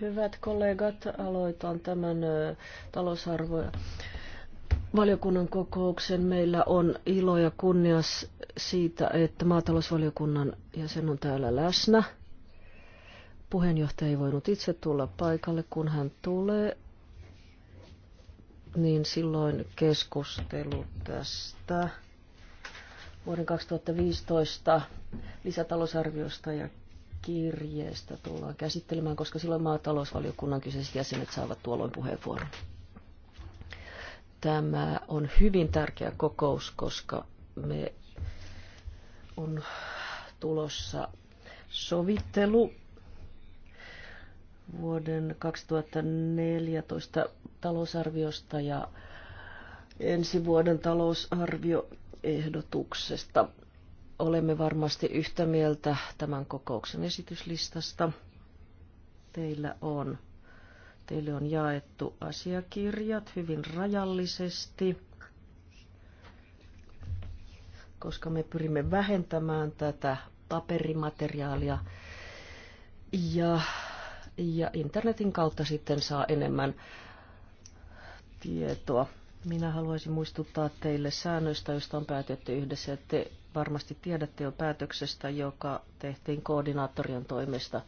Hyvät kollegat, aloitan tämän talousarvoja. Valiokunnan kokouksen meillä on ilo ja kunnia siitä, että maatalousvaliokunnan jäsen on täällä läsnä. Puheenjohtaja ei voinut itse tulla paikalle, kun hän tulee, niin silloin keskustelu tästä vuoden 2015 lisätalousarviosta ja kirjeestä tullaan käsittelemään, koska silloin maatalousvaliokunnan kyseiset jäsenet saavat tuolloin puheenvuoron. Tämä on hyvin tärkeä kokous, koska me on tulossa sovittelu vuoden 2014 talousarviosta ja ensi vuoden talousarvioehdotuksesta. Olemme varmasti yhtä mieltä tämän kokouksen esityslistasta. Teillä on, teille on jaettu asiakirjat hyvin rajallisesti, koska me pyrimme vähentämään tätä paperimateriaalia ja, ja internetin kautta sitten saa enemmän tietoa. Minä haluaisin muistuttaa teille säännöistä, joista on päätetty yhdessä, että varmasti tiedätte jo päätöksestä, joka tehtiin koordinaattorien toimesta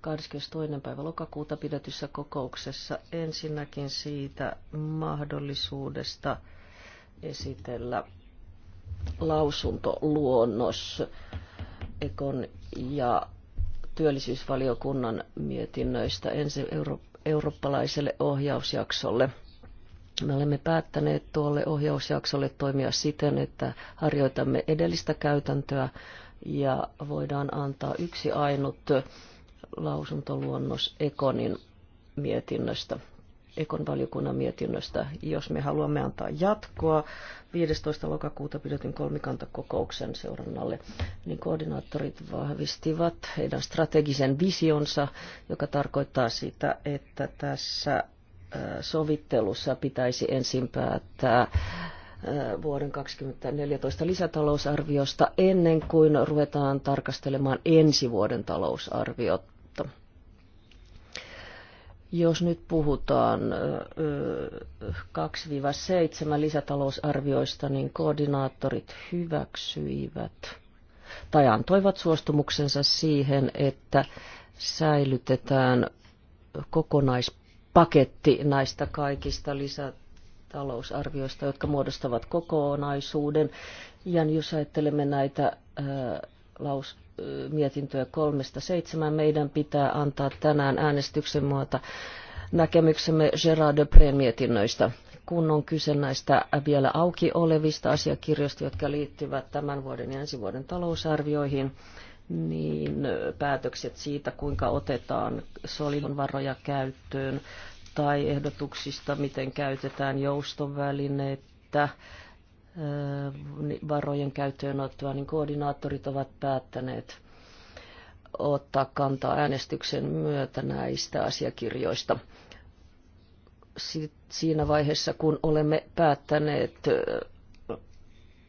22. päivä lokakuuta pidetyssä kokouksessa. Ensinnäkin siitä mahdollisuudesta esitellä lausuntoluonnos Ekon ja työllisyysvaliokunnan mietinnöistä ensi eurooppalaiselle ohjausjaksolle – me olemme päättäneet tuolle ohjausjaksolle toimia siten, että harjoitamme edellistä käytäntöä ja voidaan antaa yksi ainut lausuntoluonnos Ekonin mietinnöstä, Ekon valiokunnan mietinnöstä, jos me haluamme antaa jatkoa 15. lokakuuta pidetyn kolmikantakokouksen seurannalle, niin koordinaattorit vahvistivat heidän strategisen visionsa, joka tarkoittaa sitä, että tässä sovittelussa pitäisi ensin päättää äh, vuoden 2014 lisätalousarviosta ennen kuin ruvetaan tarkastelemaan ensi vuoden talousarviota. Jos nyt puhutaan 2-7 äh, lisätalousarvioista, niin koordinaattorit hyväksyivät tai antoivat suostumuksensa siihen, että säilytetään kokonais paketti näistä kaikista lisätalousarvioista, jotka muodostavat kokonaisuuden. Ja jos ajattelemme näitä ää, laus, mietintöä kolmesta seitsemään, meidän pitää antaa tänään äänestyksen muuta näkemyksemme Gerard Depreen mietinnöistä kun on kyse näistä vielä auki olevista asiakirjoista, jotka liittyvät tämän vuoden ja ensi vuoden talousarvioihin niin päätökset siitä, kuinka otetaan solidon varoja käyttöön tai ehdotuksista, miten käytetään joustovälineitä, varojen käyttöönottoa, niin koordinaattorit ovat päättäneet ottaa kantaa äänestyksen myötä näistä asiakirjoista. Siinä vaiheessa, kun olemme päättäneet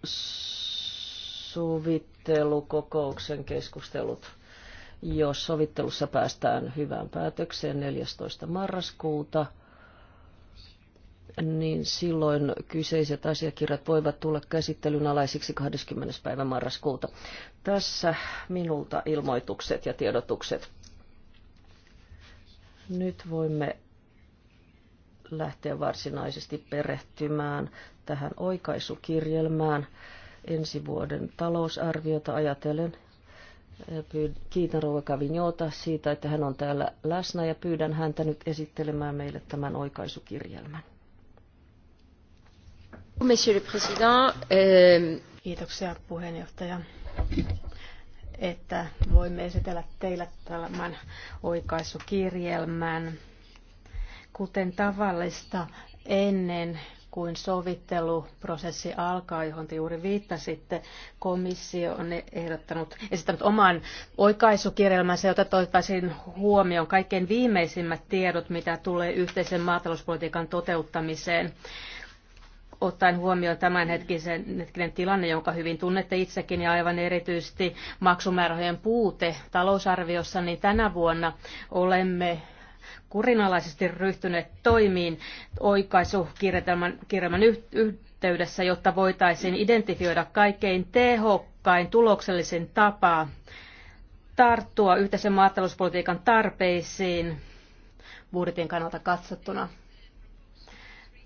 sovit sovittelukokouksen keskustelut. Jos sovittelussa päästään hyvään päätökseen 14. marraskuuta, niin silloin kyseiset asiakirjat voivat tulla käsittelyn alaisiksi 20. päivä marraskuuta. Tässä minulta ilmoitukset ja tiedotukset. Nyt voimme lähteä varsinaisesti perehtymään tähän oikaisukirjelmään, ensi vuoden talousarviota ajatellen. Kiitän Rouva Kavinjota siitä, että hän on täällä läsnä ja pyydän häntä nyt esittelemään meille tämän oikaisukirjelmän. Monsieur le Président, euh, Kiitoksia puheenjohtaja, että voimme esitellä teille tämän oikaisukirjelmän. Kuten tavallista, ennen kuin sovitteluprosessi alkaa, johon te juuri viittasitte, komissio on ehdottanut, esittänyt oman oikaisukirjelmänsä, jota toivottaisiin huomioon kaikkein viimeisimmät tiedot, mitä tulee yhteisen maatalouspolitiikan toteuttamiseen ottaen huomioon tämänhetkinen hetkinen tilanne, jonka hyvin tunnette itsekin ja aivan erityisesti maksumäärähojen puute talousarviossa, niin tänä vuonna olemme kurinalaisesti ryhtyneet toimiin oikaisukirjelmän yhteydessä, jotta voitaisiin identifioida kaikkein tehokkain tuloksellisin tapa tarttua yhteisen maatalouspolitiikan tarpeisiin budjetin kannalta katsottuna.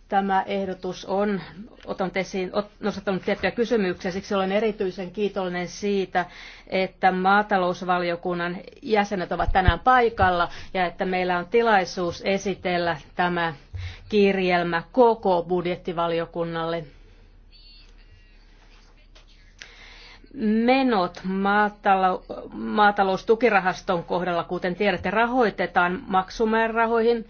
Tämä ehdotus on otan esiin, nostattanut tiettyjä kysymyksiä, siksi olen erityisen kiitollinen siitä, että maatalousvaliokunnan jäsenet ovat tänään paikalla ja että meillä on tilaisuus esitellä tämä kirjelmä koko budjettivaliokunnalle. menot maatalo- maataloustukirahaston kohdalla, kuten tiedätte, rahoitetaan maksumäärärahoihin,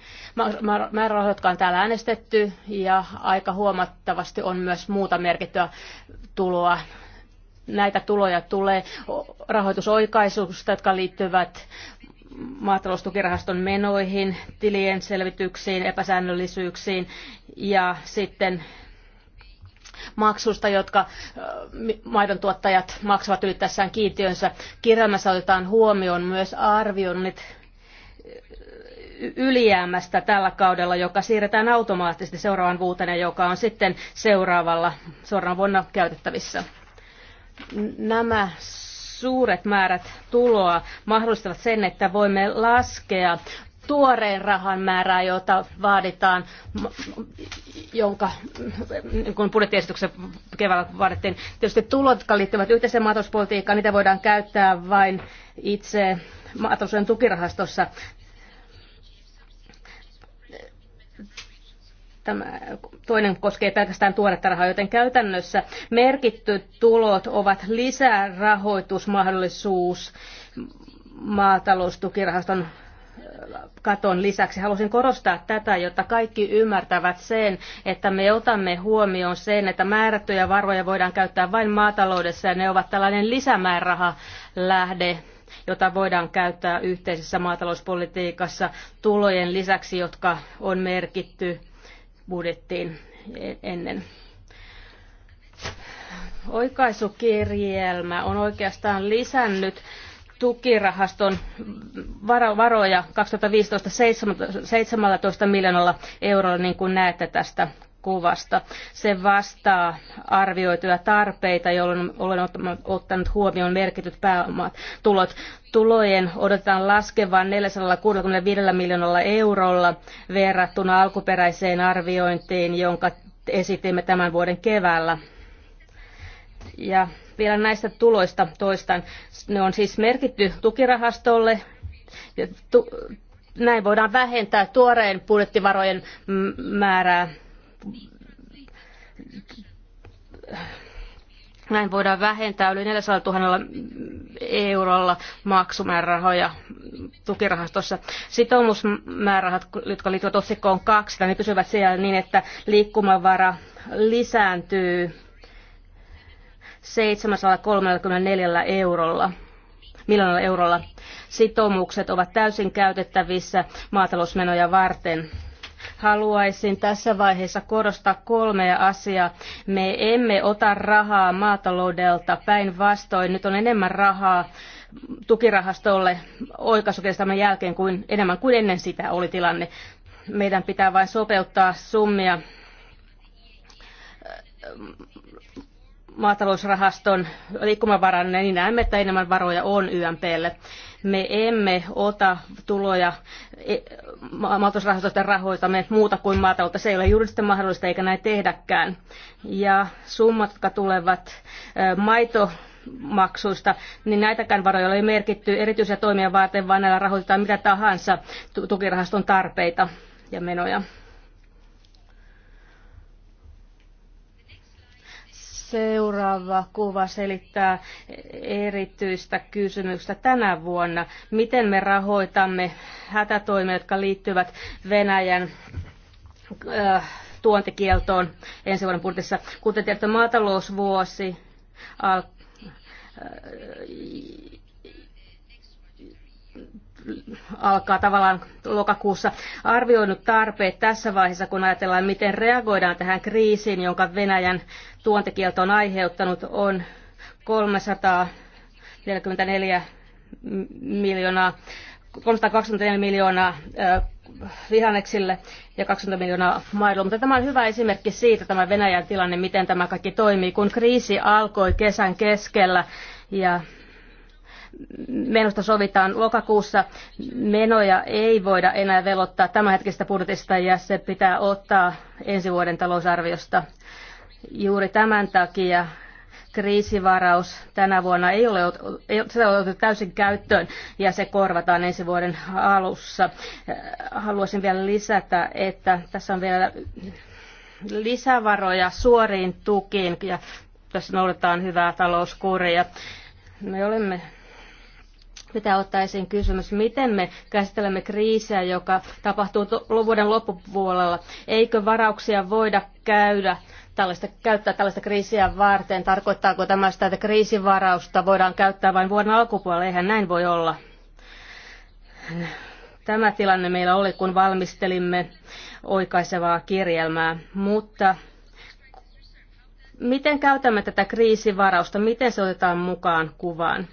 määrärahoihin, jotka on täällä äänestetty, ja aika huomattavasti on myös muuta merkittyä tuloa. Näitä tuloja tulee rahoitusoikaisuusta, jotka liittyvät maataloustukirahaston menoihin, tilien selvityksiin, epäsäännöllisyyksiin ja sitten maksusta, jotka maidon tuottajat maksavat ylittäessään kiintiönsä. Kirjelmässä otetaan huomioon myös arvioinnit ylijäämästä tällä kaudella, joka siirretään automaattisesti seuraavan vuotena, joka on sitten seuraavalla, seuraavana vuonna käytettävissä. Nämä suuret määrät tuloa mahdollistavat sen, että voimme laskea tuoreen rahan määrää, jota vaaditaan, jonka kun budjettiesityksen keväällä vaadittiin. Tietysti tulot, jotka liittyvät yhteiseen maatalouspolitiikkaan, niitä voidaan käyttää vain itse maatalouden tukirahastossa. Tämä toinen koskee pelkästään tuoretta rahaa, joten käytännössä Merkitty tulot ovat lisärahoitusmahdollisuus maataloustukirahaston katon lisäksi. Halusin korostaa tätä, jotta kaikki ymmärtävät sen, että me otamme huomioon sen, että määrättyjä varoja voidaan käyttää vain maataloudessa ja ne ovat tällainen lisämäärärahalähde jota voidaan käyttää yhteisessä maatalouspolitiikassa tulojen lisäksi, jotka on merkitty budjettiin ennen. Oikaisukirjelmä on oikeastaan lisännyt tukirahaston varoja 2015-17 miljoonalla eurolla, niin kuin näette tästä kuvasta. Se vastaa arvioituja tarpeita, jolloin olen ottanut huomioon merkityt pääomat tulot. Tulojen odotetaan laskevan 465 miljoonalla eurolla verrattuna alkuperäiseen arviointiin, jonka esitimme tämän vuoden keväällä ja vielä näistä tuloista toistan. Ne on siis merkitty tukirahastolle. Ja tu- näin voidaan vähentää tuoreen budjettivarojen määrää. Näin voidaan vähentää yli 400 000 eurolla maksumäärärahoja tukirahastossa. Sitoumusmäärärahat, jotka liittyvät otsikkoon kaksi, ne niin pysyvät siellä niin, että liikkumavara lisääntyy 734 eurolla miljoonalla eurolla. Sitoumukset ovat täysin käytettävissä maatalousmenoja varten. Haluaisin tässä vaiheessa korostaa kolmea asiaa. Me emme ota rahaa maataloudelta päinvastoin. Nyt on enemmän rahaa tukirahastolle oikaisukestelmän jälkeen kuin enemmän kuin ennen sitä oli tilanne. Meidän pitää vain sopeuttaa summia maatalousrahaston liikkumavaran, niin näemme, että enemmän varoja on YMPlle. Me emme ota tuloja e, maatalousrahastosta rahoitamme muuta kuin maataloutta. Se ei ole juridisesti mahdollista eikä näin tehdäkään. Ja summat, jotka tulevat maito maksuista, niin näitäkään varoja ei merkitty erityisiä toimia varten, vaan näillä rahoitetaan mitä tahansa tukirahaston tarpeita ja menoja. Seuraava kuva selittää erityistä kysymystä tänä vuonna. Miten me rahoitamme hätätoimia, jotka liittyvät Venäjän äh, tuontikieltoon ensi vuoden budjetissa. Kuten tiedätte, maatalousvuosi äh, alkaa tavallaan lokakuussa arvioinut tarpeet tässä vaiheessa, kun ajatellaan, miten reagoidaan tähän kriisiin, jonka Venäjän tuontikielto on aiheuttanut, on 344 miljoonaa 324 miljoonaa vihanneksille ja 20 miljoonaa maidolla. Mutta tämä on hyvä esimerkki siitä, tämä Venäjän tilanne, miten tämä kaikki toimii, kun kriisi alkoi kesän keskellä ja menosta sovitaan lokakuussa. Menoja ei voida enää velottaa tämänhetkisestä budjetista ja se pitää ottaa ensi vuoden talousarviosta. Juuri tämän takia kriisivaraus tänä vuonna ei ole, ei, sitä ole otettu täysin käyttöön ja se korvataan ensi vuoden alussa. Haluaisin vielä lisätä, että tässä on vielä lisävaroja suoriin tukiin ja tässä noudetaan hyvää talouskuria. Me olemme pitää ottaa esiin kysymys, miten me käsittelemme kriisiä, joka tapahtuu vuoden loppupuolella. Eikö varauksia voida käydä tällaista, käyttää tällaista kriisiä varten? Tarkoittaako tämä sitä, että kriisivarausta voidaan käyttää vain vuoden alkupuolella? Eihän näin voi olla. Tämä tilanne meillä oli, kun valmistelimme oikaisevaa kirjelmää, mutta miten käytämme tätä kriisivarausta, miten se otetaan mukaan kuvaan?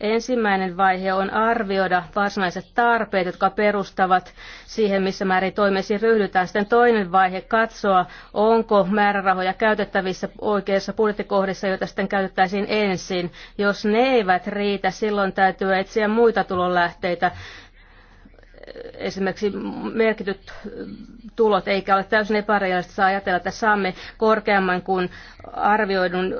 Ensimmäinen vaihe on arvioida varsinaiset tarpeet, jotka perustavat siihen, missä määrin toimesi ryhdytään. Sitten toinen vaihe katsoa, onko määrärahoja käytettävissä oikeissa budjettikohdissa, joita sitten käytettäisiin ensin. Jos ne eivät riitä, silloin täytyy etsiä muita tulonlähteitä esimerkiksi merkityt tulot, eikä ole täysin epärealistista ajatella, että saamme korkeamman kuin arvioidun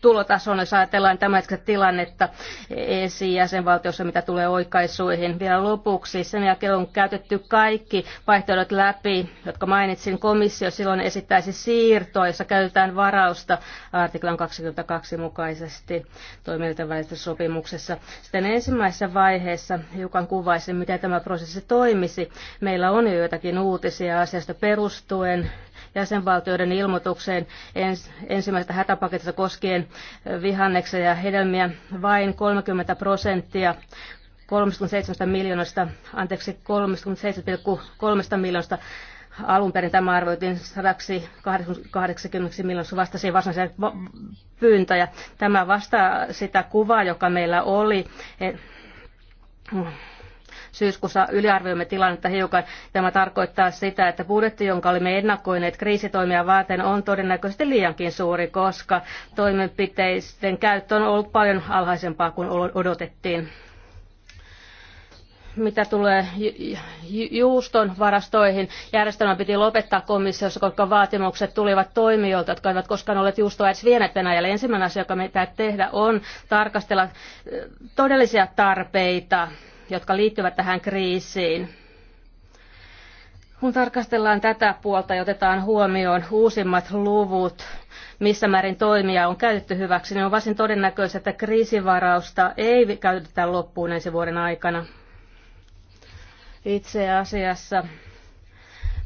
tulotasoon, jos ajatellaan tämänhetkistä tilannetta esiin jäsenvaltiossa mitä tulee oikaisuihin. Vielä lopuksi, sen jälkeen on käytetty kaikki vaihtoehdot läpi, jotka mainitsin komissio, silloin esittäisi siirtoa, jossa käytetään varausta artiklan 22 mukaisesti toimijoiden välisessä sopimuksessa. Sitten ensimmäisessä vaiheessa hiukan kuvaisin, miten tämä prosessi toimisi. Meillä on jo joitakin uutisia asiasta perustuen jäsenvaltioiden ilmoitukseen ens, ensimmäisestä hätäpaketista koskien vihanneksia ja hedelmiä vain 30 prosenttia 37 miljoonasta, anteeksi 37,3 miljoonasta alun perin tämä arvioitiin 180 miljoonaa vastasi siihen varsinaiseen ja Tämä vastaa sitä kuvaa, joka meillä oli e, syyskuussa yliarvioimme tilannetta hiukan. Tämä tarkoittaa sitä, että budjetti, jonka olimme ennakoineet kriisitoimia varten, on todennäköisesti liiankin suuri, koska toimenpiteisten käyttö on ollut paljon alhaisempaa kuin odotettiin mitä tulee juuston varastoihin, järjestelmä piti lopettaa komissiossa, koska vaatimukset tulivat toimijoilta, jotka eivät koskaan olleet juustoa edes vieneet Venäjälle. Ensimmäinen asia, joka meidän pitää tehdä, on tarkastella eh, todellisia tarpeita jotka liittyvät tähän kriisiin. Kun tarkastellaan tätä puolta ja otetaan huomioon uusimmat luvut, missä määrin toimia on käytetty hyväksi, niin on varsin todennäköistä, että kriisivarausta ei käytetä loppuun ensi vuoden aikana. Itse asiassa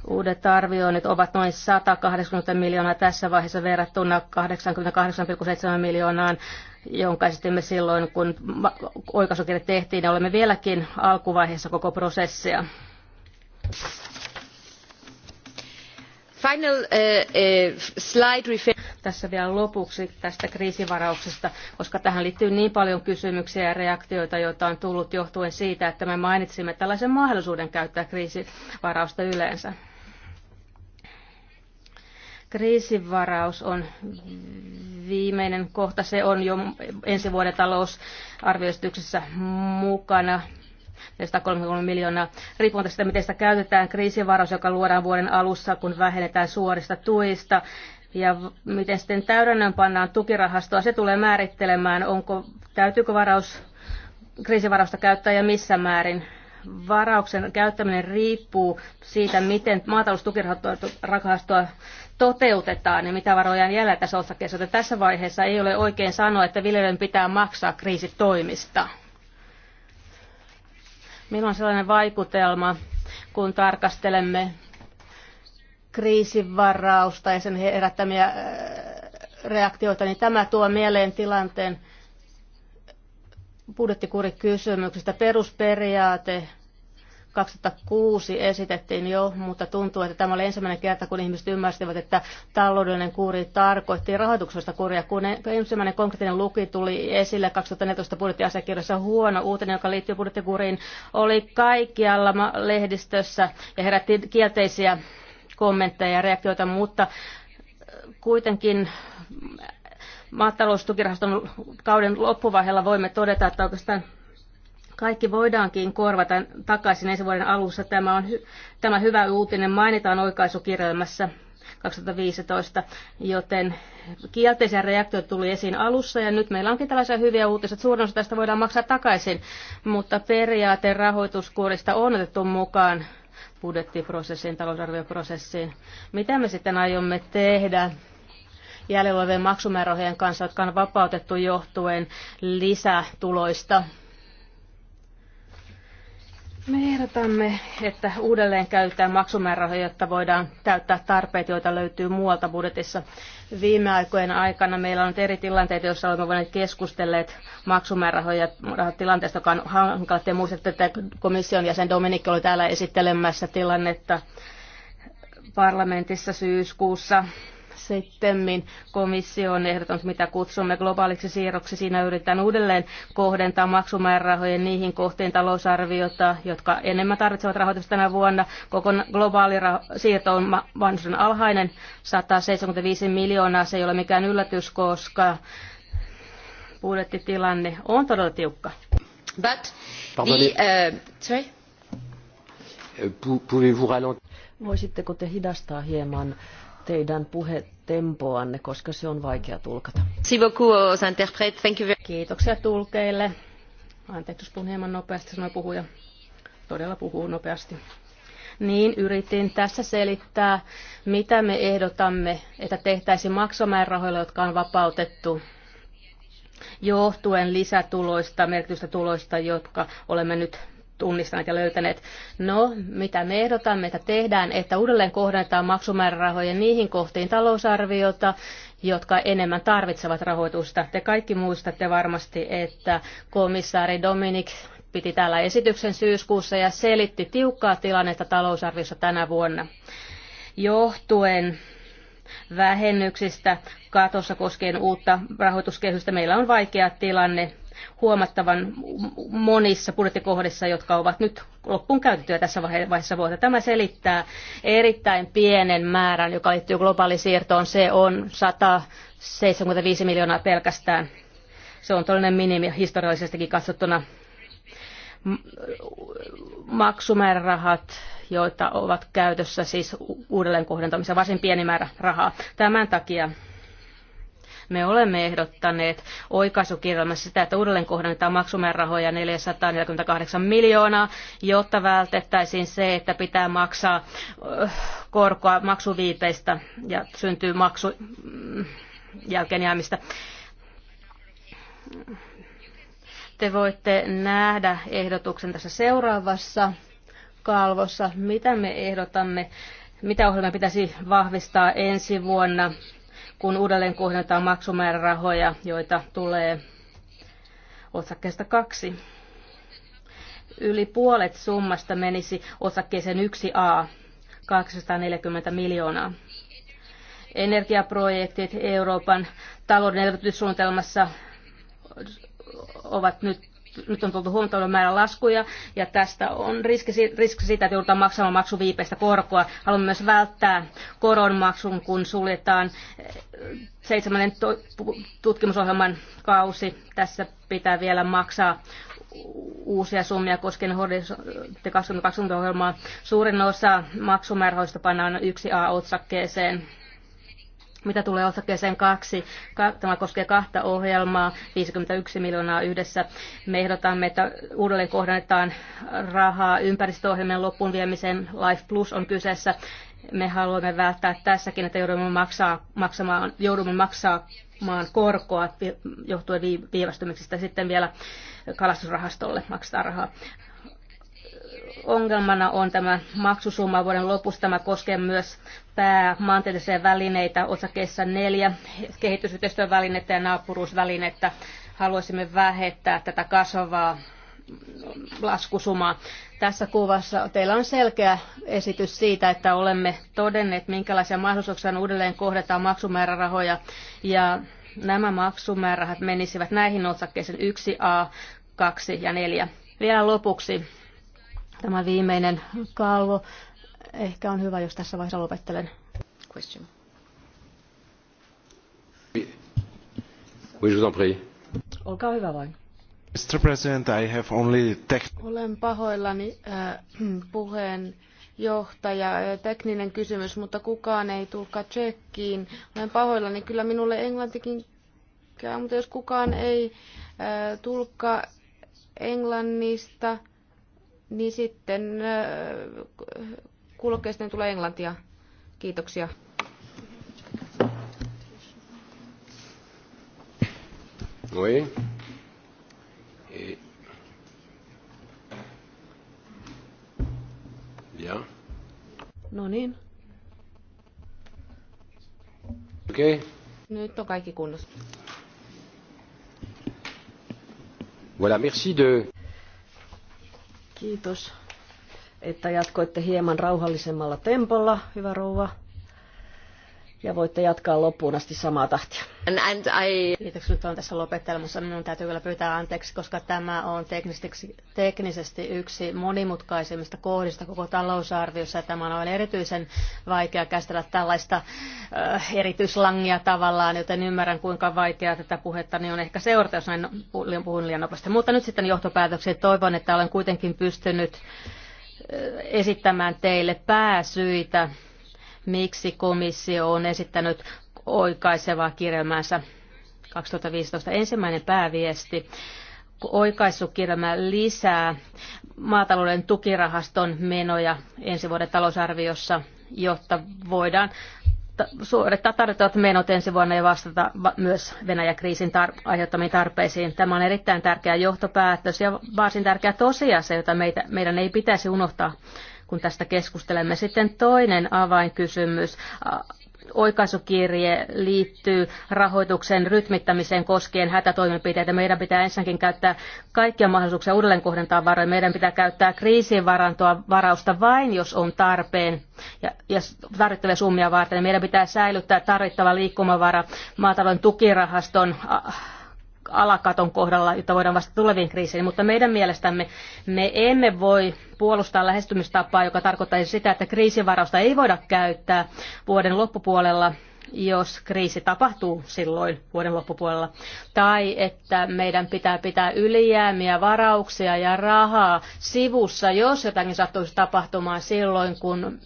uudet arvioinnit ovat noin 180 miljoonaa tässä vaiheessa verrattuna 88,7 miljoonaan jonka me silloin, kun oikaisukirja tehtiin, niin olemme vieläkin alkuvaiheessa koko prosessia. Final, uh, uh, slide Tässä vielä lopuksi tästä kriisivarauksesta, koska tähän liittyy niin paljon kysymyksiä ja reaktioita, joita on tullut johtuen siitä, että me mainitsimme tällaisen mahdollisuuden käyttää kriisivarausta yleensä. Kriisivaraus on viimeinen kohta, se on jo ensi vuoden talousarvioistyksessä mukana. 433 miljoonaa. Riippuen tästä, miten sitä käytetään, kriisivaraus, joka luodaan vuoden alussa, kun vähennetään suorista tuista, ja miten sitten täydennön pannaan tukirahastoa, se tulee määrittelemään, onko, täytyykö varaus, kriisivarausta käyttää ja missä määrin. Varauksen käyttäminen riippuu siitä, miten maataloustukirahastoa toteutetaan ja mitä varoja on jäljellä tässä osakkeessa. Joten tässä vaiheessa ei ole oikein sanoa, että viljelijöiden pitää maksaa kriisitoimista. Minulla on sellainen vaikutelma, kun tarkastelemme kriisivarausta ja sen herättämiä äh, reaktioita, niin tämä tuo mieleen tilanteen budjettikurikysymyksestä. Perusperiaate 2006 esitettiin jo, mutta tuntuu, että tämä oli ensimmäinen kerta, kun ihmiset ymmärsivät, että taloudellinen kuri tarkoitti rahoituksesta kuria. Kun e- ensimmäinen konkreettinen luki tuli esille 2014 budjettiasiakirjassa, huono uutinen, joka liittyy budjettikuriin, oli kaikkialla lehdistössä ja herätti kielteisiä kommentteja ja reaktioita, mutta äh, kuitenkin maataloustukirahaston kauden loppuvaiheella voimme todeta, että oikeastaan kaikki voidaankin korvata takaisin ensi vuoden alussa. Tämä, on, tämä hyvä uutinen mainitaan oikaisukirjelmässä 2015, joten kielteisiä reaktioita tuli esiin alussa ja nyt meillä onkin tällaisia hyviä uutisia, että suurin osa tästä voidaan maksaa takaisin, mutta periaate rahoituskuorista on otettu mukaan budjettiprosessiin, talousarvioprosessiin. Mitä me sitten aiomme tehdä? jäljellä olevien maksumäärärahojen kanssa, jotka on vapautettu johtuen lisätuloista me ehdotamme, että uudelleen käytetään maksumäärärahoja, jotta voidaan täyttää tarpeet, joita löytyy muualta budjetissa. Viime aikojen aikana meillä on ollut eri tilanteita, joissa olemme voineet keskustelleet maksumäärärahoja tilanteesta, joka on hankala. Te muistatte, että komission jäsen Dominikki oli täällä esittelemässä tilannetta parlamentissa syyskuussa sitten komissio on ehdottanut, mitä kutsumme globaaliksi siirroksi. Siinä yritetään uudelleen kohdentaa maksumäärärahojen niihin kohteen talousarviota, jotka enemmän tarvitsevat rahoitusta tänä vuonna. Koko globaali siirto on vanhusten alhainen, 175 miljoonaa. Se ei ole mikään yllätys, koska budjettitilanne on todella tiukka. But the, uh, sorry? Euh, Voisitteko te hidastaa hieman teidän puhetempoanne, koska se on vaikea tulkata. Kiitoksia tulkeille. Anteeksi, jos puhun hieman nopeasti, sanoi puhuja. Todella puhuu nopeasti. Niin, yritin tässä selittää, mitä me ehdotamme, että tehtäisiin maksumäärärahoilla, jotka on vapautettu johtuen lisätuloista, merkitystä tuloista, jotka olemme nyt tunnistaneet ja löytäneet. No, mitä me ehdotamme, että tehdään, että uudelleen kohdennetaan maksumäärärahoja niihin kohtiin talousarviota, jotka enemmän tarvitsevat rahoitusta. Te kaikki muistatte varmasti, että komissaari Dominik piti täällä esityksen syyskuussa ja selitti tiukkaa tilannetta talousarviossa tänä vuonna johtuen vähennyksistä katossa koskien uutta rahoituskehystä. Meillä on vaikea tilanne huomattavan monissa budjettikohdissa, jotka ovat nyt loppuun käytettyjä tässä vaiheessa vuotta. Tämä selittää erittäin pienen määrän, joka liittyy globaalisiirtoon. Se on 175 miljoonaa pelkästään. Se on todellinen minimi historiallisestikin katsottuna maksumäärärahat, joita ovat käytössä siis uudelleen kohdentamiseen, varsin pieni määrä rahaa. Tämän takia me olemme ehdottaneet oikaisukirjelmässä sitä, että uudelleen kohdennetaan maksumäärärahoja 448 miljoonaa, jotta vältettäisiin se, että pitää maksaa äh, korkoa maksuviipeistä ja syntyy maksu mm, te voitte nähdä ehdotuksen tässä seuraavassa kalvossa, mitä me ehdotamme, mitä ohjelmia pitäisi vahvistaa ensi vuonna kun uudelleen kohdataan maksumäärärahoja, joita tulee osakkeesta kaksi. Yli puolet summasta menisi osakkeeseen 1a, 240 miljoonaa. Energiaprojektit Euroopan talouden elvytyssuunnitelmassa ovat nyt nyt on tullut huomattava määrä laskuja ja tästä on riski, riski siitä, että joudutaan maksamaan maksuviipeistä korkoa. Haluamme myös välttää koronmaksun, kun suljetaan eh, seitsemännen tutkimusohjelman kausi. Tässä pitää vielä maksaa uusia summia koskien horisontti 2020 ohjelmaa. Suurin osa maksumäärähoista pannaan yksi A-otsakkeeseen mitä tulee osakkeeseen kaksi, tämä koskee kahta ohjelmaa, 51 miljoonaa yhdessä. Me ehdotamme, että uudelleen kohdennetaan rahaa ympäristöohjelmien loppuun viemiseen. Life Plus on kyseessä. Me haluamme välttää tässäkin, että joudumme, maksaa, maksamaan, joudumme maksamaan korkoa johtuen viivästymisestä. Sitten vielä kalastusrahastolle maksaa. rahaa ongelmana on tämä maksusumma vuoden lopussa. Tämä koskee myös maantieteellisiä välineitä osakkeessa neljä kehitysyhteistyövälineitä ja naapuruusvälinettä. Haluaisimme vähettää tätä kasvavaa laskusumaa. Tässä kuvassa teillä on selkeä esitys siitä, että olemme todenneet, minkälaisia mahdollisuuksia on uudelleen kohdataan maksumäärärahoja. Ja nämä maksumäärärahat menisivät näihin osakkeisiin 1a, 2 ja 4. Vielä lopuksi tämä viimeinen kalvo Ehkä on hyvä, jos tässä vaiheessa lopettelen. Question. Oui, je vous en prie. Olkaa hyvä vain. Mr. President, I have only tech... Olen pahoillani äh, puheen johtaja. Äh, tekninen kysymys, mutta kukaan ei tulkaa tsekkiin. Olen pahoillani, kyllä minulle englantikin käy, mutta jos kukaan ei äh, tulkkaa englannista, niin sitten äh, kuulokkeesta tulee englantia. Kiitoksia. Oui. Et... Bien. Eh, no niin. Okei. Okay. Nyt on kaikki kunnossa. Voilà, merci de... Kiitos että jatkoitte hieman rauhallisemmalla tempolla, hyvä rouva. Ja voitte jatkaa loppuun asti samaa tahtia. And, and I... Kiitoksia, nyt on tässä lopettelemassa. Minun täytyy kyllä pyytää anteeksi, koska tämä on teknisesti, teknisesti yksi monimutkaisimmista kohdista koko talousarviossa. Tämä on aivan erityisen vaikea käsitellä tällaista äh, erityislangia tavallaan, joten ymmärrän kuinka vaikeaa tätä puhetta niin on ehkä seurata, jos näin puhun liian nopeasti. Mutta nyt sitten johtopäätöksiä. Toivon, että olen kuitenkin pystynyt esittämään teille pääsyitä, miksi komissio on esittänyt oikaisevaa kirjelmäänsä 2015. Ensimmäinen pääviesti oikaisukirjelmä lisää maatalouden tukirahaston menoja ensi vuoden talousarviossa, jotta voidaan suorittaa tarvittavat menot ensi vuonna ja vastata myös Venäjäkriisin kriisin tar- aiheuttamiin tarpeisiin. Tämä on erittäin tärkeä johtopäätös ja varsin tärkeä tosiasia, jota meitä, meidän ei pitäisi unohtaa kun tästä keskustelemme. Sitten toinen avainkysymys oikaisukirje liittyy rahoituksen rytmittämiseen koskien hätätoimenpiteitä. Meidän pitää ensinnäkin käyttää kaikkia mahdollisuuksia uudelleenkohdentaa varoja. Meidän pitää käyttää kriisivarantoa varausta vain, jos on tarpeen ja, ja tarvittavia summia varten. Meidän pitää säilyttää tarvittava liikkumavara maatalouden tukirahaston alakaton kohdalla, jotta voidaan vastata tuleviin kriiseihin. Mutta meidän mielestämme me emme voi puolustaa lähestymistapaa, joka tarkoittaisi sitä, että kriisivarausta ei voida käyttää vuoden loppupuolella jos kriisi tapahtuu silloin vuoden loppupuolella, tai että meidän pitää pitää ylijäämiä, varauksia ja rahaa sivussa, jos jotakin sattuisi tapahtumaan silloin, kun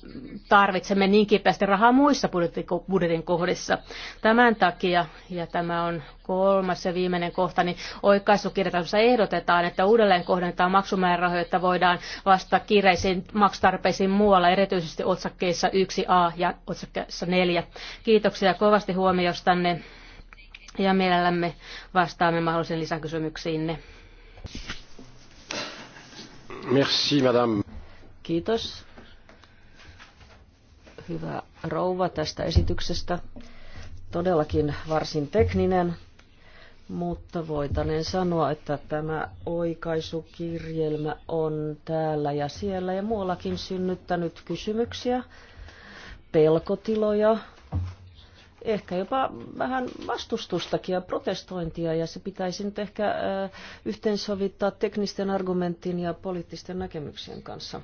tarvitsemme niin kipeästi rahaa muissa budjetin kohdissa. Tämän takia, ja tämä on kolmas ja viimeinen kohta, niin oikaisukirjatelmassa ehdotetaan, että uudelleen kohdentaa maksumäärärahoja, että voidaan vastata kiireisiin maksutarpeisiin muualla, erityisesti otsakkeissa 1a ja otsakkeessa 4. Kiitos Kiitoksia kovasti huomiostanne ja mielellämme vastaamme mahdollisiin lisäkysymyksiinne. Merci, madame. Kiitos. Hyvä rouva tästä esityksestä. Todellakin varsin tekninen, mutta voitaneen sanoa, että tämä oikaisukirjelmä on täällä ja siellä ja muuallakin synnyttänyt kysymyksiä, pelkotiloja, ehkä jopa vähän vastustustakin ja protestointia, ja se pitäisi nyt ehkä yhteensovittaa teknisten argumenttien ja poliittisten näkemyksien kanssa.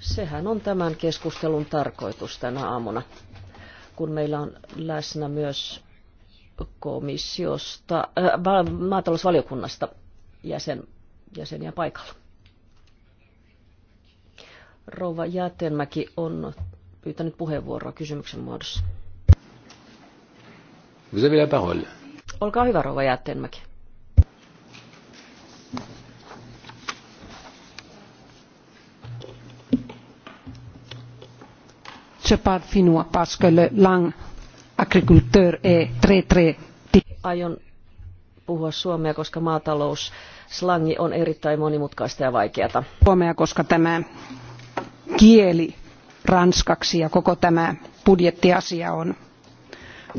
Sehän on tämän keskustelun tarkoitus tänä aamuna, kun meillä on läsnä myös komissiosta, äh, maatalousvaliokunnasta jäsen, jäseniä paikalla. Rouva Jäätenmäki on pyytänyt puheenvuoroa kysymyksen muodossa. Vous avez la parole. Olkaa hyvä, Rova Jättenmäki. Je parle finnois parce que le lang agriculteur est très très Aion puhua suomea, koska maatalous slangi on erittäin monimutkaista ja vaikeata. Suomea, koska tämä kieli ranskaksi ja koko tämä budjettiasia on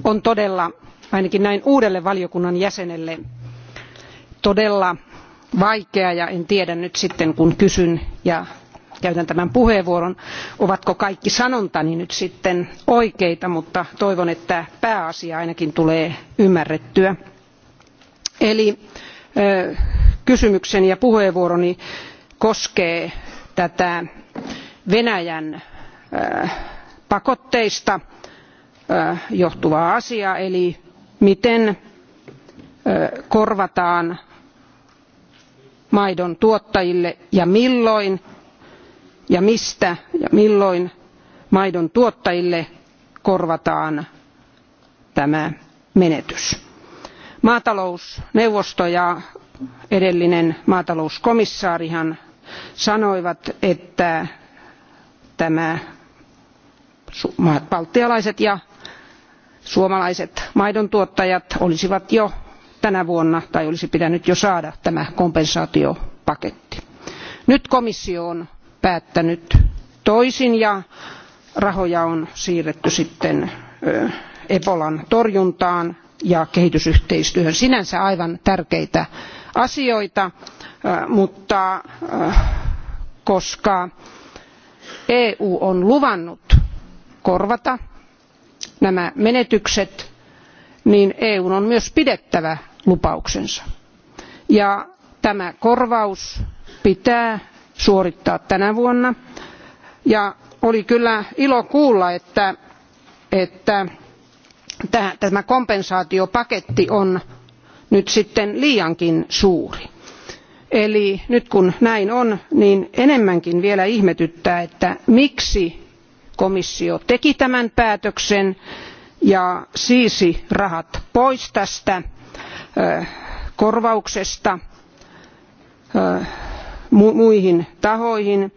on todella ainakin näin uudelle valiokunnan jäsenelle todella vaikea ja en tiedä nyt sitten kun kysyn ja käytän tämän puheenvuoron ovatko kaikki sanontani nyt sitten oikeita mutta toivon että pääasia ainakin tulee ymmärrettyä. eli kysymykseni ja puheenvuoroni koskee tätä venäjän pakotteista johtuvaa asiaa eli miten korvataan maidon tuottajille ja milloin ja mistä ja milloin maidon tuottajille korvataan tämä menetys. maatalousneuvosto ja edellinen maatalouskomissaarihan sanoivat että tämä baltialaiset ja suomalaiset maidontuottajat olisivat jo tänä vuonna tai olisi pitänyt jo saada tämä kompensaatiopaketti. nyt komissio on päättänyt toisin ja rahoja on siirretty sitten ebolan torjuntaan ja kehitysyhteistyöhön. sinänsä aivan tärkeitä asioita mutta koska eu on luvannut korvata nämä menetykset niin eu n on myös pidettävä lupauksensa ja tämä korvaus pitää suorittaa tänä vuonna ja oli kyllä ilo kuulla että, että tämä kompensaatiopaketti on nyt sitten liiankin suuri. Eli nyt kun näin on, niin enemmänkin vielä ihmetyttää, että miksi komissio teki tämän päätöksen ja siisi rahat pois tästä korvauksesta muihin tahoihin.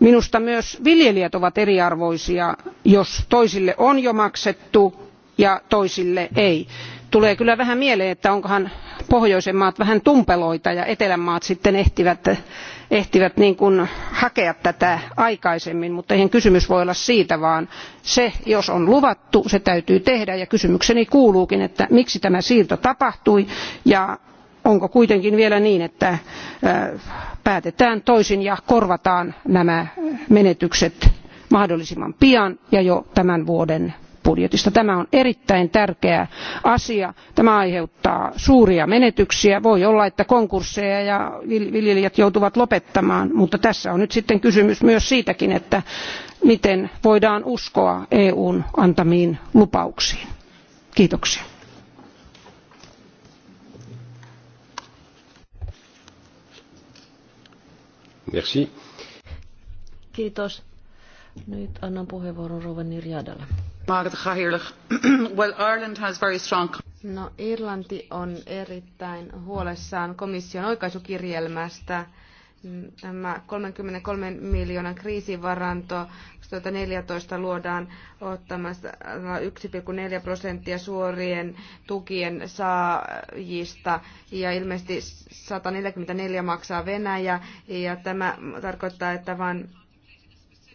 minusta myös viljelijät ovat eriarvoisia jos toisille on jo maksettu ja toisille ei. tulee kyllä vähän mieleen että onkohan pohjoisen maat vähän tumpeloita ja etelän maat sitten ehtivät ehtivät niin hakea tätä aikaisemmin mutta eihän kysymys voi olla siitä vaan se jos on luvattu se täytyy tehdä ja kysymykseni kuuluukin että miksi tämä siirto tapahtui ja onko kuitenkin vielä niin että päätetään toisin ja korvataan nämä menetykset mahdollisimman pian ja jo tämän vuoden budjetista. tämä on erittäin tärkeä asia. tämä aiheuttaa suuria menetyksiä voi olla että konkursseja ja viljelijät joutuvat lopettamaan mutta tässä on nyt sitten kysymys myös siitäkin että miten voidaan uskoa eun antamiin lupauksiin. kiitoksia. Merci. Kiitos. Nyt annan puheenvuoron Rouva Nirjadalle. No, Irlanti on erittäin huolessaan komission oikaisukirjelmästä. Tämä 33 miljoonan kriisivaranto 2014 luodaan ottamassa 1,4 prosenttia suorien tukien saajista ja ilmeisesti 144 maksaa Venäjä ja tämä tarkoittaa, että vain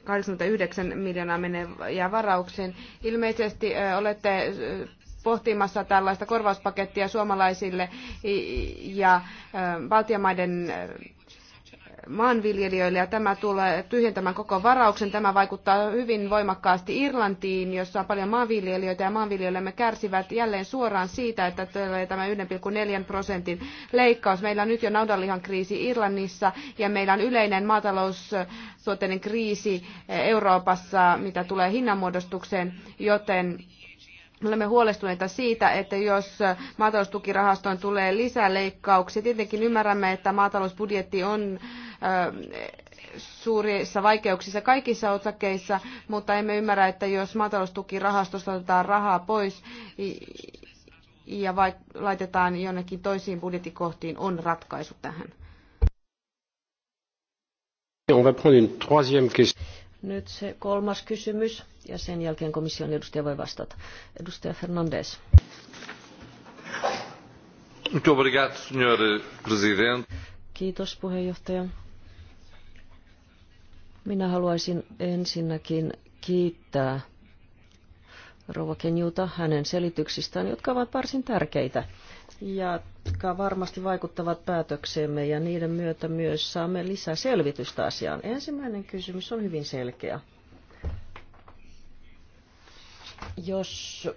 89 miljoonaa menee ja varaukseen. Ilmeisesti olette pohtimassa tällaista korvauspakettia suomalaisille ja valtiomaiden maanviljelijöille ja tämä tulee tyhjentämään koko varauksen. Tämä vaikuttaa hyvin voimakkaasti Irlantiin, jossa on paljon maanviljelijöitä ja maanviljelijöille kärsivät jälleen suoraan siitä, että tulee tämä 1,4 prosentin leikkaus. Meillä on nyt jo naudanlihan kriisi Irlannissa ja meillä on yleinen maataloustuotteiden kriisi Euroopassa, mitä tulee hinnanmuodostukseen, joten olemme huolestuneita siitä, että jos maataloustukirahastoon tulee lisää leikkauksia, tietenkin ymmärrämme, että maatalousbudjetti on suurissa vaikeuksissa kaikissa otsakkeissa, mutta emme ymmärrä, että jos maataloustukirahastosta otetaan rahaa pois ja laitetaan jonnekin toisiin budjettikohtiin, on ratkaisu tähän. Nyt se kolmas kysymys ja sen jälkeen komission edustaja voi vastata. Edustaja Fernandes. Kiitos puheenjohtaja. Minä haluaisin ensinnäkin kiittää Rouva Kenjuta hänen selityksistään, jotka ovat varsin tärkeitä jotka varmasti vaikuttavat päätökseemme ja niiden myötä myös saamme lisää selvitystä asiaan. Ensimmäinen kysymys on hyvin selkeä. Jos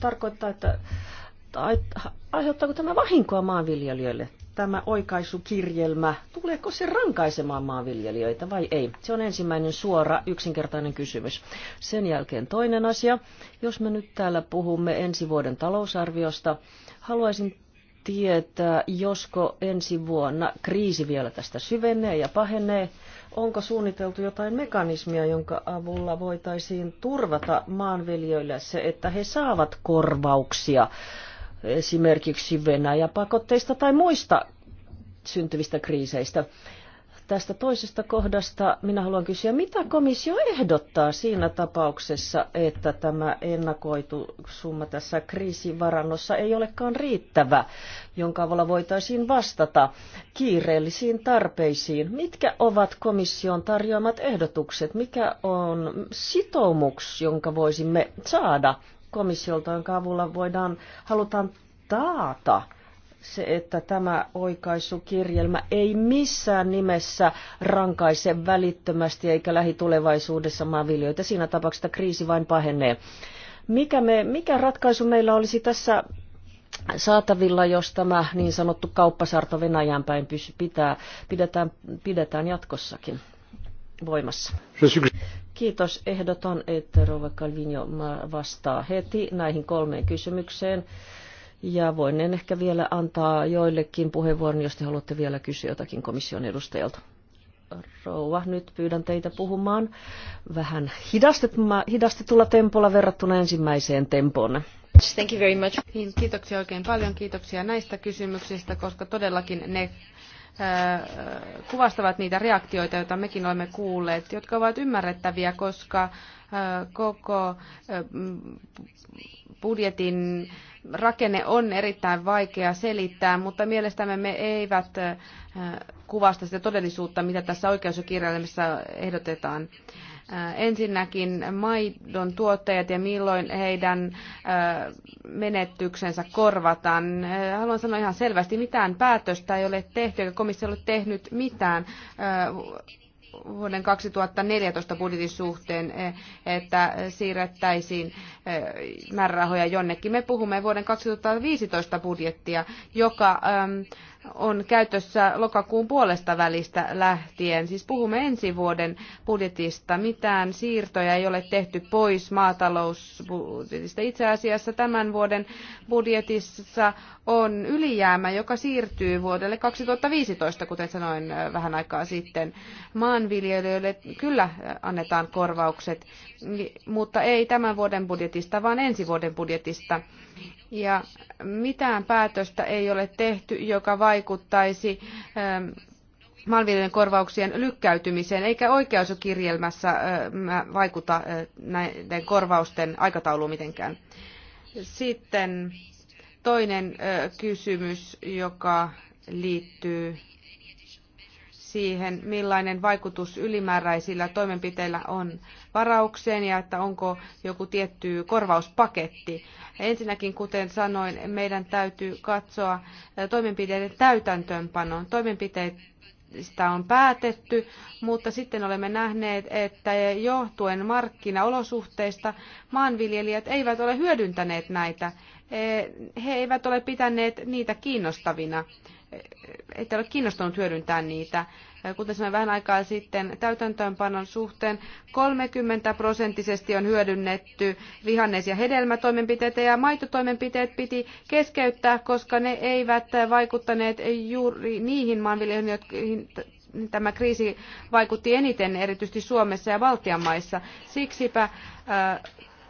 tarkoittaa, että aiheuttaako tämä vahinkoa maanviljelijöille? tämä oikaisukirjelmä, tuleeko se rankaisemaan maanviljelijöitä vai ei? Se on ensimmäinen suora, yksinkertainen kysymys. Sen jälkeen toinen asia. Jos me nyt täällä puhumme ensi vuoden talousarviosta, haluaisin tietää, josko ensi vuonna kriisi vielä tästä syvenee ja pahenee. Onko suunniteltu jotain mekanismia, jonka avulla voitaisiin turvata maanviljelijöille se, että he saavat korvauksia esimerkiksi Venäjäpakotteista tai muista syntyvistä kriiseistä. Tästä toisesta kohdasta minä haluan kysyä, mitä komissio ehdottaa siinä tapauksessa, että tämä ennakoitu summa tässä kriisivarannossa ei olekaan riittävä, jonka avulla voitaisiin vastata kiireellisiin tarpeisiin. Mitkä ovat komission tarjoamat ehdotukset? Mikä on sitoumuks, jonka voisimme saada komissiolta, jonka avulla voidaan, halutaan taata se, että tämä oikaisukirjelmä ei missään nimessä rankaise välittömästi eikä lähitulevaisuudessa maanviljoita. Siinä tapauksessa kriisi vain pahenee. Mikä, me, mikä ratkaisu meillä olisi tässä saatavilla, jos tämä niin sanottu kauppasarto Venäjään päin pitää, pidetään, pidetään jatkossakin voimassa? Kiitos. Ehdotan, että Rova Calvino vastaa heti näihin kolmeen kysymykseen. Ja voin ehkä vielä antaa joillekin puheenvuoron, jos te haluatte vielä kysyä jotakin komission edustajalta. Rouva, nyt pyydän teitä puhumaan vähän hidastetulla tempolla verrattuna ensimmäiseen tempoon. Thank you very much. Niin, kiitoksia oikein paljon. Kiitoksia näistä kysymyksistä, koska todellakin ne kuvastavat niitä reaktioita, joita mekin olemme kuulleet, jotka ovat ymmärrettäviä, koska koko budjetin rakenne on erittäin vaikea selittää, mutta mielestämme me eivät kuvasta sitä todellisuutta, mitä tässä oikeus- ja ehdotetaan. Äh, ensinnäkin maidon tuottajat ja milloin heidän äh, menetyksensä korvataan. Äh, haluan sanoa ihan selvästi, mitään päätöstä ei ole tehty eikä komissio ole tehnyt mitään vuoden 2014 budjetin suhteen, että siirrettäisiin määrärahoja jonnekin. Me puhumme vuoden 2015 budjettia, joka ähm, on käytössä lokakuun puolesta välistä lähtien. Siis puhumme ensi vuoden budjetista. Mitään siirtoja ei ole tehty pois maatalousbudjetista. Itse asiassa tämän vuoden budjetissa on ylijäämä, joka siirtyy vuodelle 2015, kuten sanoin vähän aikaa sitten. Maanviljelijöille kyllä annetaan korvaukset, mutta ei tämän vuoden budjetista, vaan ensi vuoden budjetista. Ja mitään päätöstä ei ole tehty, joka vaikuttaisi ähm, maanviljelijöiden korvauksien lykkäytymiseen, eikä oikeusokirjelmässä äh, vaikuta äh, näiden korvausten aikatauluun mitenkään. Sitten toinen äh, kysymys, joka liittyy siihen, millainen vaikutus ylimääräisillä toimenpiteillä on varaukseen ja että onko joku tietty korvauspaketti. Ensinnäkin, kuten sanoin, meidän täytyy katsoa toimenpiteiden täytäntöönpanoon. Toimenpiteet sitä on päätetty, mutta sitten olemme nähneet, että johtuen markkinaolosuhteista maanviljelijät eivät ole hyödyntäneet näitä. E, he eivät ole pitäneet niitä kiinnostavina, e, e, että ole kiinnostunut hyödyntää niitä. Äh, kuten sanoin vähän aikaa sitten, täytäntöönpanon suhteen 30 prosenttisesti on hyödynnetty vihannes- ja hedelmätoimenpiteitä ja maitotoimenpiteet piti keskeyttää, koska ne eivät vaikuttaneet juuri niihin maanviljelijöihin, joihin tämä kriisi vaikutti eniten, erityisesti Suomessa ja Baltian maissa. Siksipä äh,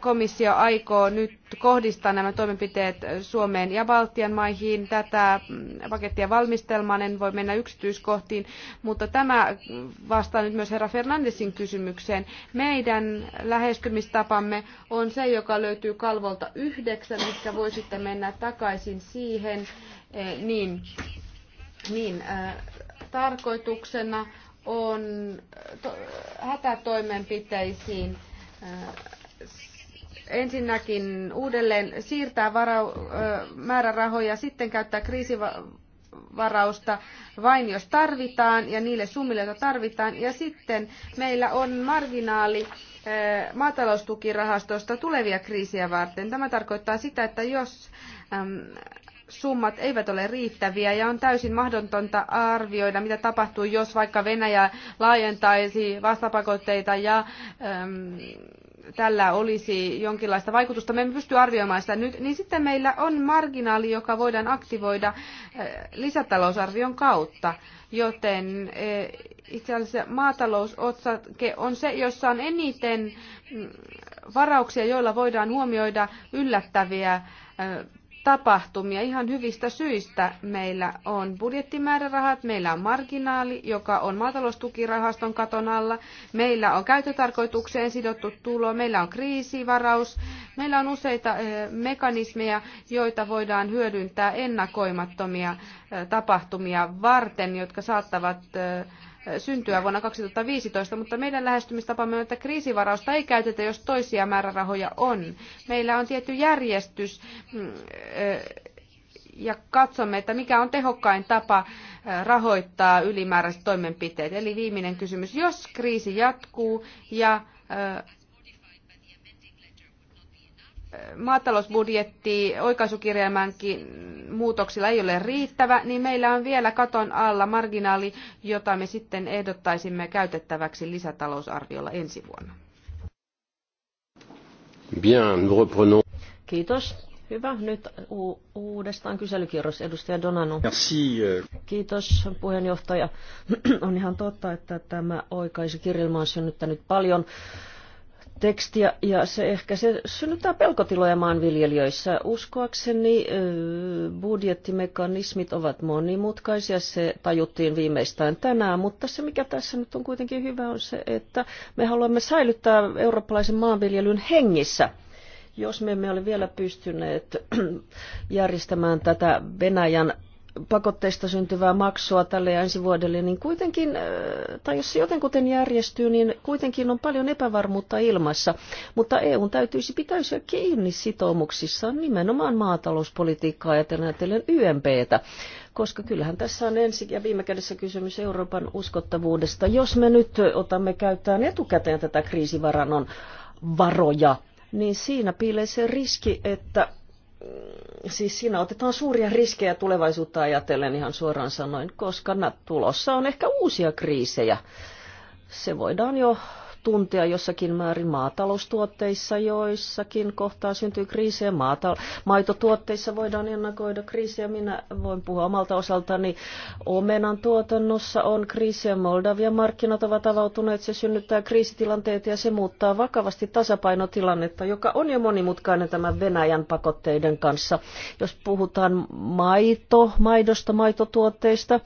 komissio aikoo nyt kohdistaa nämä toimenpiteet Suomeen ja Baltian maihin. Tätä mm, pakettia valmistelmaan en voi mennä yksityiskohtiin, mutta tämä vastaa nyt myös herra Fernandesin kysymykseen. Meidän lähestymistapamme on se, joka löytyy kalvolta yhdeksän, mikä voisitte mennä takaisin siihen. Eh, niin, niin äh, tarkoituksena on to, hätätoimenpiteisiin äh, ensinnäkin uudelleen siirtää varau, määrärahoja, sitten käyttää kriisivarausta vain jos tarvitaan ja niille summille, joita tarvitaan. Ja sitten meillä on marginaali maataloustukirahastosta tulevia kriisiä varten. Tämä tarkoittaa sitä, että jos summat eivät ole riittäviä ja on täysin mahdotonta arvioida, mitä tapahtuu, jos vaikka Venäjä laajentaisi vastapakotteita ja äm, tällä olisi jonkinlaista vaikutusta, me emme pysty arvioimaan sitä nyt, niin sitten meillä on marginaali, joka voidaan aktivoida eh, lisätalousarvion kautta. Joten eh, itse asiassa maatalousotsake on se, jossa on eniten mm, varauksia, joilla voidaan huomioida yllättäviä eh, tapahtumia. Ihan hyvistä syistä meillä on budjettimäärärahat, meillä on marginaali, joka on maataloustukirahaston katon alla, meillä on käytötarkoitukseen sidottu tulo, meillä on kriisivaraus, meillä on useita eh, mekanismeja, joita voidaan hyödyntää ennakoimattomia eh, tapahtumia varten, jotka saattavat eh, syntyä vuonna 2015, mutta meidän lähestymistapamme on, että kriisivarausta ei käytetä, jos toisia määrärahoja on. Meillä on tietty järjestys mm, ja katsomme, että mikä on tehokkain tapa rahoittaa ylimääräiset toimenpiteet. Eli viimeinen kysymys, jos kriisi jatkuu ja maatalousbudjetti oikaisukirjelmänkin muutoksilla ei ole riittävä, niin meillä on vielä katon alla marginaali, jota me sitten ehdottaisimme käytettäväksi lisätalousarviolla ensi vuonna. Bien, reprenons. Kiitos. Hyvä. Nyt u- uudestaan kyselykierros. Edustaja Donanu. Merci. Euh. Kiitos puheenjohtaja. on ihan totta, että tämä oikaisukirjelmä on synnyttänyt paljon tekstiä ja se ehkä se synnyttää pelkotiloja maanviljelijöissä. Uskoakseni budjettimekanismit ovat monimutkaisia, se tajuttiin viimeistään tänään, mutta se mikä tässä nyt on kuitenkin hyvä on se, että me haluamme säilyttää eurooppalaisen maanviljelyn hengissä. Jos me emme ole vielä pystyneet järjestämään tätä Venäjän pakotteista syntyvää maksua tälle ja ensi vuodelle, niin kuitenkin, tai jos se jotenkuten järjestyy, niin kuitenkin on paljon epävarmuutta ilmassa. Mutta EUn täytyisi pitäytyä kiinni sitoumuksissaan nimenomaan maatalouspolitiikkaa ajatellen, ajatellen YMPtä, koska kyllähän tässä on ensi ja viime kädessä kysymys Euroopan uskottavuudesta. Jos me nyt otamme käyttöön etukäteen tätä kriisivarannon varoja, niin siinä piilee se riski, että siis siinä otetaan suuria riskejä tulevaisuutta ajatellen ihan suoraan sanoen, koska tulossa on ehkä uusia kriisejä. Se voidaan jo tuntea jossakin määrin maataloustuotteissa, joissakin kohtaa syntyy kriisejä. Maata, maitotuotteissa voidaan ennakoida kriisejä. Minä voin puhua omalta osaltani. Omenan tuotannossa on kriisejä. Moldavian markkinat ovat avautuneet. Se synnyttää kriisitilanteita ja se muuttaa vakavasti tasapainotilannetta, joka on jo monimutkainen tämän Venäjän pakotteiden kanssa. Jos puhutaan maito, maidosta, maitotuotteista,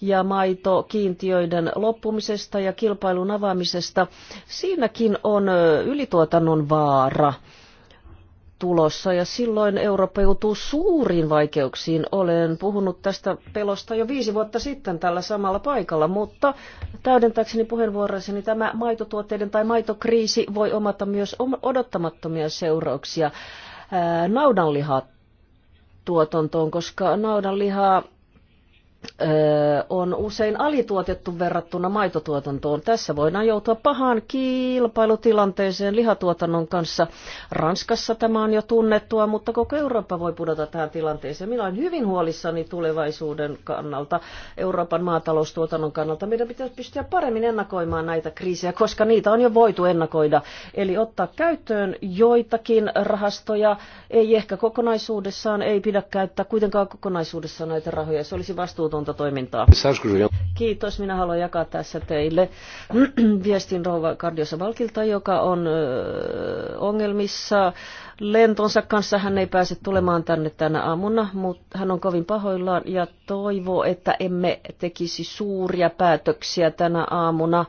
ja maitokiintiöiden loppumisesta ja kilpailun avaamisesta. Siinäkin on ylituotannon vaara tulossa ja silloin Eurooppa joutuu suuriin vaikeuksiin. Olen puhunut tästä pelosta jo viisi vuotta sitten tällä samalla paikalla, mutta täydentääkseni puheenvuorossani tämä maitotuotteiden tai maitokriisi voi omata myös odottamattomia seurauksia naudanlihaa tuotantoon, koska naudanlihaa on usein alituotettu verrattuna maitotuotantoon. Tässä voidaan joutua pahaan kilpailutilanteeseen lihatuotannon kanssa. Ranskassa tämä on jo tunnettua, mutta koko Eurooppa voi pudota tähän tilanteeseen. Minä olen hyvin huolissani tulevaisuuden kannalta, Euroopan maataloustuotannon kannalta. Meidän pitäisi pystyä paremmin ennakoimaan näitä kriisejä, koska niitä on jo voitu ennakoida. Eli ottaa käyttöön joitakin rahastoja, ei ehkä kokonaisuudessaan, ei pidä käyttää kuitenkaan kokonaisuudessaan näitä rahoja. Se olisi vastuuta vastuutonta toimintaa. Kiitos, minä haluan jakaa tässä teille viestin rouva Kardiosa Valkilta, joka on ongelmissa lentonsa kanssa. Hän ei pääse tulemaan tänne tänä aamuna, mutta hän on kovin pahoillaan ja toivoo, että emme tekisi suuria päätöksiä tänä aamuna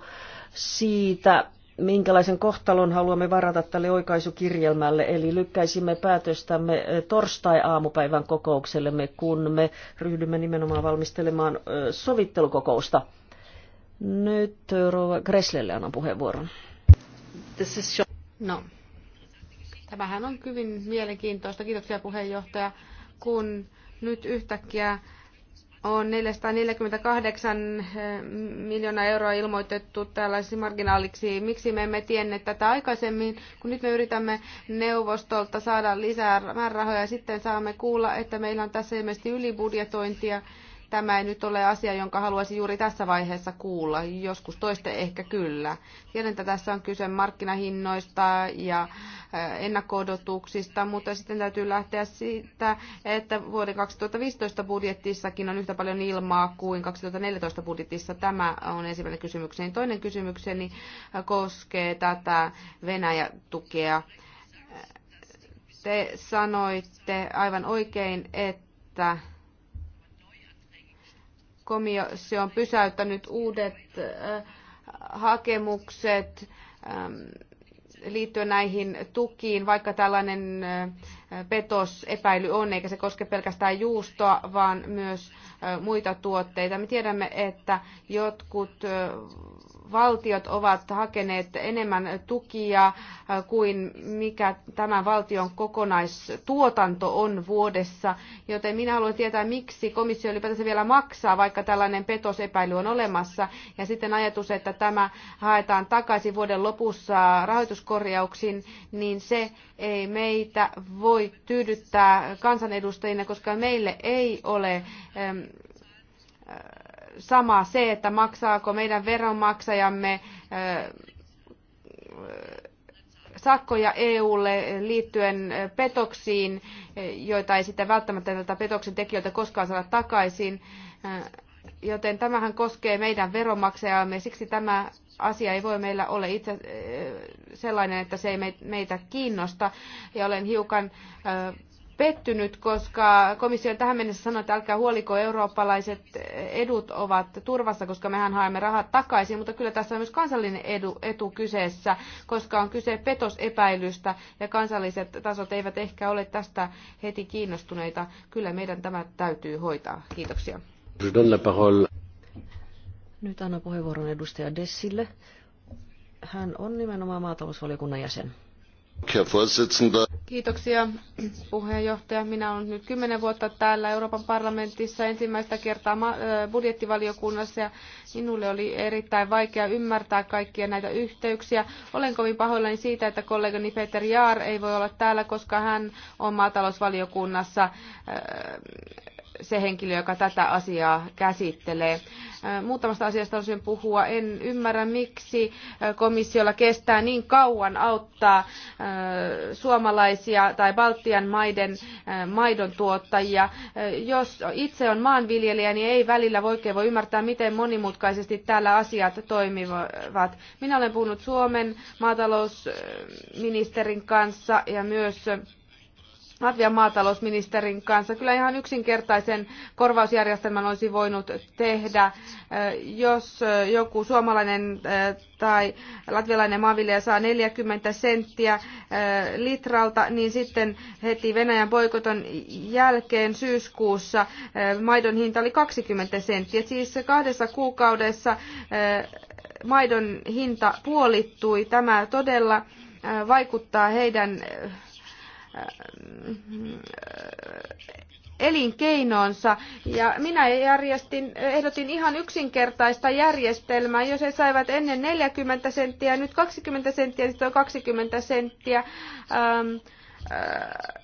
siitä, minkälaisen kohtalon haluamme varata tälle oikaisukirjelmälle, eli lykkäisimme päätöstämme torstai-aamupäivän kokouksellemme, kun me ryhdymme nimenomaan valmistelemaan sovittelukokousta. Nyt Rova Greslelle annan puheenvuoron. No, tämähän on hyvin mielenkiintoista. Kiitoksia puheenjohtaja, kun nyt yhtäkkiä on 448 eh, miljoonaa euroa ilmoitettu tällaisiksi marginaaliksi. Miksi me emme tienneet tätä aikaisemmin, kun nyt me yritämme neuvostolta saada lisää määrärahoja ja sitten saamme kuulla, että meillä on tässä ilmeisesti ylibudjetointia Tämä ei nyt ole asia, jonka haluaisin juuri tässä vaiheessa kuulla. Joskus toiste ehkä kyllä. Tiedän, että tässä on kyse markkinahinnoista ja äh, ennakko mutta sitten täytyy lähteä siitä, että vuoden 2015 budjettissakin on yhtä paljon ilmaa kuin 2014 budjetissa. Tämä on ensimmäinen kysymykseni. Toinen kysymykseni äh, koskee tätä Venäjä-tukea. Te sanoitte aivan oikein, että komissio on pysäyttänyt uudet äh, hakemukset ähm, liittyen näihin tukiin, vaikka tällainen äh, petosepäily on, eikä se koske pelkästään juustoa, vaan myös äh, muita tuotteita. Me tiedämme, että jotkut valtiot ovat hakeneet enemmän tukia äh, kuin mikä tämän valtion kokonaistuotanto on vuodessa. Joten minä haluan tietää, miksi komissio ylipäätänsä vielä maksaa, vaikka tällainen petosepäily on olemassa. Ja sitten ajatus, että tämä haetaan takaisin vuoden lopussa rahoituskorjauksiin, niin se ei meitä voi tyydyttää kansanedustajina, koska meille ei ole sama se, että maksaako meidän veronmaksajamme sakkoja EUlle liittyen petoksiin, joita ei sitten välttämättä tätä petoksen tekijöiltä koskaan saada takaisin. Joten tämähän koskee meidän veronmaksajamme, siksi tämä asia ei voi meillä olla itse sellainen, että se ei meitä kiinnosta. Ja olen hiukan pettynyt, koska komissio tähän mennessä sanoi, että älkää huoliko eurooppalaiset edut ovat turvassa, koska mehän haemme rahat takaisin, mutta kyllä tässä on myös kansallinen edu, etu kyseessä, koska on kyse petosepäilystä ja kansalliset tasot eivät ehkä ole tästä heti kiinnostuneita. Kyllä meidän tämä täytyy hoitaa. Kiitoksia. Nyt annan puheenvuoron edustaja Dessille. Hän on nimenomaan maatalousvaliokunnan jäsen. Kiitoksia puheenjohtaja. Minä olen nyt kymmenen vuotta täällä Euroopan parlamentissa ensimmäistä kertaa budjettivaliokunnassa ja minulle oli erittäin vaikea ymmärtää kaikkia näitä yhteyksiä. Olen kovin pahoillani siitä, että kollegani Peter Jaar ei voi olla täällä, koska hän on maatalousvaliokunnassa se henkilö, joka tätä asiaa käsittelee. Muutamasta asiasta haluaisin puhua. En ymmärrä, miksi komissiolla kestää niin kauan auttaa suomalaisia tai Baltian maiden maidon tuottajia. Jos itse on maanviljelijä, niin ei välillä oikein voi ymmärtää, miten monimutkaisesti täällä asiat toimivat. Minä olen puhunut Suomen maatalousministerin kanssa ja myös Latvian maatalousministerin kanssa. Kyllä ihan yksinkertaisen korvausjärjestelmän olisi voinut tehdä, jos joku suomalainen tai latvialainen maanviljelijä saa 40 senttiä litralta, niin sitten heti Venäjän boikoton jälkeen syyskuussa maidon hinta oli 20 senttiä. Siis kahdessa kuukaudessa maidon hinta puolittui. Tämä todella vaikuttaa heidän Äh, elinkeinoonsa. Ja minä järjestin, ehdotin ihan yksinkertaista järjestelmää. Jos he saivat ennen 40 senttiä, nyt 20 senttiä, sitten on 20 senttiä ähm, äh,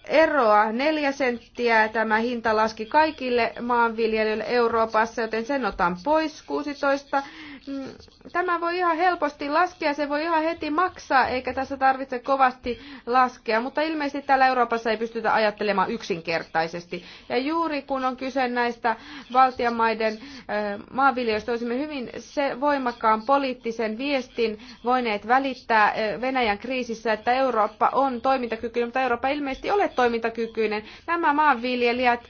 eroa. Neljä senttiä tämä hinta laski kaikille maanviljelijöille Euroopassa, joten sen otan pois 16 Mm, tämä voi ihan helposti laskea, se voi ihan heti maksaa, eikä tässä tarvitse kovasti laskea, mutta ilmeisesti täällä Euroopassa ei pystytä ajattelemaan yksinkertaisesti. Ja juuri kun on kyse näistä valtiamaiden maanviljelijöistä, olisimme hyvin se voimakkaan poliittisen viestin voineet välittää Venäjän kriisissä, että Eurooppa on toimintakykyinen, mutta Eurooppa ilmeisesti ole toimintakykyinen. Nämä maanviljelijät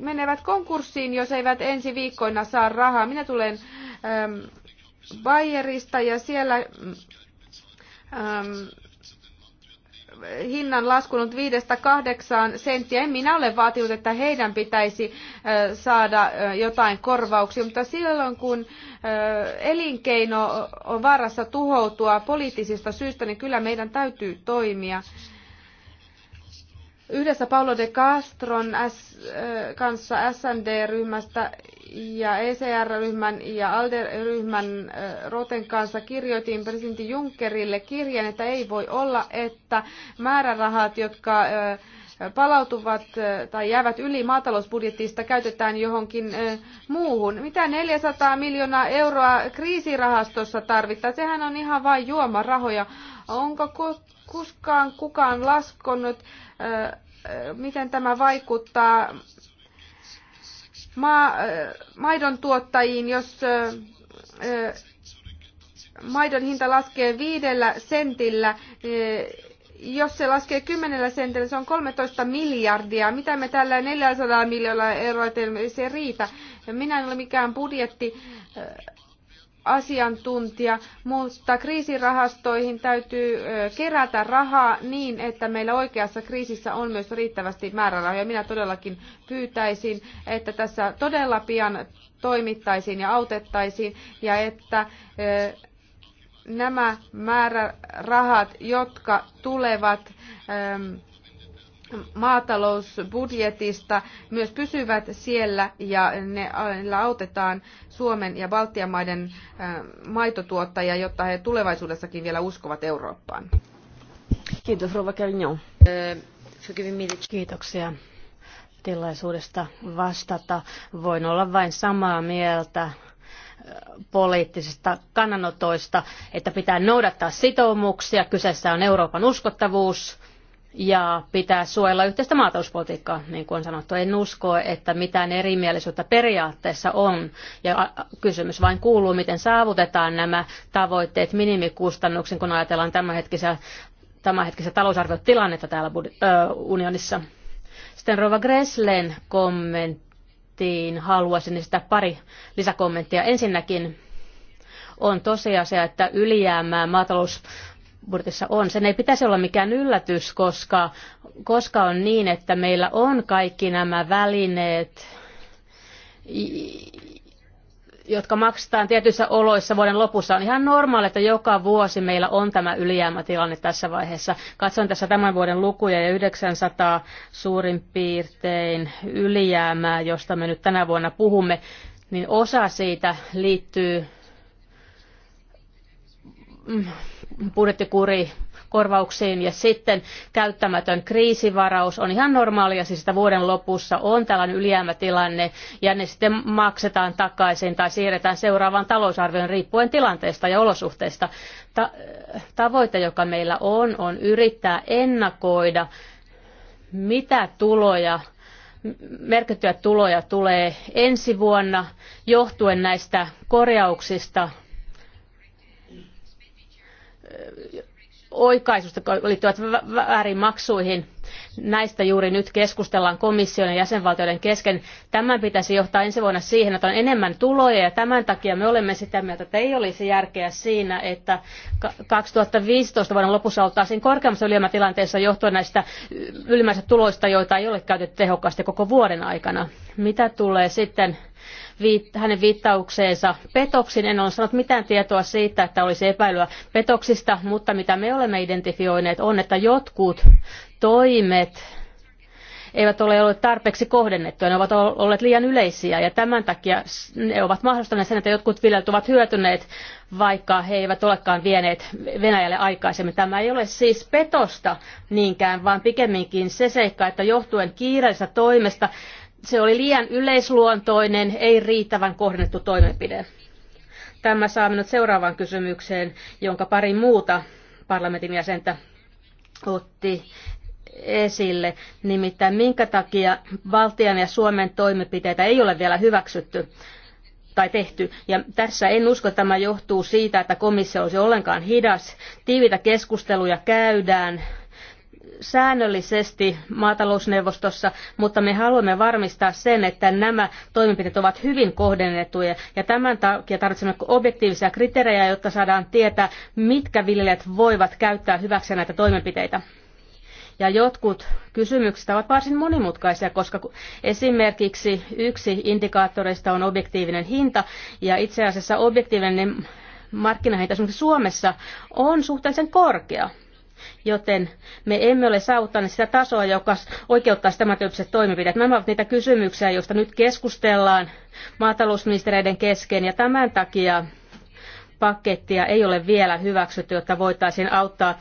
menevät konkurssiin, jos eivät ensi viikkoina saa rahaa. Minä tulen äm, Bayerista ja siellä äm, hinnan laskunut 5-8 senttiä. En minä ole vaatinut, että heidän pitäisi äh, saada äh, jotain korvauksia, mutta silloin kun äh, elinkeino on vaarassa tuhoutua poliittisista syistä, niin kyllä meidän täytyy toimia yhdessä Paulo de Castron S, kanssa SND-ryhmästä ja ECR-ryhmän ja ALDE-ryhmän Roten kanssa kirjoitin presidentti Junckerille kirjeen, että ei voi olla, että määrärahat, jotka palautuvat eh, tai jäävät yli maatalousbudjetista käytetään johonkin eh, muuhun. Mitä 400 miljoonaa euroa kriisirahastossa tarvitaan? Sehän on ihan vain juomarahoja. Onko kuskaan kukaan laskonut, eh, miten tämä vaikuttaa maa, maidon tuottajiin, jos maidon hinta laskee viidellä sentillä, jos se laskee 10 sentillä, se on 13 miljardia. Mitä me tällä 400 miljoonaa euroa teemme, se riitä. Minä en ole mikään budjetti äh, asiantuntija, mutta kriisirahastoihin täytyy äh, kerätä rahaa niin, että meillä oikeassa kriisissä on myös riittävästi määrärahoja. Minä todellakin pyytäisin, että tässä todella pian toimittaisiin ja autettaisiin ja että äh, nämä määrärahat, jotka tulevat ähm, maatalousbudjetista, myös pysyvät siellä ja ne autetaan Suomen ja Baltian maiden ähm, maitotuottajia, jotta he tulevaisuudessakin vielä uskovat Eurooppaan. Kiitos, Rova Carignon. Kiitoksia tilaisuudesta vastata. Voin olla vain samaa mieltä poliittisista kannanotoista, että pitää noudattaa sitoumuksia. Kyseessä on Euroopan uskottavuus ja pitää suojella yhteistä maatalouspolitiikkaa, niin kuin on sanottu. En usko, että mitään erimielisyyttä periaatteessa on. Ja kysymys vain kuuluu, miten saavutetaan nämä tavoitteet minimikustannuksen, kun ajatellaan tämänhetkisiä tämänhetkistä talousarviotilannetta täällä unionissa. Sitten Rova Greslen kommentti budjettiin haluaisin esittää pari lisäkommenttia. Ensinnäkin on tosiasia, että ylijäämää maatalous on. Sen ei pitäisi olla mikään yllätys, koska, koska on niin, että meillä on kaikki nämä välineet, jotka maksetaan tietyissä oloissa vuoden lopussa. On ihan normaali, että joka vuosi meillä on tämä ylijäämätilanne tässä vaiheessa. Katson tässä tämän vuoden lukuja ja 900 suurin piirtein ylijäämää, josta me nyt tänä vuonna puhumme, niin osa siitä liittyy mm, budjettikuri korvauksiin ja sitten käyttämätön kriisivaraus on ihan normaalia, siis että vuoden lopussa on tällainen ylijäämätilanne ja ne sitten maksetaan takaisin tai siirretään seuraavaan talousarvioon riippuen tilanteesta ja olosuhteista. Ta- tavoite, joka meillä on, on yrittää ennakoida, mitä tuloja merkittyjä tuloja tulee ensi vuonna johtuen näistä korjauksista oikaisusta liittyvät väärin maksuihin. Näistä juuri nyt keskustellaan komission ja jäsenvaltioiden kesken. Tämän pitäisi johtaa ensi vuonna siihen, että on enemmän tuloja ja tämän takia me olemme sitä mieltä, että ei olisi järkeä siinä, että 2015 vuoden lopussa oltaisiin korkeammassa ylijäämätilanteessa johtuen näistä ylimääräisistä tuloista, joita ei ole käytetty tehokkaasti koko vuoden aikana. Mitä tulee sitten hänen viittaukseensa petoksiin. En ole sanonut mitään tietoa siitä, että olisi epäilyä petoksista, mutta mitä me olemme identifioineet on, että jotkut toimet eivät ole olleet tarpeeksi kohdennettuja, ne ovat olleet liian yleisiä ja tämän takia ne ovat mahdollistaneet sen, että jotkut viljelijät ovat hyötyneet, vaikka he eivät olekaan vieneet Venäjälle aikaisemmin. Tämä ei ole siis petosta niinkään, vaan pikemminkin se seikka, että johtuen kiireellisestä toimesta se oli liian yleisluontoinen, ei riittävän kohdennettu toimenpide. Tämä saa minut seuraavaan kysymykseen, jonka pari muuta parlamentin jäsentä otti esille, nimittäin minkä takia Baltian ja Suomen toimenpiteitä ei ole vielä hyväksytty tai tehty. Ja tässä en usko, että tämä johtuu siitä, että komissio olisi ollenkaan hidas. Tiiviitä keskusteluja käydään säännöllisesti maatalousneuvostossa, mutta me haluamme varmistaa sen, että nämä toimenpiteet ovat hyvin kohdennettuja. Ja tämän takia tarvitsemme objektiivisia kriteerejä, jotta saadaan tietää, mitkä viljelijät voivat käyttää hyväksi näitä toimenpiteitä. Ja jotkut kysymykset ovat varsin monimutkaisia, koska esimerkiksi yksi indikaattoreista on objektiivinen hinta, ja itse asiassa objektiivinen markkinahinta esimerkiksi Suomessa on suhteellisen korkea joten me emme ole saavuttaneet sitä tasoa, joka oikeuttaisi tämän tyyppiset toimenpiteet. Nämä ovat niitä kysymyksiä, joista nyt keskustellaan maatalousministereiden kesken ja tämän takia pakettia ei ole vielä hyväksytty, jotta voitaisiin auttaa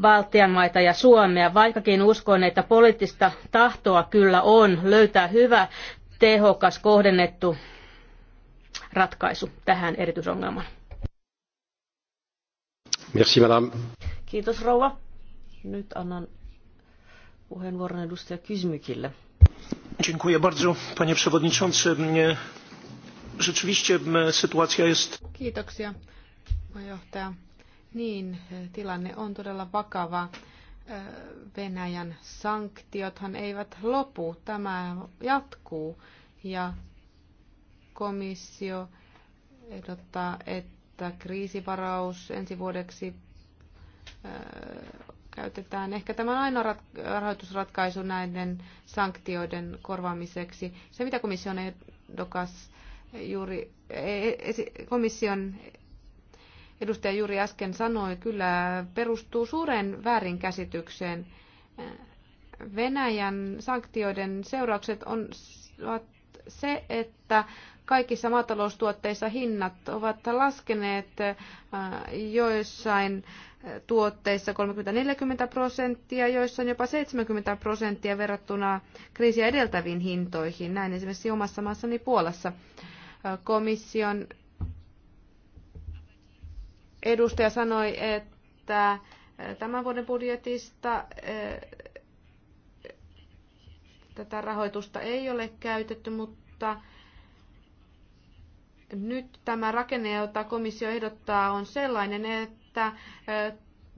Baltian maita ja Suomea, vaikkakin uskon, että poliittista tahtoa kyllä on löytää hyvä, tehokas, kohdennettu ratkaisu tähän erityisongelmaan. Merci, madame. Kiitos rouva. Nyt annan puheenvuoron edustaja Kysmykille. Dziękuję bardzo, panie przewodniczący. Rzeczywiście sytuacja jest... Kiitoksia, puheenjohtaja. Niin, tilanne on todella vakava. Venäjän sanktiothan eivät lopu, tämä jatkuu ja komissio ehdottaa, että kriisivaraus ensi vuodeksi käytetään. Ehkä tämä on aina rahoitusratkaisu näiden sanktioiden korvaamiseksi. Se, mitä komission ehdokas juuri, e, e, komission edustaja juuri äsken sanoi, kyllä perustuu suureen väärinkäsitykseen. Venäjän sanktioiden seuraukset on, ovat se, että kaikissa maataloustuotteissa hinnat ovat laskeneet äh, joissain äh, tuotteissa 30-40 prosenttia, joissain jopa 70 prosenttia verrattuna kriisiä edeltäviin hintoihin, näin esimerkiksi omassa maassani Puolassa. Äh, komission edustaja sanoi, että tämän vuoden budjetista tätä rahoitusta ei ole käytetty, mutta nyt tämä rakenne, jota komissio ehdottaa, on sellainen, että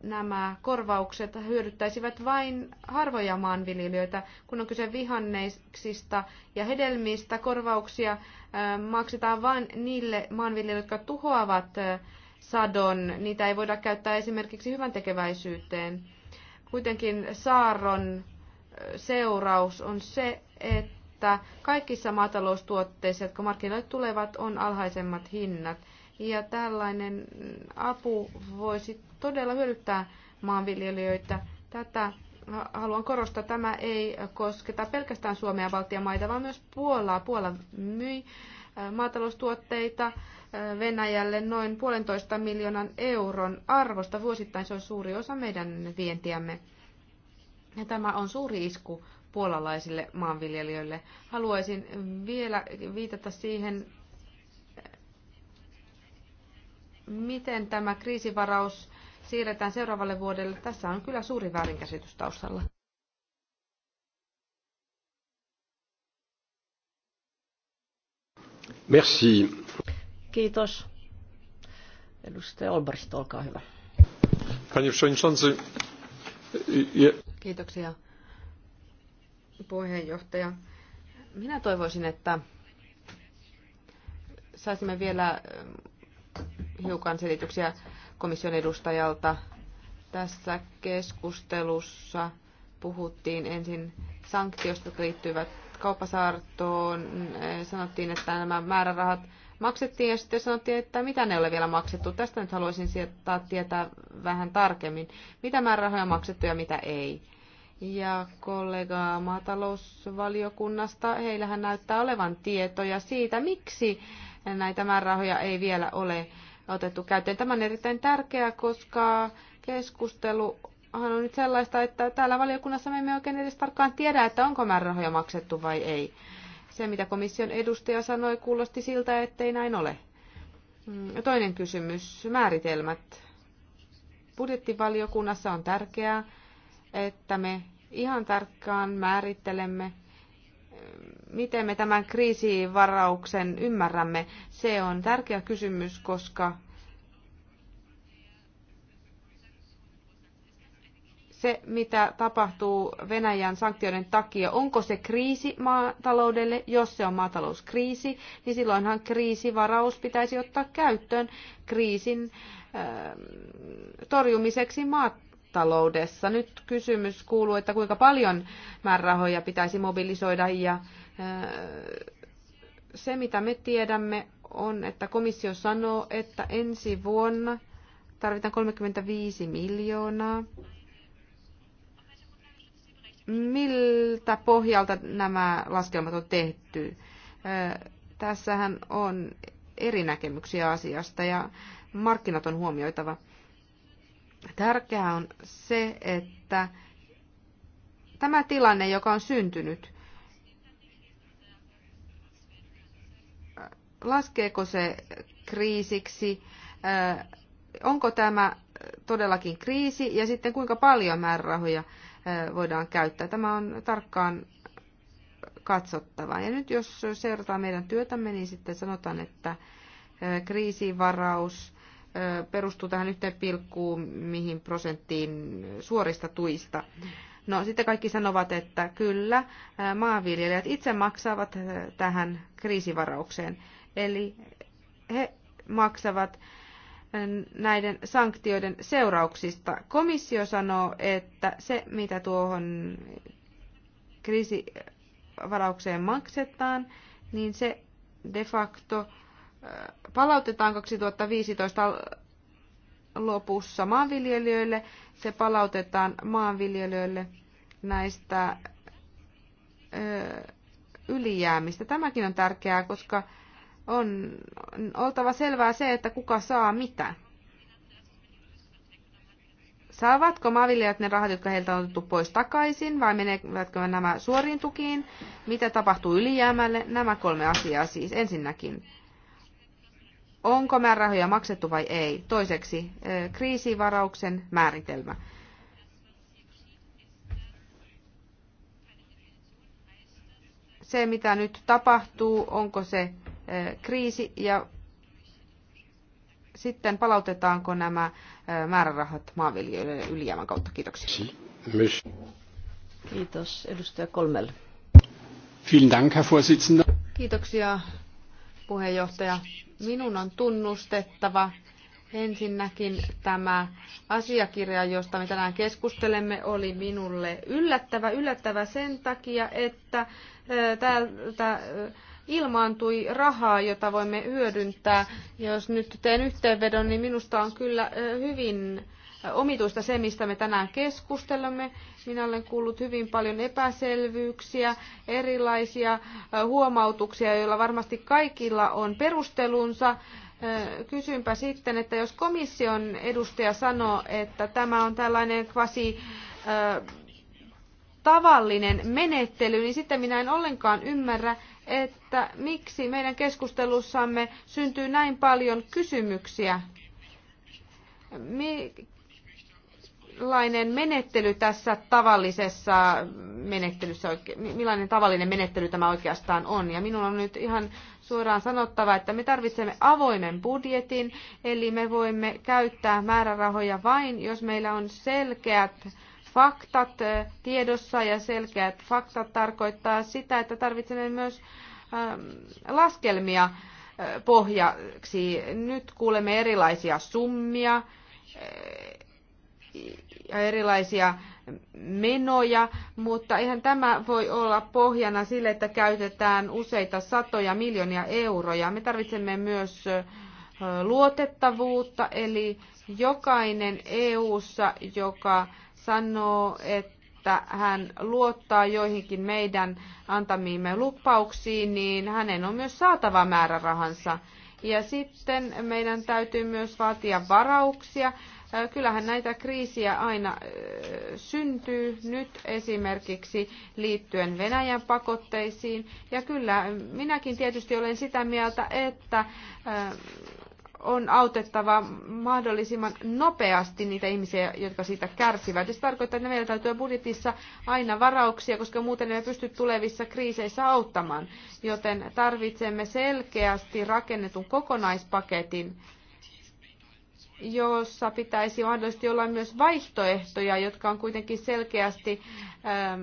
nämä korvaukset hyödyttäisivät vain harvoja maanviljelijöitä. Kun on kyse vihanneksista ja hedelmistä, korvauksia maksetaan vain niille maanviljelijöille, jotka tuhoavat sadon. Niitä ei voida käyttää esimerkiksi hyvän tekeväisyyteen, Kuitenkin saaron seuraus on se, että kaikissa maataloustuotteissa, jotka markkinoille tulevat, on alhaisemmat hinnat. Ja tällainen apu voisi todella hyödyttää maanviljelijöitä. Tätä haluan korostaa, tämä ei kosketa pelkästään Suomea ja Baltian maita, vaan myös Puolaa. Puola myi äh, maataloustuotteita äh, Venäjälle noin puolentoista miljoonan euron arvosta vuosittain. Se on suuri osa meidän vientiämme. Ja tämä on suuri isku puolalaisille maanviljelijöille. Haluaisin vielä viitata siihen, miten tämä kriisivaraus siirretään seuraavalle vuodelle. Tässä on kyllä suuri väärinkäsitys taustalla. Merci. Kiitos. Edustaja Olbrist, olkaa hyvä. Panie przewodniczący, Kiitoksia puheenjohtaja. Minä toivoisin, että saisimme vielä ähm, hiukan selityksiä komission edustajalta. Tässä keskustelussa puhuttiin ensin sanktioista, jotka liittyvät kauppasaartoon. Äh, sanottiin, että nämä määrärahat maksettiin ja sitten sanottiin, että mitä ne ole vielä maksettu. Tästä nyt haluaisin tietää vähän tarkemmin, mitä määrärahoja on maksettu ja mitä ei ja kollega maatalousvaliokunnasta. Heillähän näyttää olevan tietoja siitä, miksi näitä määrärahoja ei vielä ole otettu käyttöön. Tämä on erittäin tärkeää, koska keskustelu on nyt sellaista, että täällä valiokunnassa me emme oikein edes tarkkaan tiedä, että onko määrärahoja maksettu vai ei. Se, mitä komission edustaja sanoi, kuulosti siltä, ettei näin ole. Mm, toinen kysymys, määritelmät. Budjettivaliokunnassa on tärkeää, että me ihan tarkkaan määrittelemme, miten me tämän kriisivarauksen ymmärrämme. Se on tärkeä kysymys, koska se, mitä tapahtuu Venäjän sanktioiden takia, onko se kriisi maataloudelle? Jos se on maatalouskriisi, niin silloinhan kriisivaraus pitäisi ottaa käyttöön kriisin ähm, torjumiseksi maataloudelle taloudessa. Nyt kysymys kuuluu, että kuinka paljon määrärahoja pitäisi mobilisoida ja äh, se mitä me tiedämme on, että komissio sanoo, että ensi vuonna tarvitaan 35 miljoonaa. Miltä pohjalta nämä laskelmat on tehty? Äh, tässähän on eri näkemyksiä asiasta ja markkinat on huomioitava. Tärkeää on se, että tämä tilanne, joka on syntynyt, laskeeko se kriisiksi, onko tämä todellakin kriisi ja sitten kuinka paljon määrärahoja voidaan käyttää. Tämä on tarkkaan katsottava. Ja nyt jos seurataan meidän työtämme, niin sitten sanotaan, että kriisivaraus perustuu tähän yhteen pilkkuun, mihin prosenttiin suorista tuista. No sitten kaikki sanovat, että kyllä, maanviljelijät itse maksavat tähän kriisivaraukseen. Eli he maksavat näiden sanktioiden seurauksista. Komissio sanoo, että se mitä tuohon kriisivaraukseen maksetaan, niin se de facto palautetaan 2015 lopussa maanviljelijöille. Se palautetaan maanviljelijöille näistä ylijäämistä. Tämäkin on tärkeää, koska on oltava selvää se, että kuka saa mitä. Saavatko maanviljelijät ne rahat, jotka heiltä on otettu pois takaisin, vai menevätkö nämä suoriin tukiin? Mitä tapahtuu ylijäämälle? Nämä kolme asiaa siis ensinnäkin. Onko määrärahoja maksettu vai ei? Toiseksi, kriisivarauksen määritelmä. Se, mitä nyt tapahtuu, onko se kriisi ja sitten palautetaanko nämä määrärahat maanviljelijöiden ylijäämän kautta? Kiitoksia. Kiitos. Edustaja Kolmel. Vielen Kiitoksia, puheenjohtaja minun on tunnustettava ensinnäkin tämä asiakirja, josta me tänään keskustelemme, oli minulle yllättävä. Yllättävä sen takia, että täältä ilmaantui rahaa, jota voimme hyödyntää. Jos nyt teen yhteenvedon, niin minusta on kyllä hyvin omituista se, mistä me tänään keskustelemme. Minä olen kuullut hyvin paljon epäselvyyksiä, erilaisia huomautuksia, joilla varmasti kaikilla on perustelunsa. Kysynpä sitten, että jos komission edustaja sanoo, että tämä on tällainen kvasi tavallinen menettely, niin sitten minä en ollenkaan ymmärrä, että miksi meidän keskustelussamme syntyy näin paljon kysymyksiä millainen menettely tässä tavallisessa menettelyssä, millainen tavallinen menettely tämä oikeastaan on. Ja minulla on nyt ihan suoraan sanottava, että me tarvitsemme avoimen budjetin, eli me voimme käyttää määrärahoja vain, jos meillä on selkeät faktat eh, tiedossa, ja selkeät faktat tarkoittaa sitä, että tarvitsemme myös laskelmia eh, pohjaksi. Nyt kuulemme erilaisia summia, eh, ja erilaisia menoja, mutta eihän tämä voi olla pohjana sille, että käytetään useita satoja miljoonia euroja. Me tarvitsemme myös luotettavuutta, eli jokainen EU-ssa, joka sanoo, että hän luottaa joihinkin meidän antamiimme lupauksiin, niin hänen on myös saatava määrärahansa. Ja sitten meidän täytyy myös vaatia varauksia Äh, kyllähän näitä kriisiä aina äh, syntyy nyt esimerkiksi liittyen Venäjän pakotteisiin. Ja kyllä minäkin tietysti olen sitä mieltä, että äh, on autettava mahdollisimman nopeasti niitä ihmisiä, jotka siitä kärsivät. se tarkoittaa, että meillä täytyy budjetissa aina varauksia, koska muuten emme pysty tulevissa kriiseissä auttamaan. Joten tarvitsemme selkeästi rakennetun kokonaispaketin jossa pitäisi mahdollisesti olla myös vaihtoehtoja, jotka on kuitenkin selkeästi ähm,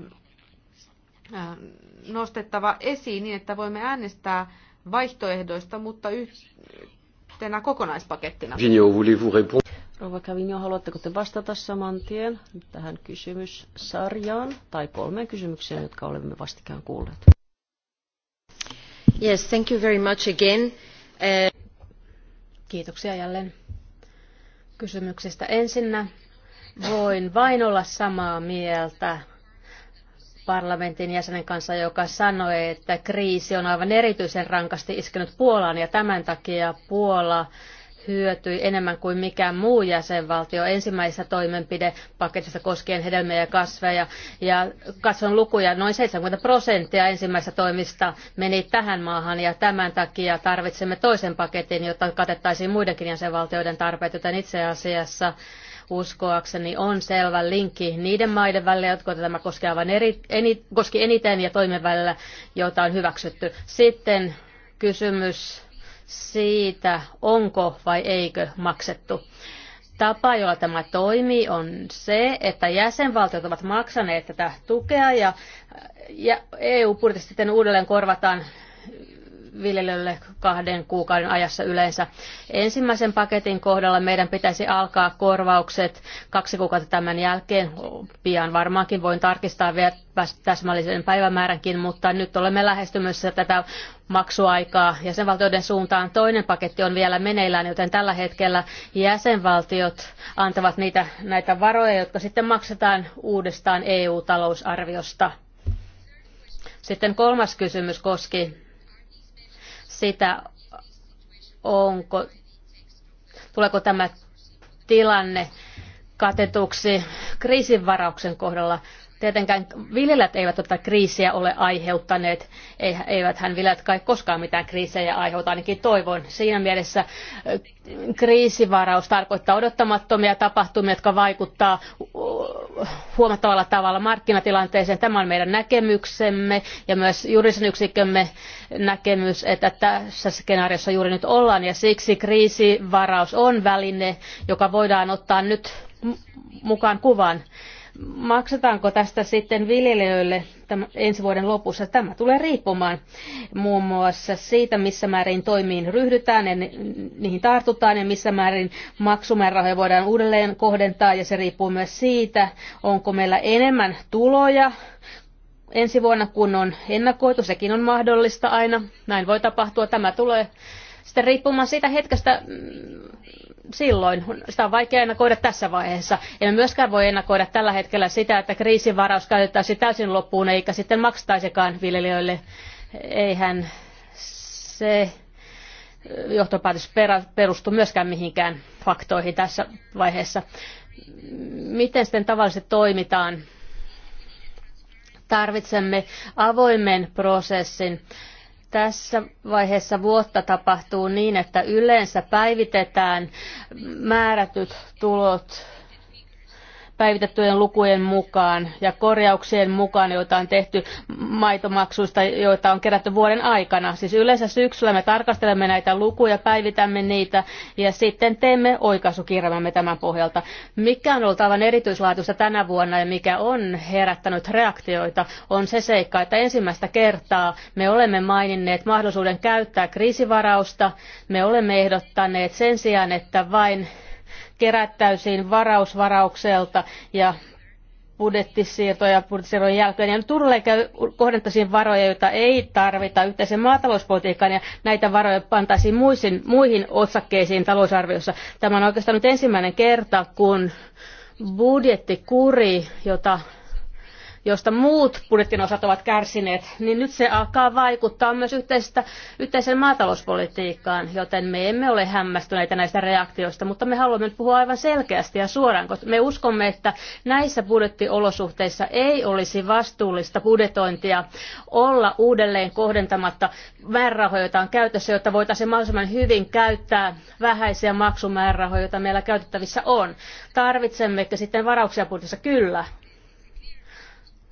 ähm, nostettava esiin niin, että voimme äänestää vaihtoehdoista, mutta yhtenä kokonaispakettina. Rouva Kavinio, haluatteko te vastata saman tien tähän kysymyssarjaan tai kolmeen kysymykseen, jotka olemme vastikään kuulleet? Yes, thank you very much again. Eh, Kiitoksia jälleen kysymyksistä. Ensinnä voin vain olla samaa mieltä parlamentin jäsenen kanssa, joka sanoi, että kriisi on aivan erityisen rankasti iskenyt Puolaan ja tämän takia Puola hyötyi enemmän kuin mikään muu jäsenvaltio ensimmäisessä toimenpidepaketissa koskien hedelmiä ja kasveja. Ja katson lukuja, noin 70 prosenttia ensimmäisistä toimista meni tähän maahan ja tämän takia tarvitsemme toisen paketin, jotta katettaisiin muidenkin jäsenvaltioiden tarpeet, joten itse asiassa uskoakseni on selvä linkki niiden maiden välillä, jotka tämä koski, aivan eri, eni, koski eniten ja toimen välillä, joita on hyväksytty. Sitten kysymys siitä, onko vai eikö maksettu. Tapa, jolla tämä toimii, on se, että jäsenvaltiot ovat maksaneet tätä tukea ja, EU-budjetista sitten uudelleen korvataan viljelijöille kahden kuukauden ajassa yleensä. Ensimmäisen paketin kohdalla meidän pitäisi alkaa korvaukset kaksi kuukautta tämän jälkeen. Pian varmaankin voin tarkistaa vielä täsmällisen päivämääränkin, mutta nyt olemme lähestymässä tätä maksuaikaa jäsenvaltioiden suuntaan. Toinen paketti on vielä meneillään, joten tällä hetkellä jäsenvaltiot antavat niitä, näitä varoja, jotka sitten maksetaan uudestaan EU-talousarviosta. Sitten kolmas kysymys koski sitä, onko, tuleeko tämä tilanne katetuksi kriisinvarauksen kohdalla Tietenkään viljelijät eivät tätä kriisiä ole aiheuttaneet, eivät hän viljelijät kai koskaan mitään kriisejä aiheuta, ainakin toivon. Siinä mielessä kriisivaraus tarkoittaa odottamattomia tapahtumia, jotka vaikuttavat huomattavalla tavalla markkinatilanteeseen. Tämä on meidän näkemyksemme ja myös juridisen yksikkömme näkemys, että tässä skenaariossa juuri nyt ollaan ja siksi kriisivaraus on väline, joka voidaan ottaa nyt mukaan kuvan Maksetaanko tästä sitten viljelijöille ensi vuoden lopussa? Tämä tulee riippumaan muun muassa siitä, missä määrin toimiin ryhdytään ja niihin tartutaan ja missä määrin maksumäärärahoja voidaan uudelleen kohdentaa. Ja se riippuu myös siitä, onko meillä enemmän tuloja ensi vuonna, kun on ennakoitu. Sekin on mahdollista aina. Näin voi tapahtua. Tämä tulee sitten riippumaan siitä hetkestä mm, silloin. Sitä on vaikea ennakoida tässä vaiheessa. Emme myöskään voi ennakoida tällä hetkellä sitä, että kriisivaraus käytettäisiin täysin loppuun eikä sitten maksaisikaan viljelijöille. Eihän se johtopäätös perustu myöskään mihinkään faktoihin tässä vaiheessa. Miten sitten tavallisesti toimitaan? Tarvitsemme avoimen prosessin tässä vaiheessa vuotta tapahtuu niin, että yleensä päivitetään määrätyt tulot päivitettyjen lukujen mukaan ja korjauksien mukaan, joita on tehty maitomaksuista, joita on kerätty vuoden aikana. Siis yleensä syksyllä me tarkastelemme näitä lukuja, päivitämme niitä ja sitten teemme oikaisukirjelmämme tämän pohjalta. Mikä on ollut aivan erityislaatuista tänä vuonna ja mikä on herättänyt reaktioita, on se seikka, että ensimmäistä kertaa me olemme maininneet mahdollisuuden käyttää kriisivarausta. Me olemme ehdottaneet sen sijaan, että vain kerättäisiin varausvaraukselta ja budjettisiirtoja budjettisiirron jälkeen. Ja turvalle kohdentaisiin varoja, joita ei tarvita yhteisen maatalouspolitiikkaan, ja näitä varoja pantaisiin muihin, muihin otsakkeisiin talousarviossa. Tämä on oikeastaan nyt ensimmäinen kerta, kun budjettikuri, jota josta muut budjetin osat ovat kärsineet, niin nyt se alkaa vaikuttaa myös yhteisestä, yhteiseen maatalouspolitiikkaan, joten me emme ole hämmästyneitä näistä reaktioista, mutta me haluamme nyt puhua aivan selkeästi ja suoraan, koska me uskomme, että näissä budjettiolosuhteissa ei olisi vastuullista budjetointia olla uudelleen kohdentamatta määrärahoja, joita on käytössä, jotta voitaisiin mahdollisimman hyvin käyttää vähäisiä maksumäärärahoja, joita meillä käytettävissä on. Tarvitsemmekö sitten varauksia budjetissa? Kyllä,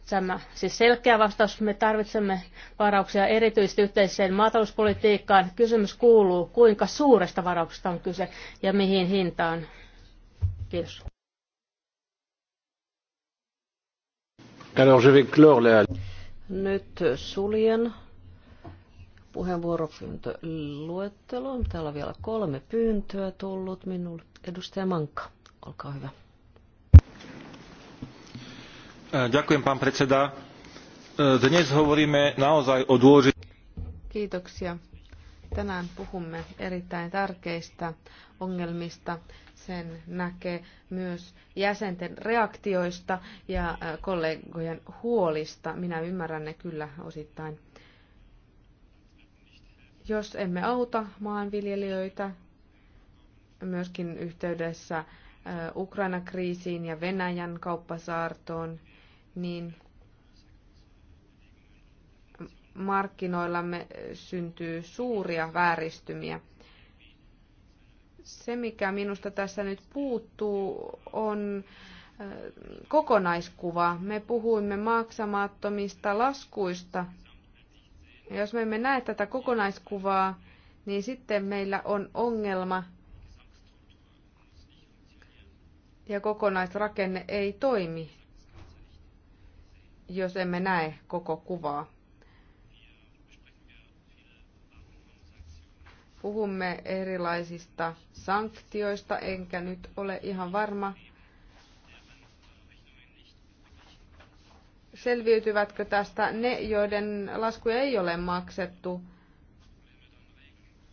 Tämä siis selkeä vastaus. Me tarvitsemme varauksia erityisesti yhteiseen maatalouspolitiikkaan. Kysymys kuuluu, kuinka suuresta varauksesta on kyse ja mihin hintaan. Kiitos. Nyt suljen puheenvuoropyyntöluettelon. Täällä on vielä kolme pyyntöä tullut minulle. Edustaja Manka, olkaa hyvä. Eh, eh, dnes hovoríme naozaj o dôležitých... Kiitoksia. Tänään puhumme erittäin tärkeistä ongelmista. Sen näkee myös jäsenten reaktioista ja eh, kollegojen huolista. Minä ymmärrän ne kyllä osittain. Jos emme auta maanviljelijöitä, myöskin yhteydessä Ukraina-kriisiin ja Venäjän kauppasaartoon, niin markkinoillamme syntyy suuria vääristymiä. Se, mikä minusta tässä nyt puuttuu, on kokonaiskuva. Me puhuimme maksamattomista laskuista. ja Jos me emme näe tätä kokonaiskuvaa, niin sitten meillä on ongelma ja kokonaisrakenne ei toimi jos emme näe koko kuvaa. Puhumme erilaisista sanktioista, enkä nyt ole ihan varma, selviytyvätkö tästä ne, joiden laskuja ei ole maksettu.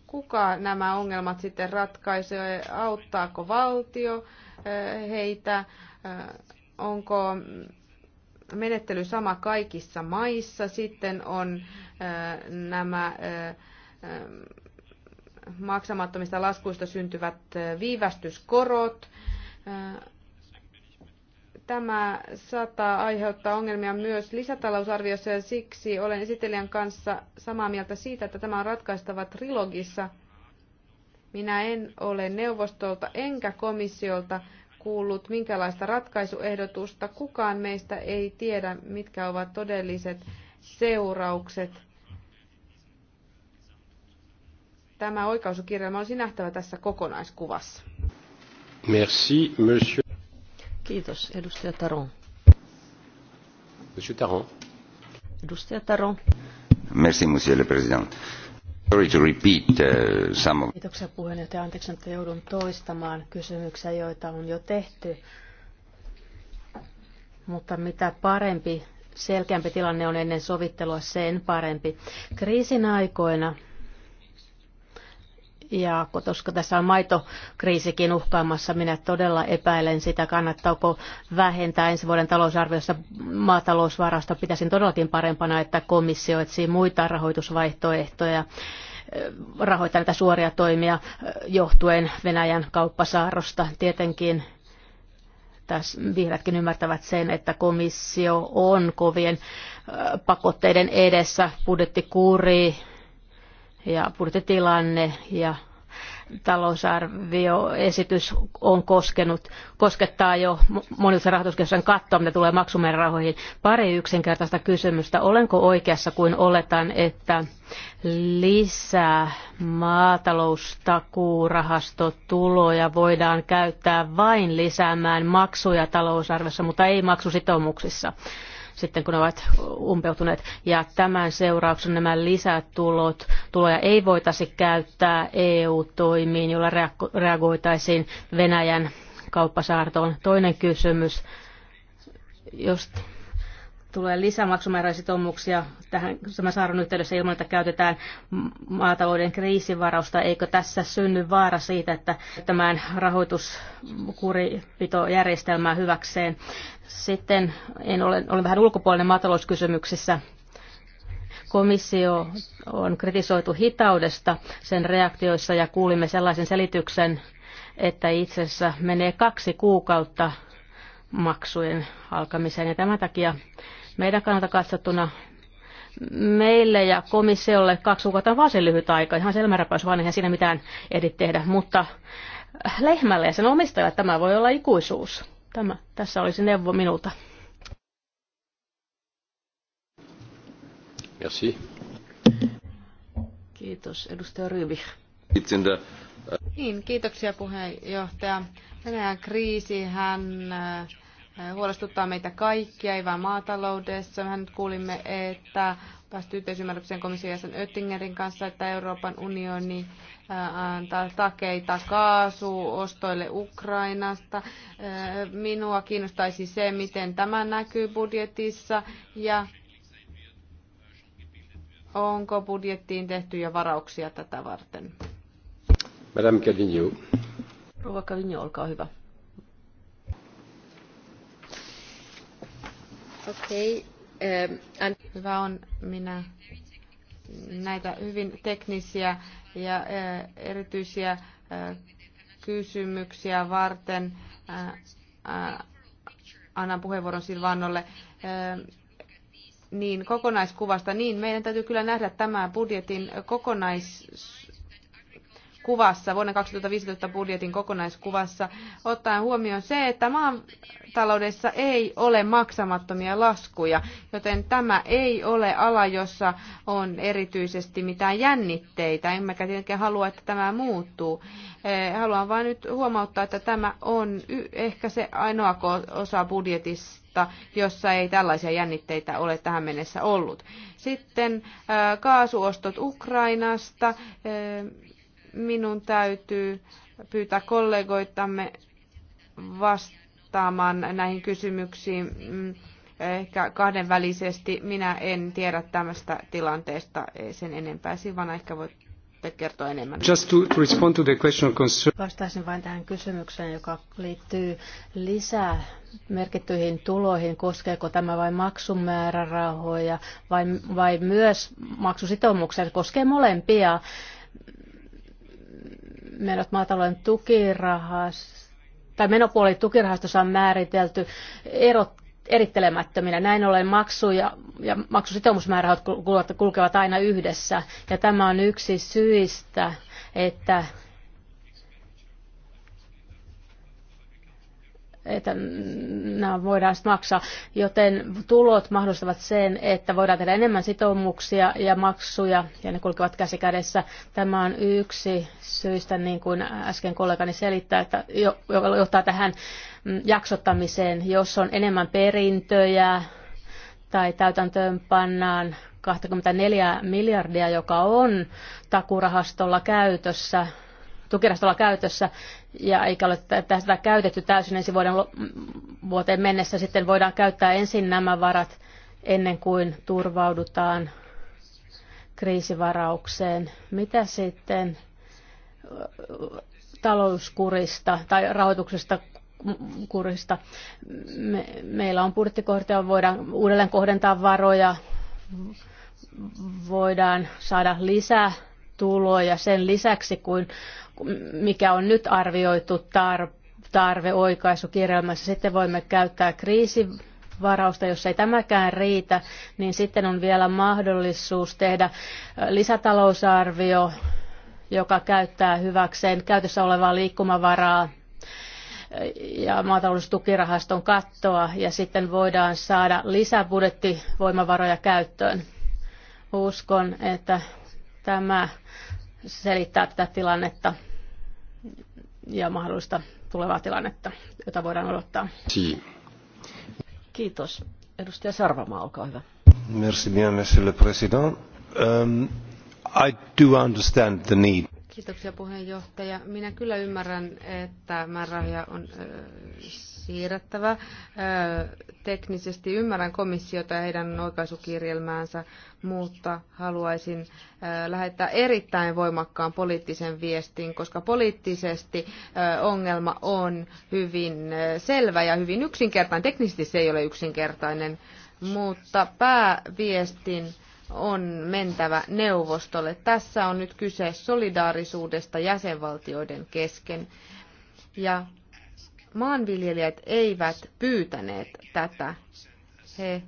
Kuka nämä ongelmat sitten ratkaisee? Auttaako valtio eh, heitä? Eh, onko menettely sama kaikissa maissa. Sitten on nämä maksamattomista laskuista syntyvät viivästyskorot. Tämä saattaa aiheuttaa ongelmia myös lisätalousarviossa ja siksi olen esittelijän kanssa samaa mieltä siitä, että tämä on ratkaistava trilogissa. Minä en ole neuvostolta enkä komissiolta kuullut minkälaista ratkaisuehdotusta. Kukaan meistä ei tiedä, mitkä ovat todelliset seuraukset. Tämä oikaisukirjelmä olisi nähtävä tässä kokonaiskuvassa. Merci, monsieur. Kiitos, edustaja Taron. Monsieur Taron. Edustaja Taron. Merci, monsieur le président. Sorry to repeat, uh, some of... Kiitoksia puheenjohtaja. Anteeksi, että joudun toistamaan kysymyksiä, joita on jo tehty. Mutta mitä parempi, selkeämpi tilanne on ennen sovittelua, sen parempi. Kriisin aikoina ja koska tässä on maitokriisikin uhkaamassa, minä todella epäilen sitä, kannattaako vähentää ensi vuoden talousarviossa maatalousvarasta. Pitäisin todellakin parempana, että komissio etsii muita rahoitusvaihtoehtoja äh, rahoittaa näitä suoria toimia äh, johtuen Venäjän kauppasaarosta. Tietenkin tässä vihreätkin ymmärtävät sen, että komissio on kovien äh, pakotteiden edessä, budjettikuuriin ja budjettitilanne ja talousarvioesitys on koskenut, koskettaa jo monissa rahoituskeskuksen kattoa, mitä tulee maksumäärärahoihin. Pari yksinkertaista kysymystä. Olenko oikeassa, kuin oletan, että lisää maataloustakuurahastotuloja voidaan käyttää vain lisäämään maksuja talousarvessa, mutta ei maksusitoumuksissa? sitten kun ne ovat umpeutuneet. Ja tämän seurauksena nämä lisätulot, tuloja ei voitaisi käyttää EU-toimiin, joilla reagoitaisiin Venäjän kauppasaartoon. Toinen kysymys, jos tulee lisämaksumääräisitoumuksia tähän tämän saaron yhteydessä ilman, että käytetään maatalouden kriisivarausta. Eikö tässä synny vaara siitä, että tämän rahoituskuripitojärjestelmää hyväkseen? Sitten en ole, olen vähän ulkopuolinen maatalouskysymyksissä. Komissio on kritisoitu hitaudesta sen reaktioissa ja kuulimme sellaisen selityksen, että itse asiassa menee kaksi kuukautta maksujen alkamiseen. Ja tämän takia meidän kannalta katsottuna meille ja komissiolle kaksi kuukautta on varsin lyhyt aika, ihan selmäräpäys vaan eihän siinä mitään edit tehdä, mutta äh, lehmälle ja sen omistajalle tämä voi olla ikuisuus. Tämä, tässä olisi neuvo minulta. Merci. Kiitos, edustaja Ryvi. Äh, niin, kiitoksia puheenjohtaja. Venäjän kriisi hän äh, huolestuttaa meitä kaikkia, ei vain maataloudessa. Mehän nyt kuulimme, että päästy yhteisymmärrykseen komission jäsen Oettingerin kanssa, että Euroopan unioni antaa takeita kaasuostoille Ukrainasta. Minua kiinnostaisi se, miten tämä näkyy budjetissa ja onko budjettiin tehty jo varauksia tätä varten. Madame Cavigno. Rouva Cavigno, olkaa hyvä. Okay. Um, and... Hyvä on minä näitä hyvin teknisiä ja uh, erityisiä uh, kysymyksiä varten. Uh, uh, annan puheenvuoron Silvannolle. Uh, niin kokonaiskuvasta, niin meidän täytyy kyllä nähdä tämä budjetin kokonais kuvassa, vuonna 2015 budjetin kokonaiskuvassa, ottaen huomioon se, että maataloudessa ei ole maksamattomia laskuja, joten tämä ei ole ala, jossa on erityisesti mitään jännitteitä, emmekä tietenkään halua, että tämä muuttuu. E, haluan vain nyt huomauttaa, että tämä on ehkä se ainoa osa budjetista, jossa ei tällaisia jännitteitä ole tähän mennessä ollut. Sitten kaasuostot Ukrainasta minun täytyy pyytää kollegoitamme vastaamaan näihin kysymyksiin mm, ehkä kahdenvälisesti. Minä en tiedä tämästä tilanteesta sen enempää, Sivana ehkä voit kertoa enemmän. Just to, to respond to the question concern... Vastaisin vain tähän kysymykseen, joka liittyy lisää merkittyihin tuloihin. Koskeeko tämä vain maksumäärärahoja vai, vai myös maksusitoumuksia? Koskee molempia menot maatalouden tukirahasta, tai menopuoli tukirahastossa on määritelty erot, erittelemättöminä. Näin ollen maksu ja, ja maksusitoumusmäärärahat kulkevat aina yhdessä. Ja tämä on yksi syistä, että että nämä voidaan maksaa, joten tulot mahdollistavat sen, että voidaan tehdä enemmän sitoumuksia ja maksuja, ja ne kulkevat käsi kädessä. Tämä on yksi syistä, niin kuin äsken kollegani selittää, että johtaa tähän mm, jaksottamiseen, jos on enemmän perintöjä tai täytäntöön pannaan 24 miljardia, joka on takurahastolla käytössä, tukirahastolla käytössä, ja eikä ole tästä käytetty täysin ensi vuoden mm, vuoteen mennessä, sitten voidaan käyttää ensin nämä varat ennen kuin turvaudutaan kriisivaraukseen. Mitä sitten talouskurista tai rahoituksesta kurista? Me, meillä on budjettikohtia, voidaan uudelleen kohdentaa varoja, voidaan saada lisää tuloja sen lisäksi, kuin mikä on nyt arvioitu tarve oikaisukirjelmässä. Sitten voimme käyttää kriisivarausta, jos ei tämäkään riitä, niin sitten on vielä mahdollisuus tehdä lisätalousarvio, joka käyttää hyväkseen käytössä olevaa liikkumavaraa ja maataloustukirahaston kattoa, ja sitten voidaan saada lisäbudjettivoimavaroja käyttöön. Uskon, että tämä selittää tätä tilannetta ja mahdollista tulevaa tilannetta, jota voidaan odottaa. Kiitos. Edustaja Sarvamaa, olkaa hyvä. Merci bien, monsieur le président. Um, I do understand the need. Kiitoksia puheenjohtaja. Minä kyllä ymmärrän, että määrärahoja on siirrettävä. Teknisesti ymmärrän komissiota ja heidän oikaisukirjelmäänsä, mutta haluaisin lähettää erittäin voimakkaan poliittisen viestin, koska poliittisesti ongelma on hyvin selvä ja hyvin yksinkertainen. Teknisesti se ei ole yksinkertainen, mutta pääviestin on mentävä neuvostolle. Tässä on nyt kyse solidaarisuudesta jäsenvaltioiden kesken. Ja Maanviljelijät eivät pyytäneet tätä. He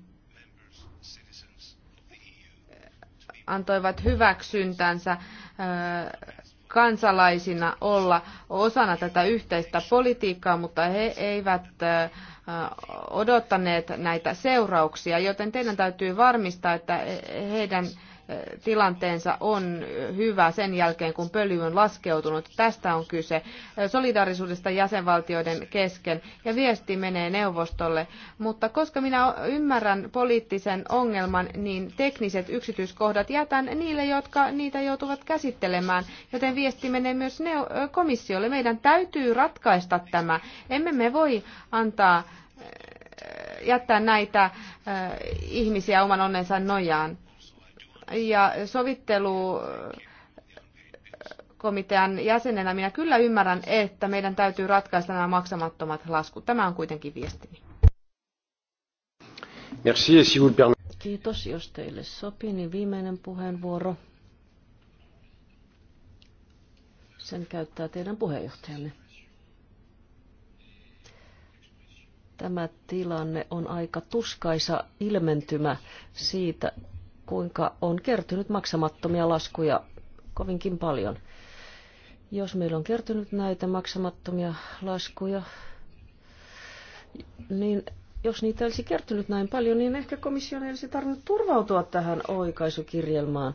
antoivat hyväksyntänsä kansalaisina olla osana tätä yhteistä politiikkaa, mutta he eivät odottaneet näitä seurauksia, joten teidän täytyy varmistaa, että heidän tilanteensa on hyvä sen jälkeen, kun pöly on laskeutunut. Tästä on kyse solidaarisuudesta jäsenvaltioiden kesken ja viesti menee neuvostolle. Mutta koska minä ymmärrän poliittisen ongelman, niin tekniset yksityiskohdat jätän niille, jotka niitä joutuvat käsittelemään, joten viesti menee myös komissiolle. Meidän täytyy ratkaista tämä. Emme me voi antaa jättää näitä ihmisiä oman onnensa nojaan ja sovittelu äh, komitean jäsenenä minä kyllä ymmärrän, että meidän täytyy ratkaista nämä maksamattomat laskut. Tämä on kuitenkin viestini. Kiitos, jos teille sopii, niin viimeinen puheenvuoro. Sen käyttää teidän puheenjohtajanne. Tämä tilanne on aika tuskaisa ilmentymä siitä, kuinka on kertynyt maksamattomia laskuja kovinkin paljon. Jos meillä on kertynyt näitä maksamattomia laskuja, niin jos niitä olisi kertynyt näin paljon, niin ehkä komission ei olisi tarvinnut turvautua tähän oikaisukirjelmaan,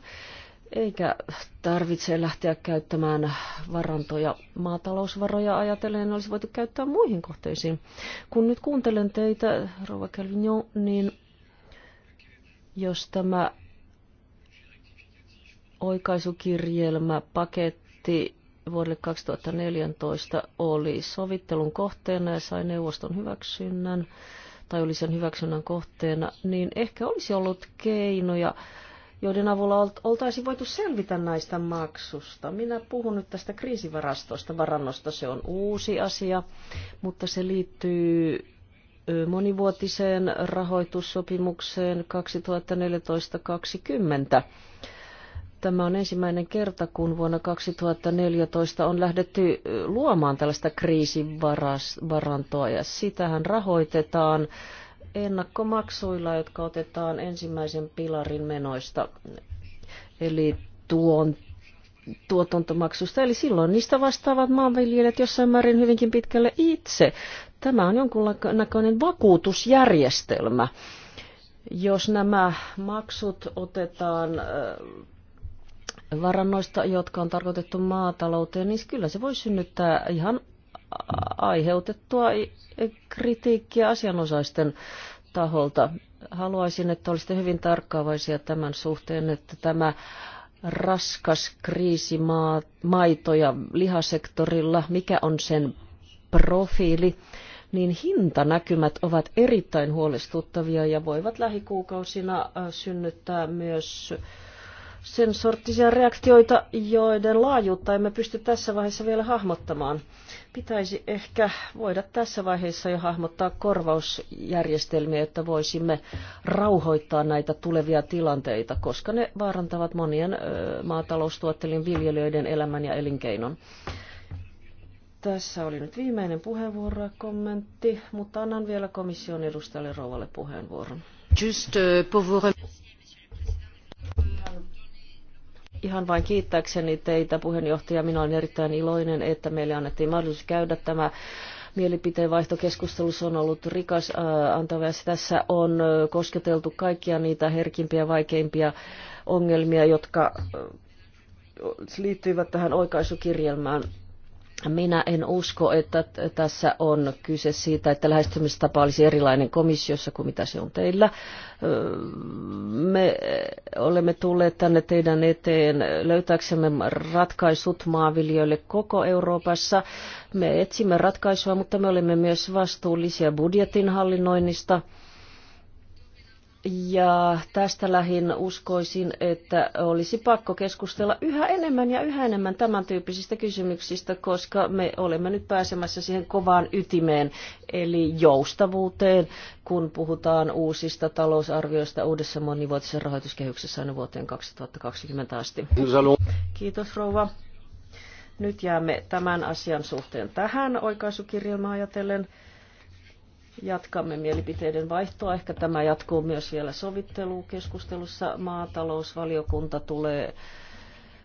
eikä tarvitse lähteä käyttämään varantoja, maatalousvaroja ajatellen olisi voitu käyttää muihin kohteisiin. Kun nyt kuuntelen teitä, Rova Calvignon, niin jos tämä oikaisukirjelmä, paketti vuodelle 2014 oli sovittelun kohteena ja sai neuvoston hyväksynnän tai oli sen hyväksynnän kohteena, niin ehkä olisi ollut keinoja, joiden avulla oltaisiin voitu selvitä näistä maksusta. Minä puhun nyt tästä kriisivarastosta, varannosta se on uusi asia, mutta se liittyy monivuotiseen rahoitussopimukseen 2014-2020 Tämä on ensimmäinen kerta, kun vuonna 2014 on lähdetty luomaan tällaista kriisivarantoa ja sitähän rahoitetaan ennakkomaksuilla, jotka otetaan ensimmäisen pilarin menoista, eli tuon tuotantomaksusta. Eli silloin niistä vastaavat maanviljelijät jossain määrin hyvinkin pitkälle itse. Tämä on jonkunnäköinen vakuutusjärjestelmä jos nämä maksut otetaan varannoista, jotka on tarkoitettu maatalouteen, niin kyllä se voi synnyttää ihan aiheutettua kritiikkiä asianosaisten taholta. Haluaisin, että olisitte hyvin tarkkaavaisia tämän suhteen, että tämä raskas kriisi maito- ja lihasektorilla, mikä on sen profiili, niin hintanäkymät ovat erittäin huolestuttavia ja voivat lähikuukausina synnyttää myös äh, sen sorttisia reaktioita, joiden laajuutta emme pysty tässä vaiheessa vielä hahmottamaan. Pitäisi ehkä voida tässä vaiheessa jo hahmottaa korvausjärjestelmiä, että voisimme rauhoittaa näitä tulevia tilanteita, koska ne vaarantavat monien maataloustuottelin viljelijöiden elämän ja elinkeinon. Tässä oli nyt viimeinen puheenvuoro ja kommentti, mutta annan vielä komission edustajalle Rouvalle puheenvuoron. Just, uh, ihan vain kiittääkseni teitä puheenjohtaja. Minä olen erittäin iloinen, että meille annettiin mahdollisuus käydä tämä mielipiteenvaihtokeskustelu. Se on ollut rikas äh, antava ja tässä on äh, kosketeltu kaikkia niitä herkimpiä, vaikeimpia ongelmia, jotka äh, tähän oikaisukirjelmään minä en usko, että tässä on kyse siitä, että lähestymistapa olisi erilainen komissiossa kuin mitä se on teillä. Me olemme tulleet tänne teidän eteen löytääksemme ratkaisut maanviljelijöille koko Euroopassa. Me etsimme ratkaisua, mutta me olemme myös vastuullisia budjetin hallinnoinnista. Ja tästä lähin uskoisin, että olisi pakko keskustella yhä enemmän ja yhä enemmän tämän tyyppisistä kysymyksistä, koska me olemme nyt pääsemässä siihen kovaan ytimeen, eli joustavuuteen, kun puhutaan uusista talousarvioista uudessa monivuotisessa rahoituskehyksessä aina vuoteen 2020 asti. Kiitos rouva. Nyt jäämme tämän asian suhteen tähän oikaisukirjelmää ajatellen. Jatkamme mielipiteiden vaihtoa. Ehkä tämä jatkuu myös vielä sovittelukeskustelussa. Maatalousvaliokunta tulee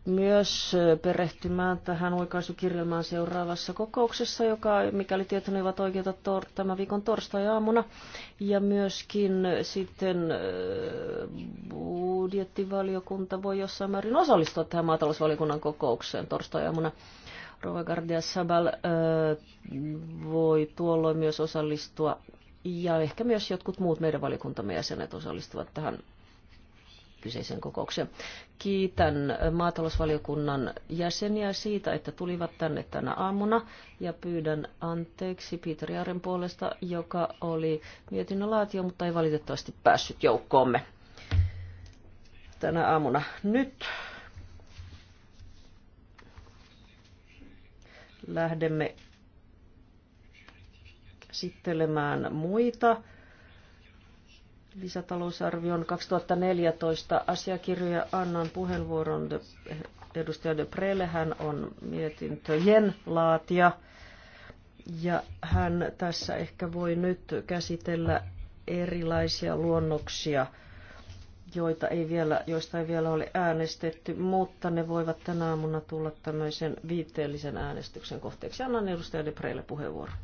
myös perehtymään tähän oikaisukirjelmään seuraavassa kokouksessa, joka, mikäli tietoni ovat oikeita, tor- tämän viikon torstai-aamuna. Ja myöskin sitten äh, budjettivaliokunta voi jossain määrin osallistua tähän maatalousvaliokunnan kokoukseen torstai-aamuna. Rova Gardia Sabal voi tuolloin myös osallistua ja ehkä myös jotkut muut meidän valikuntamme jäsenet osallistuvat tähän kyseisen kokouksen. Kiitän maatalousvaliokunnan jäseniä siitä, että tulivat tänne tänä aamuna ja pyydän anteeksi Peter Jaren puolesta, joka oli mietinnön laatio, mutta ei valitettavasti päässyt joukkoomme tänä aamuna. Nyt lähdemme käsittelemään muita lisätalousarvion 2014 asiakirjoja. Annan puheenvuoron de, edustaja De Prele. Hän on mietintöjen laatija ja hän tässä ehkä voi nyt käsitellä erilaisia luonnoksia – joita ei vielä, joista ei vielä ole äänestetty, mutta ne voivat tänä aamuna tulla tämmöisen viitteellisen äänestyksen kohteeksi. Annan edustaja Depreille puheenvuoron.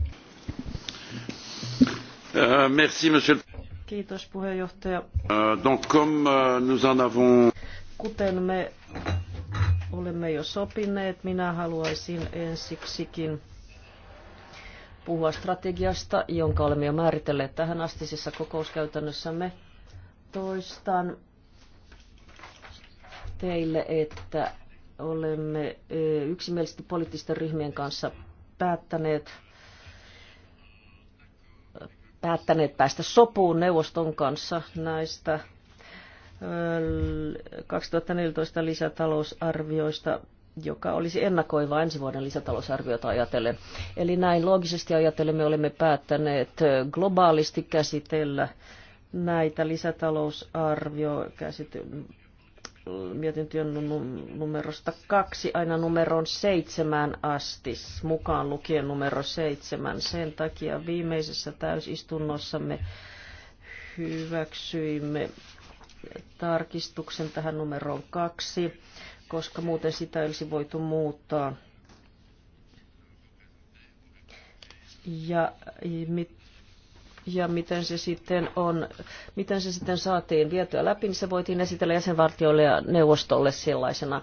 Euh, merci, monsieur. Kiitos puheenjohtaja. Euh, donc, comme euh, nous en avons... Kuten me olemme jo sopineet, minä haluaisin ensiksikin puhua strategiasta, jonka olemme jo määritelleet tähän astisessa kokouskäytännössämme Toistan teille, että olemme yksimielisesti poliittisten ryhmien kanssa päättäneet päättäneet päästä sopuun neuvoston kanssa näistä 2014 lisätalousarvioista, joka olisi ennakoiva ensi vuoden lisätalousarviota ajatellen. Eli näin loogisesti ajatellen me olemme päättäneet globaalisti käsitellä näitä lisätalousarviokäsity mietintöjen numerosta kaksi aina numeron seitsemän asti, mukaan lukien numero seitsemän. Sen takia viimeisessä täysistunnossamme hyväksyimme tarkistuksen tähän numeroon kaksi, koska muuten sitä ei olisi voitu muuttaa. Ja mit, ja miten se sitten, on, miten se sitten saatiin vietyä läpi, niin se voitiin esitellä jäsenvartioille ja neuvostolle sellaisena,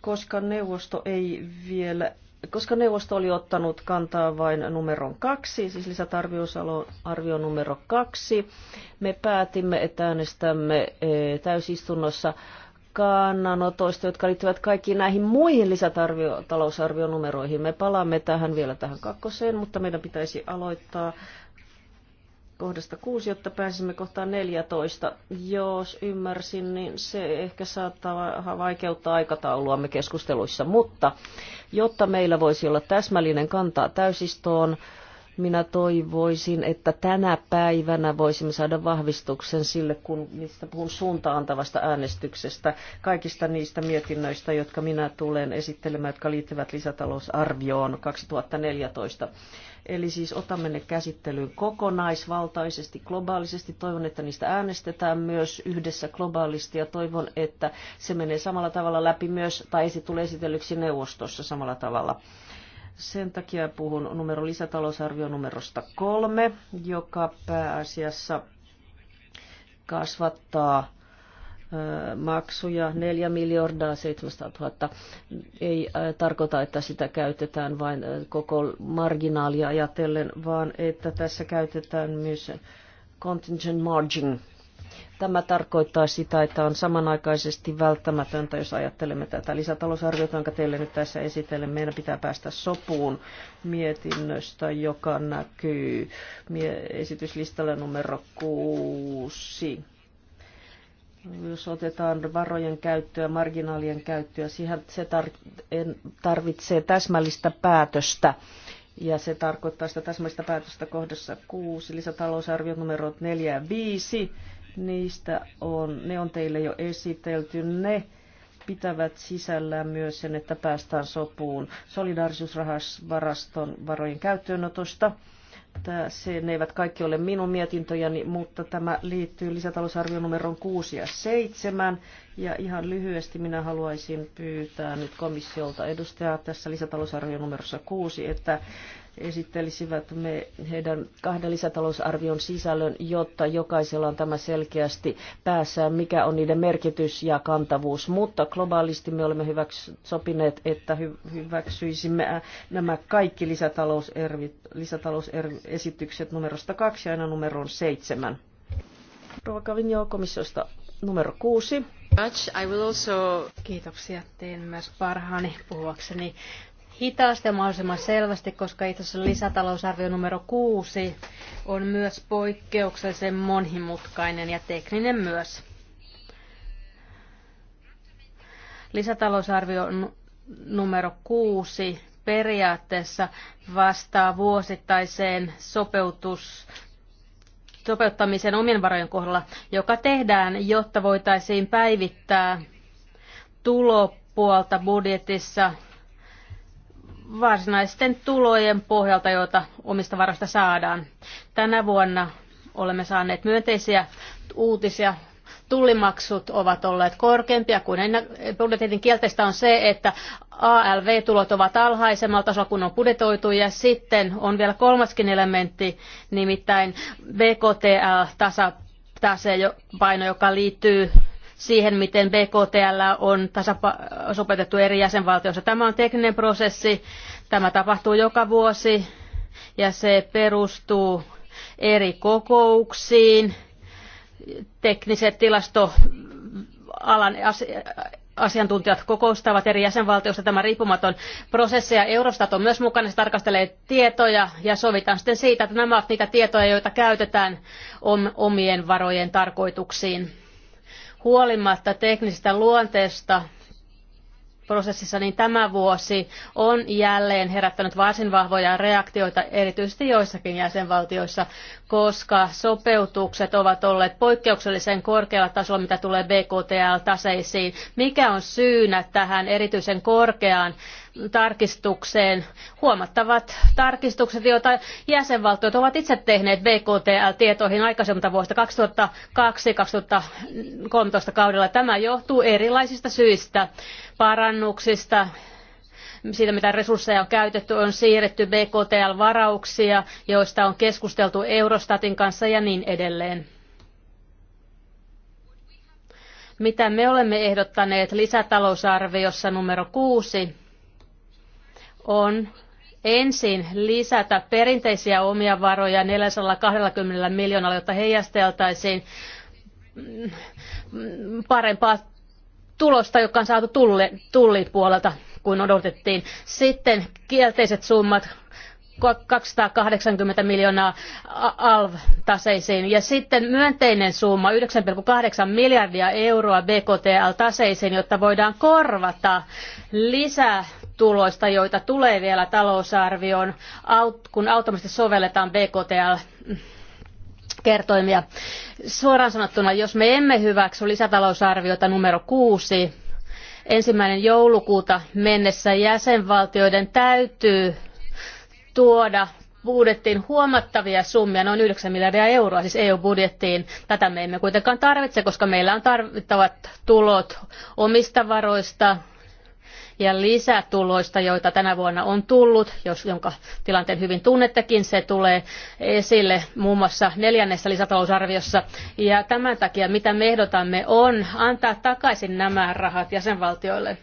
koska neuvosto ei vielä koska neuvosto oli ottanut kantaa vain numeron kaksi, siis lisätarvio numero kaksi, me päätimme, että äänestämme eh, täysistunnossa kannanotoista, jotka liittyvät kaikkiin näihin muihin numeroihin, Me palaamme tähän vielä tähän kakkoseen, mutta meidän pitäisi aloittaa kohdasta 6, jotta pääsimme kohtaan 14. Jos ymmärsin, niin se ehkä saattaa vaikeuttaa aikatauluamme keskusteluissa, mutta jotta meillä voisi olla täsmällinen kantaa täysistoon, minä toivoisin, että tänä päivänä voisimme saada vahvistuksen sille, kun mistä puhun suuntaantavasta äänestyksestä, kaikista niistä mietinnöistä, jotka minä tulen esittelemään, jotka liittyvät lisätalousarvioon 2014. Eli siis otamme ne käsittelyyn kokonaisvaltaisesti, globaalisesti. Toivon, että niistä äänestetään myös yhdessä globaalisti ja toivon, että se menee samalla tavalla läpi myös, tai se tulee esitellyksi neuvostossa samalla tavalla. Sen takia puhun numero lisätalousarvio numerosta kolme, joka pääasiassa kasvattaa maksuja 4 miljardia 700 000. Ei tarkoita, että sitä käytetään vain koko marginaalia ajatellen, vaan että tässä käytetään myös contingent margin Tämä tarkoittaa sitä, että on samanaikaisesti välttämätöntä, jos ajattelemme tätä lisätalousarviota, jonka teille nyt tässä esitellen. Meidän pitää päästä sopuun mietinnöstä, joka näkyy esityslistalla numero kuusi jos otetaan varojen käyttöä, marginaalien käyttöä, siihen se tarvitsee täsmällistä päätöstä. Ja se tarkoittaa sitä täsmällistä päätöstä kohdassa 6, lisätalousarviot numero 4 ja 5. Niistä on, ne on teille jo esitelty. Ne pitävät sisällään myös sen, että päästään sopuun solidaarisuusrahasvaraston varojen käyttöönotosta. Tää, se, ne eivät kaikki ole minun mietintöjäni, mutta tämä liittyy lisätalousarvion numeron 6 ja 7. Ja ihan lyhyesti minä haluaisin pyytää nyt komissiolta edustajaa tässä lisätalousarvion numerossa 6, että esittelisivät me heidän kahden lisätalousarvion sisällön, jotta jokaisella on tämä selkeästi päässään, mikä on niiden merkitys ja kantavuus. Mutta globaalisti me olemme sopineet, että hy- hyväksyisimme äh, nämä kaikki lisätalousesitykset er-, numerosta kaksi aina numeroon seitsemän. Ruokavin komissiosta numero kuusi. Kiitoksia. Teen myös parhaani puhuakseni hitaasti ja mahdollisimman selvästi, koska itse asiassa lisätalousarvio numero kuusi on myös poikkeuksellisen monimutkainen ja tekninen myös. Lisätalousarvio numero kuusi periaatteessa vastaa vuosittaiseen sopeutus, sopeuttamisen omien varojen kohdalla, joka tehdään, jotta voitaisiin päivittää tulopuolta budjetissa varsinaisten tulojen pohjalta, joita omista varoista saadaan. Tänä vuonna olemme saaneet myönteisiä uutisia. Tullimaksut ovat olleet korkeampia kuin ennen. Budjetin kielteistä on se, että ALV-tulot ovat alhaisemmalla tasolla kuin on budjetoitu ja sitten on vielä kolmaskin elementti, nimittäin BKTL-tasapaino, joka liittyy siihen, miten BKTL on sopeutettu eri jäsenvaltioissa. Tämä on tekninen prosessi, tämä tapahtuu joka vuosi ja se perustuu eri kokouksiin, tekniset tilastoalan asiantuntijat kokoustavat eri jäsenvaltioista tämä riippumaton prosessi ja Eurostat on myös mukana, se tarkastelee tietoja ja sovitaan sitten siitä, että nämä ovat niitä tietoja, joita käytetään omien varojen tarkoituksiin. Huolimatta teknisestä luonteesta prosessissa, niin tämä vuosi on jälleen herättänyt varsin vahvoja reaktioita, erityisesti joissakin jäsenvaltioissa, koska sopeutukset ovat olleet poikkeuksellisen korkealla tasolla, mitä tulee BKTL-taseisiin. Mikä on syynä tähän erityisen korkeaan tarkistukseen huomattavat tarkistukset, joita jäsenvaltiot ovat itse tehneet BKTL-tietoihin aikaisemmilta vuosista 2002-2013 kaudella. Tämä johtuu erilaisista syistä, parannuksista, siitä, mitä resursseja on käytetty, on siirretty BKTL-varauksia, joista on keskusteltu Eurostatin kanssa ja niin edelleen. Mitä me olemme ehdottaneet lisätalousarviossa numero kuusi? on ensin lisätä perinteisiä omia varoja 420 miljoonalla, jotta heijasteltaisiin parempaa tulosta, joka on saatu tulle, puolelta, kuin odotettiin. Sitten kielteiset summat 280 miljoonaa ALV-taseisiin ja sitten myönteinen summa 9,8 miljardia euroa BKTL-taseisiin, jotta voidaan korvata lisää tuloista, joita tulee vielä talousarvioon, kun automaattisesti sovelletaan BKTL kertoimia. Suoraan sanottuna, jos me emme hyväksy lisätalousarviota numero kuusi, ensimmäinen joulukuuta mennessä jäsenvaltioiden täytyy tuoda budjettiin huomattavia summia, noin 9 miljardia euroa, siis EU-budjettiin. Tätä me emme kuitenkaan tarvitse, koska meillä on tarvittavat tulot omista varoista, ja lisätuloista, joita tänä vuonna on tullut, jos, jonka tilanteen hyvin tunnettekin, se tulee esille muun muassa neljännessä lisätalousarviossa. Ja tämän takia, mitä me ehdotamme, on antaa takaisin nämä rahat jäsenvaltioille.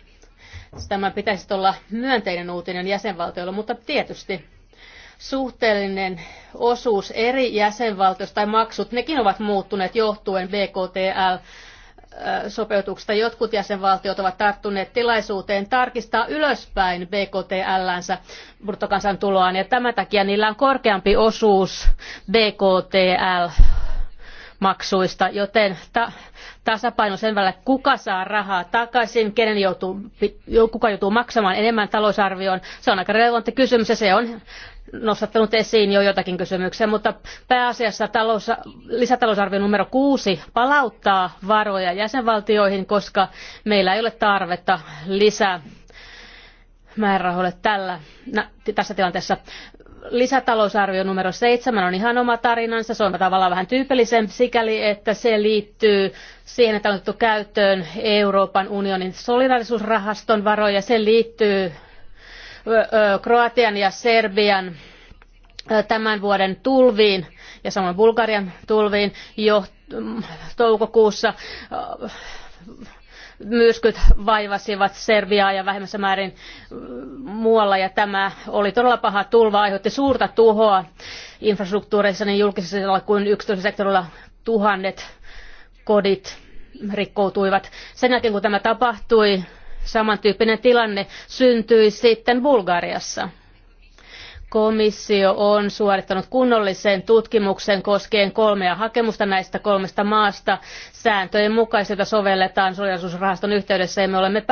Tämä pitäisi olla myönteinen uutinen jäsenvaltioille, mutta tietysti suhteellinen osuus eri jäsenvaltioista tai maksut, nekin ovat muuttuneet johtuen BKTL sopeutuksesta. Jotkut jäsenvaltiot ovat tarttuneet tilaisuuteen tarkistaa ylöspäin BKTL-länsä bruttokansantuloaan ja tämän takia niillä on korkeampi osuus BKTL maksuista, joten ta- tasapaino sen välillä, kuka saa rahaa takaisin, kenen joutuu, kuka joutuu maksamaan enemmän talousarvioon, se on aika relevantti kysymys ja se on nostattanut esiin jo jotakin kysymyksiä, mutta pääasiassa talous, lisätalousarvio numero kuusi palauttaa varoja jäsenvaltioihin, koska meillä ei ole tarvetta lisää määrärahoille tällä, tässä tilanteessa. Lisätalousarvio numero seitsemän on ihan oma tarinansa. Se on tavallaan vähän tyypillisempi sikäli, että se liittyy siihen, että on otettu käyttöön Euroopan unionin solidarisuusrahaston varoja. Se liittyy Kroatian ja Serbian tämän vuoden tulviin ja samoin Bulgarian tulviin jo toukokuussa myrskyt vaivasivat Serbiaa ja vähemmässä määrin muualla ja tämä oli todella paha tulva, aiheutti suurta tuhoa infrastruktuureissa niin julkisella kuin yksityisellä sektorilla tuhannet kodit rikkoutuivat. Sen jälkeen kun tämä tapahtui, samantyyppinen tilanne syntyi sitten Bulgariassa. Komissio on suorittanut kunnollisen tutkimuksen koskien kolmea hakemusta näistä kolmesta maasta sääntöjen mukaisesti, sovelletaan solidarisuusrahaston yhteydessä. Ja me olemme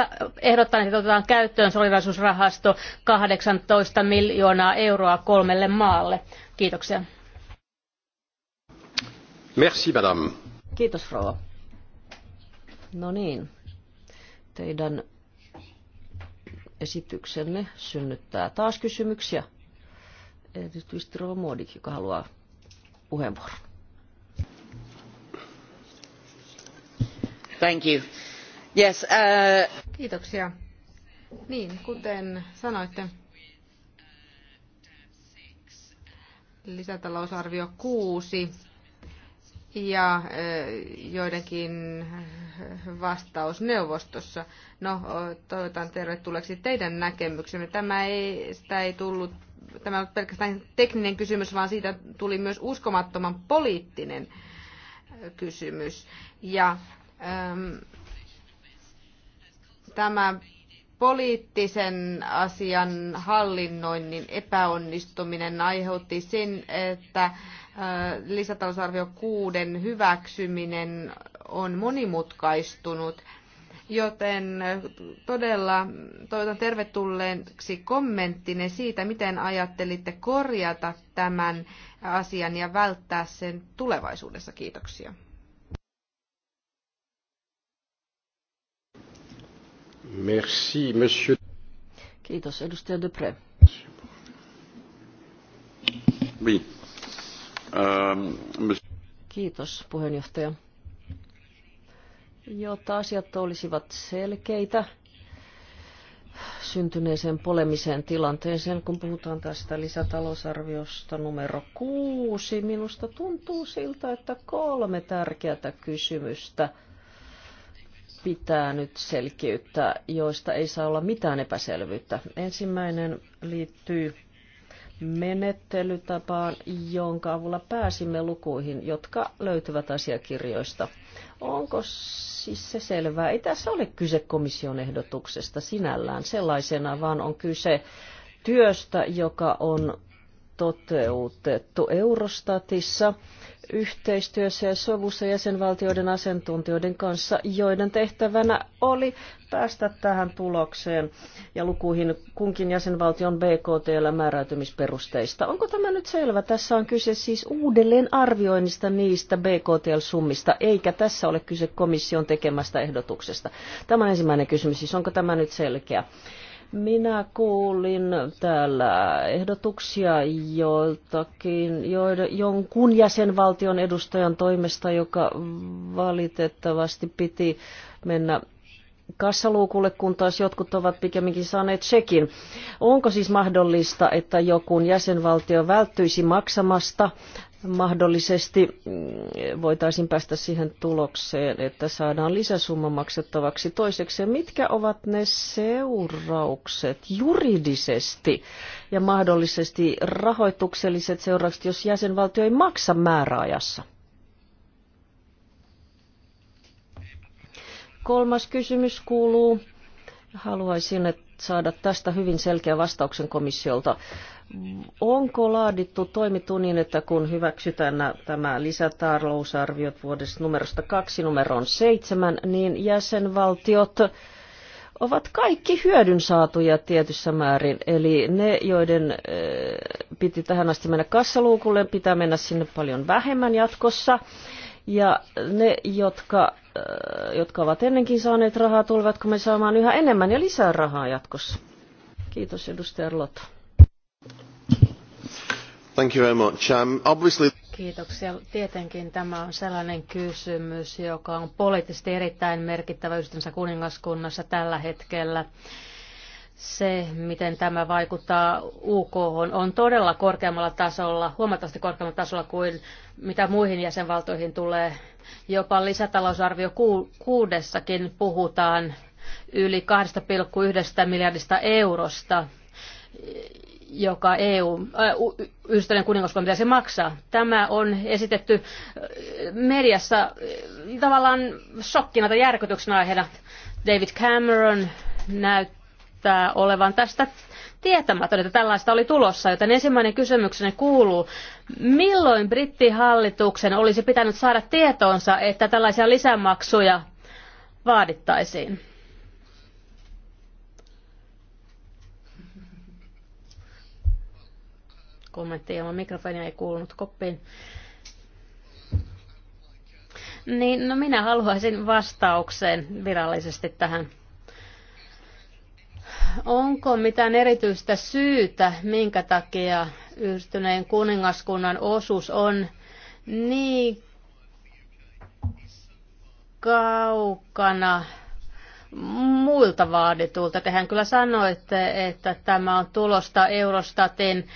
ehdottaneet, että otetaan käyttöön solidaarisuusrahasto 18 miljoonaa euroa kolmelle maalle. Kiitoksia. Merci, madame. Kiitos, rouva. No niin, teidän esityksenne synnyttää taas kysymyksiä. Erityisesti Rova Modik, joka haluaa puheenvuoron. Thank you. Yes, uh... Kiitoksia. Niin, kuten sanoitte, lisätalousarvio 6 ja eh, joidenkin vastaus neuvostossa. No, toivotan tervetulleeksi teidän näkemyksenne. Tämä ei, sitä ei tullut, tämä ei pelkästään tekninen kysymys, vaan siitä tuli myös uskomattoman poliittinen kysymys. Ja äm, tämä poliittisen asian hallinnoinnin epäonnistuminen aiheutti sen, että lisätalousarvio kuuden hyväksyminen on monimutkaistunut, joten todella toivotan tervetulleeksi kommenttine siitä, miten ajattelitte korjata tämän asian ja välttää sen tulevaisuudessa. Kiitoksia. Merci, monsieur. Kiitos, edustaja Depre. Oui. Euh, Kiitos, puheenjohtaja jotta asiat olisivat selkeitä syntyneeseen polemiseen tilanteeseen, kun puhutaan tästä lisätalousarviosta numero kuusi. Minusta tuntuu siltä, että kolme tärkeää kysymystä pitää nyt selkiyttää, joista ei saa olla mitään epäselvyyttä. Ensimmäinen liittyy menettelytapaan, jonka avulla pääsimme lukuihin, jotka löytyvät asiakirjoista – Onko siis se selvää? Ei tässä ole kyse komission ehdotuksesta sinällään sellaisena, vaan on kyse työstä, joka on toteutettu Eurostatissa – yhteistyössä ja sovussa jäsenvaltioiden asiantuntijoiden kanssa, joiden tehtävänä oli päästä tähän tulokseen ja lukuihin kunkin jäsenvaltion BKT- määräytymisperusteista. Onko tämä nyt selvä? Tässä on kyse siis uudelleen arvioinnista niistä BKT-summista, eikä tässä ole kyse komission tekemästä ehdotuksesta. Tämä on ensimmäinen kysymys, siis onko tämä nyt selkeä? Minä kuulin täällä ehdotuksia joiltakin, jo, jonkun jäsenvaltion edustajan toimesta, joka valitettavasti piti mennä kassaluukulle, kun taas jotkut ovat pikemminkin saaneet sekin. Onko siis mahdollista, että joku jäsenvaltio välttyisi maksamasta mahdollisesti mm, voitaisiin päästä siihen tulokseen, että saadaan lisäsumma maksettavaksi. Toiseksi, mitkä ovat ne seuraukset juridisesti ja mahdollisesti rahoitukselliset seuraukset, jos jäsenvaltio ei maksa määräajassa? Kolmas kysymys kuuluu, haluaisin, että saada tästä hyvin selkeä vastauksen komissiolta. Onko laadittu, toimittu niin, että kun hyväksytään tämä lisätalousarviot vuodesta numerosta kaksi numeroon seitsemän, niin jäsenvaltiot ovat kaikki hyödyn saatuja tietyssä määrin. Eli ne, joiden eh, piti tähän asti mennä kassaluukulle, pitää mennä sinne paljon vähemmän jatkossa. Ja ne, jotka, äh, jotka ovat ennenkin saaneet rahaa, tulevatko me saamaan yhä enemmän ja lisää rahaa jatkossa? Kiitos edustaja Lotto. Thank you very much. Um, obviously... Kiitoksia. Tietenkin tämä on sellainen kysymys, joka on poliittisesti erittäin merkittävä ystävänsä kuningaskunnassa tällä hetkellä se, miten tämä vaikuttaa UK, on todella korkeammalla tasolla, huomattavasti korkeammalla tasolla kuin mitä muihin jäsenvaltoihin tulee. Jopa lisätalousarvio kuudessakin puhutaan yli 2,1 miljardista eurosta, joka EU, äh, yhdistyneen kuningaskunnan pitäisi maksaa. Tämä on esitetty äh, mediassa äh, tavallaan shokkina tai järkytyksen aiheena. David Cameron näyttää näyttää olevan tästä tietämätön, että tällaista oli tulossa, joten ensimmäinen kysymykseni kuuluu, milloin brittihallituksen olisi pitänyt saada tietoonsa, että tällaisia lisämaksuja vaadittaisiin? Kommentti ilman mikrofonia ei kuulunut koppiin. Niin, no minä haluaisin vastauksen virallisesti tähän onko mitään erityistä syytä, minkä takia yhdistyneen kuningaskunnan osuus on niin kaukana muilta vaaditulta. Tehän kyllä sanoitte, että tämä on tulosta Eurostatin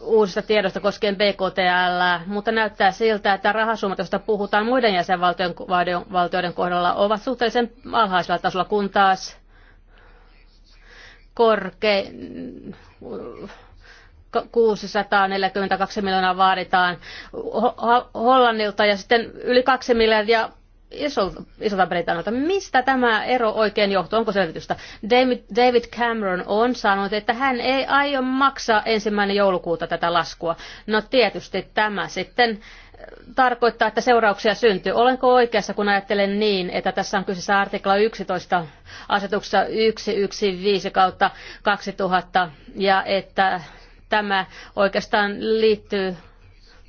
uusista tiedosta koskien BKTL, mutta näyttää siltä, että rahasummat, joista puhutaan muiden jäsenvaltioiden kohdalla, ovat suhteellisen alhaisella tasolla, kun taas korke, 642 miljoonaa vaaditaan Hollannilta ja sitten yli 2 miljardia isolta Britannilta. Mistä tämä ero oikein johtuu? Onko selvitystä? David Cameron on sanonut, että hän ei aio maksaa ensimmäinen joulukuuta tätä laskua. No tietysti tämä sitten tarkoittaa, että seurauksia syntyy. Olenko oikeassa, kun ajattelen niin, että tässä on kyseessä artikla 11 asetuksessa 115 kautta 2000 ja että tämä oikeastaan liittyy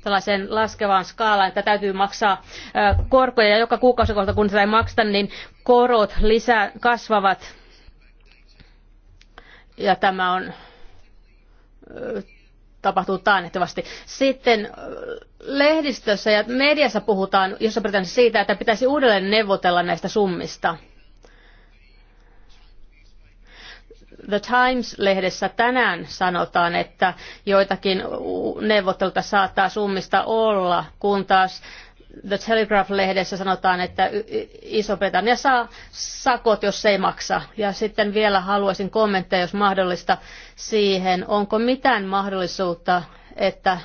tällaiseen laskevaan skaalaan, että täytyy maksaa korkoja ja joka kuukausi kun sitä ei makseta, niin korot lisää kasvavat. Ja tämä on tapahtuu taannehtivasti. Sitten lehdistössä ja mediassa puhutaan, jossa Britannissa siitä, että pitäisi uudelleen neuvotella näistä summista. The Times-lehdessä tänään sanotaan, että joitakin neuvotteluita saattaa summista olla, kun taas The Telegraph-lehdessä sanotaan, että Iso-Britannia saa sakot, jos ei maksa. Ja sitten vielä haluaisin kommentteja, jos mahdollista, siihen, onko mitään mahdollisuutta, että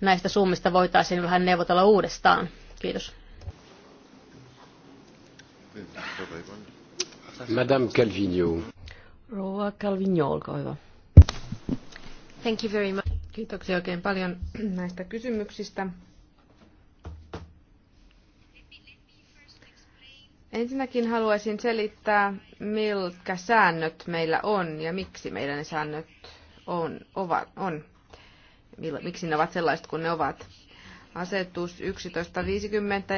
näistä summista voitaisiin vähän neuvotella uudestaan. Kiitos. Madame Calvino. Rouva Calvino, olkaa hyvä. Thank you very much. Kiitoksia oikein paljon näistä kysymyksistä. Ensinnäkin haluaisin selittää, miltä säännöt meillä on ja miksi meidän ne säännöt on. Ovat, on. Miksi ne ovat sellaiset kuin ne ovat. Asetus 1150,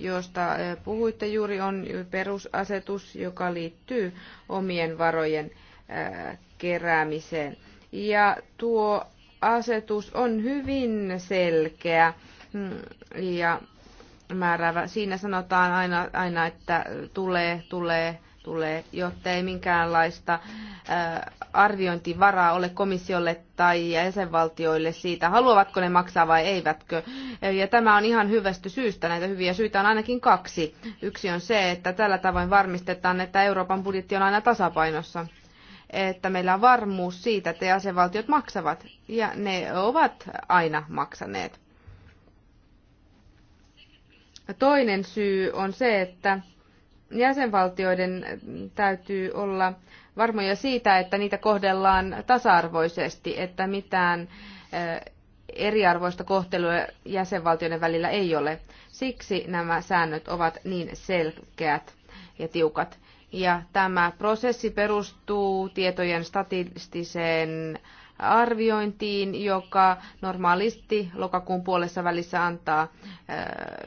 josta eh, puhuitte juuri, on perusasetus, joka liittyy omien varojen eh, keräämiseen. Ja tuo asetus on hyvin selkeä mm, ja määräävä. Siinä sanotaan aina, aina että tulee, tulee, tulee, jotta ei minkäänlaista äh, arviointivaraa ole komissiolle tai jäsenvaltioille siitä, haluavatko ne maksaa vai eivätkö. Ja tämä on ihan hyvästä syystä. Näitä hyviä syitä on ainakin kaksi. Yksi on se, että tällä tavoin varmistetaan, että Euroopan budjetti on aina tasapainossa että meillä on varmuus siitä, että jäsenvaltiot maksavat, ja ne ovat aina maksaneet. Toinen syy on se, että jäsenvaltioiden täytyy olla varmoja siitä, että niitä kohdellaan tasa-arvoisesti, että mitään eriarvoista kohtelua jäsenvaltioiden välillä ei ole. Siksi nämä säännöt ovat niin selkeät ja tiukat. Ja tämä prosessi perustuu tietojen statistiseen arviointiin, joka normaalisti lokakuun puolessa välissä antaa äh,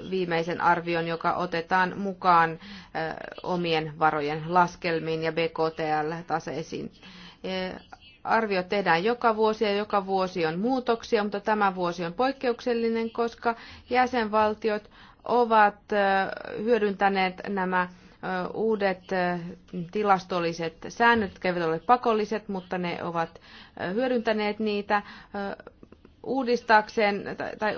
viimeisen arvion, joka otetaan mukaan äh, omien varojen laskelmiin ja BKTL-taseisiin äh, arviot tehdään joka vuosi ja joka vuosi on muutoksia, mutta tämä vuosi on poikkeuksellinen, koska jäsenvaltiot ovat hyödyntäneet nämä Uudet tilastolliset säännöt eivät ole pakolliset, mutta ne ovat hyödyntäneet niitä uudistaakseen tai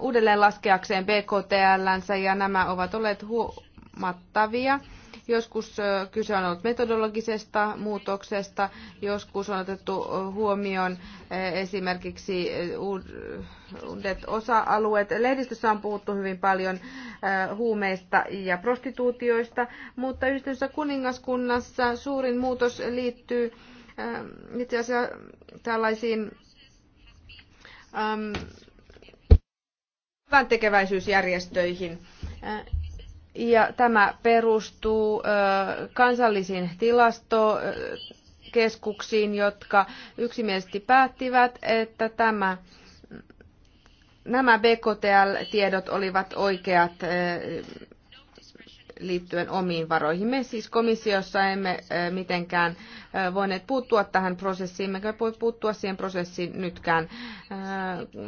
uudelleen laskeakseen BKTLnsä ja nämä ovat olleet huomattavia Joskus kyse on ollut metodologisesta muutoksesta, joskus on otettu huomioon esimerkiksi uudet osa-alueet. Lehdistössä on puhuttu hyvin paljon huumeista ja prostituutioista, mutta yhdistyssä kuningaskunnassa suurin muutos liittyy itse asiassa tällaisiin hyvän tekeväisyysjärjestöihin. Ja tämä perustuu kansallisiin tilastokeskuksiin, jotka yksimielisesti päättivät, että tämä, nämä BKTL-tiedot olivat oikeat liittyen omiin varoihin. Me siis komissiossa emme mitenkään voineet puuttua tähän prosessiin, emmekä voi puuttua siihen prosessiin nytkään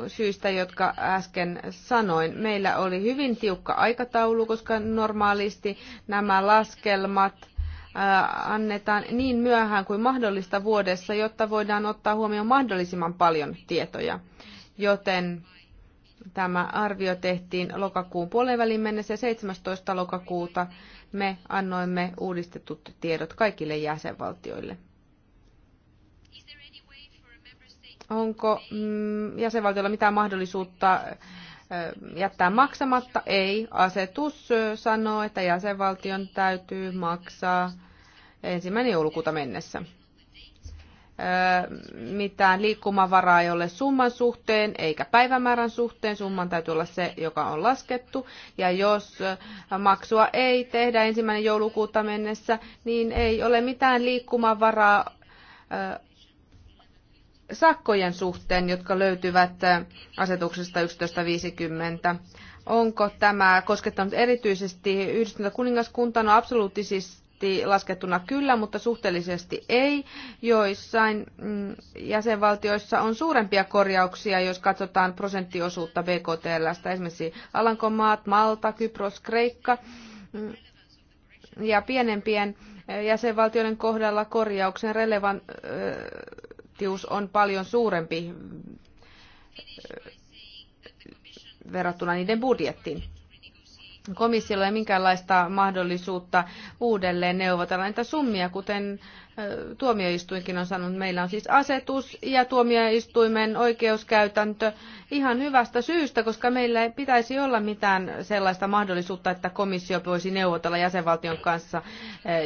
syistä, jotka äsken sanoin. Meillä oli hyvin tiukka aikataulu, koska normaalisti nämä laskelmat annetaan niin myöhään kuin mahdollista vuodessa, jotta voidaan ottaa huomioon mahdollisimman paljon tietoja. Joten Tämä arvio tehtiin lokakuun puolenvälin mennessä ja 17. lokakuuta me annoimme uudistetut tiedot kaikille jäsenvaltioille. Onko mm, jäsenvaltiolla mitään mahdollisuutta jättää maksamatta? Ei. Asetus sanoo, että jäsenvaltion täytyy maksaa ensimmäinen joulukuuta mennessä mitään liikkumavaraa ei ole summan suhteen eikä päivämäärän suhteen. Summan täytyy olla se, joka on laskettu. Ja jos maksua ei tehdä ensimmäinen joulukuuta mennessä, niin ei ole mitään liikkumavaraa sakkojen suhteen, jotka löytyvät asetuksesta 1150. Onko tämä koskettanut erityisesti yhdistynyt kuningaskuntaa? No absoluuttisesti prosenttisesti laskettuna kyllä, mutta suhteellisesti ei. Joissain mm, jäsenvaltioissa on suurempia korjauksia, jos katsotaan prosenttiosuutta BKTLstä, esimerkiksi Alankomaat, Malta, Kypros, Kreikka mm, ja pienempien eh, jäsenvaltioiden kohdalla korjauksen relevantius eh, on paljon suurempi eh, verrattuna niiden budjettiin komissiolla ei minkäänlaista mahdollisuutta uudelleen neuvotella näitä summia, kuten tuomioistuinkin on sanonut. Meillä on siis asetus ja tuomioistuimen oikeuskäytäntö ihan hyvästä syystä, koska meillä ei pitäisi olla mitään sellaista mahdollisuutta, että komissio voisi neuvotella jäsenvaltion kanssa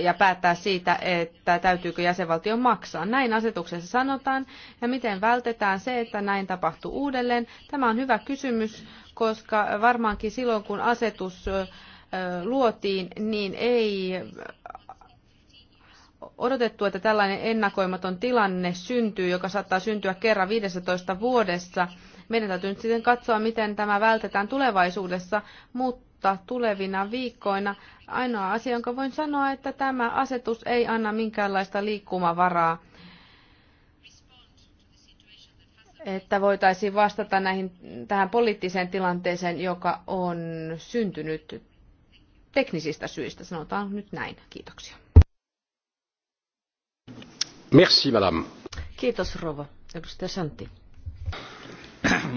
ja päättää siitä, että täytyykö jäsenvaltio maksaa. Näin asetuksessa sanotaan ja miten vältetään se, että näin tapahtuu uudelleen. Tämä on hyvä kysymys koska varmaankin silloin kun asetus luotiin, niin ei odotettu, että tällainen ennakoimaton tilanne syntyy, joka saattaa syntyä kerran 15 vuodessa. Meidän täytyy nyt sitten katsoa, miten tämä vältetään tulevaisuudessa, mutta tulevina viikkoina ainoa asia, jonka voin sanoa, että tämä asetus ei anna minkäänlaista liikkumavaraa että voitaisiin vastata näihin, tähän poliittiseen tilanteeseen, joka on syntynyt teknisistä syistä. Sanotaan nyt näin. Kiitoksia. Merci, madame. Kiitos, rouva. Edustaja Santti.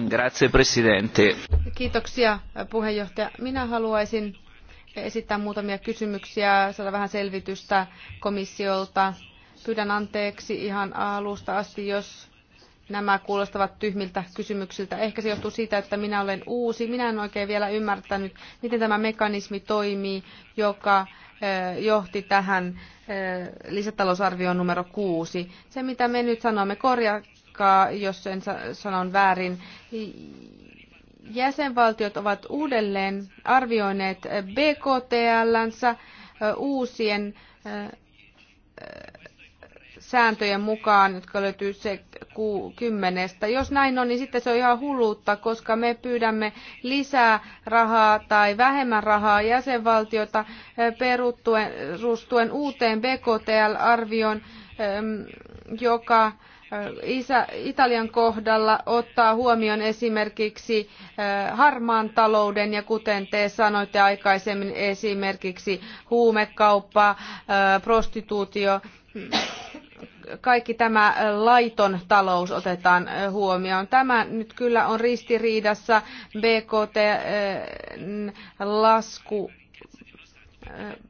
Grazie, presidente. Kiitoksia, puheenjohtaja. Minä haluaisin esittää muutamia kysymyksiä, saada vähän selvitystä komissiolta. Pyydän anteeksi ihan alusta asti, jos Nämä kuulostavat tyhmiltä kysymyksiltä. Ehkä se johtuu siitä, että minä olen uusi. Minä en oikein vielä ymmärtänyt, miten tämä mekanismi toimii, joka johti tähän lisätalousarvioon numero kuusi. Se, mitä me nyt sanomme, korjakaa, jos en sanon väärin. Jäsenvaltiot ovat uudelleen arvioineet BKTL-länsä uusien sääntöjen mukaan, jotka löytyy se kymmenestä. Jos näin on, niin sitten se on ihan hulluutta, koska me pyydämme lisää rahaa tai vähemmän rahaa jäsenvaltiota eh, perustuen uuteen BKTL-arvioon, ehm, joka eh, Italian kohdalla ottaa huomioon esimerkiksi eh, harmaan talouden ja kuten te sanoitte aikaisemmin esimerkiksi huumekauppa, prostituutio kaikki tämä äh, laiton talous otetaan äh, huomioon. Tämä nyt kyllä on ristiriidassa BKT-lasku äh,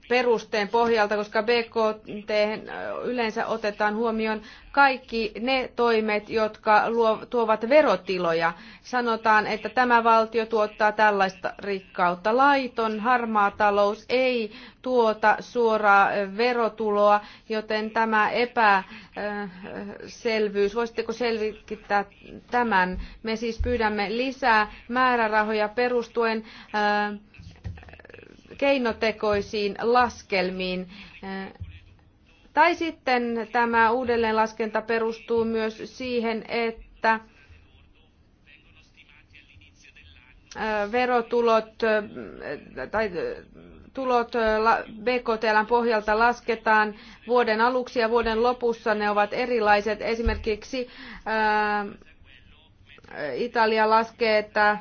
perusteen pohjalta, koska BKT yleensä otetaan huomioon kaikki ne toimet, jotka luo, tuovat verotiloja. Sanotaan, että tämä valtio tuottaa tällaista rikkautta. Laiton harmaa talous ei tuota suoraa verotuloa, joten tämä epäselvyys, voisitteko selvittää tämän? Me siis pyydämme lisää määrärahoja perustuen äh, keinotekoisiin laskelmiin. Tai sitten tämä uudelleenlaskenta perustuu myös siihen, että verotulot tai tulot BKTLn pohjalta lasketaan vuoden aluksi ja vuoden lopussa. Ne ovat erilaiset. Esimerkiksi Italia laskee, että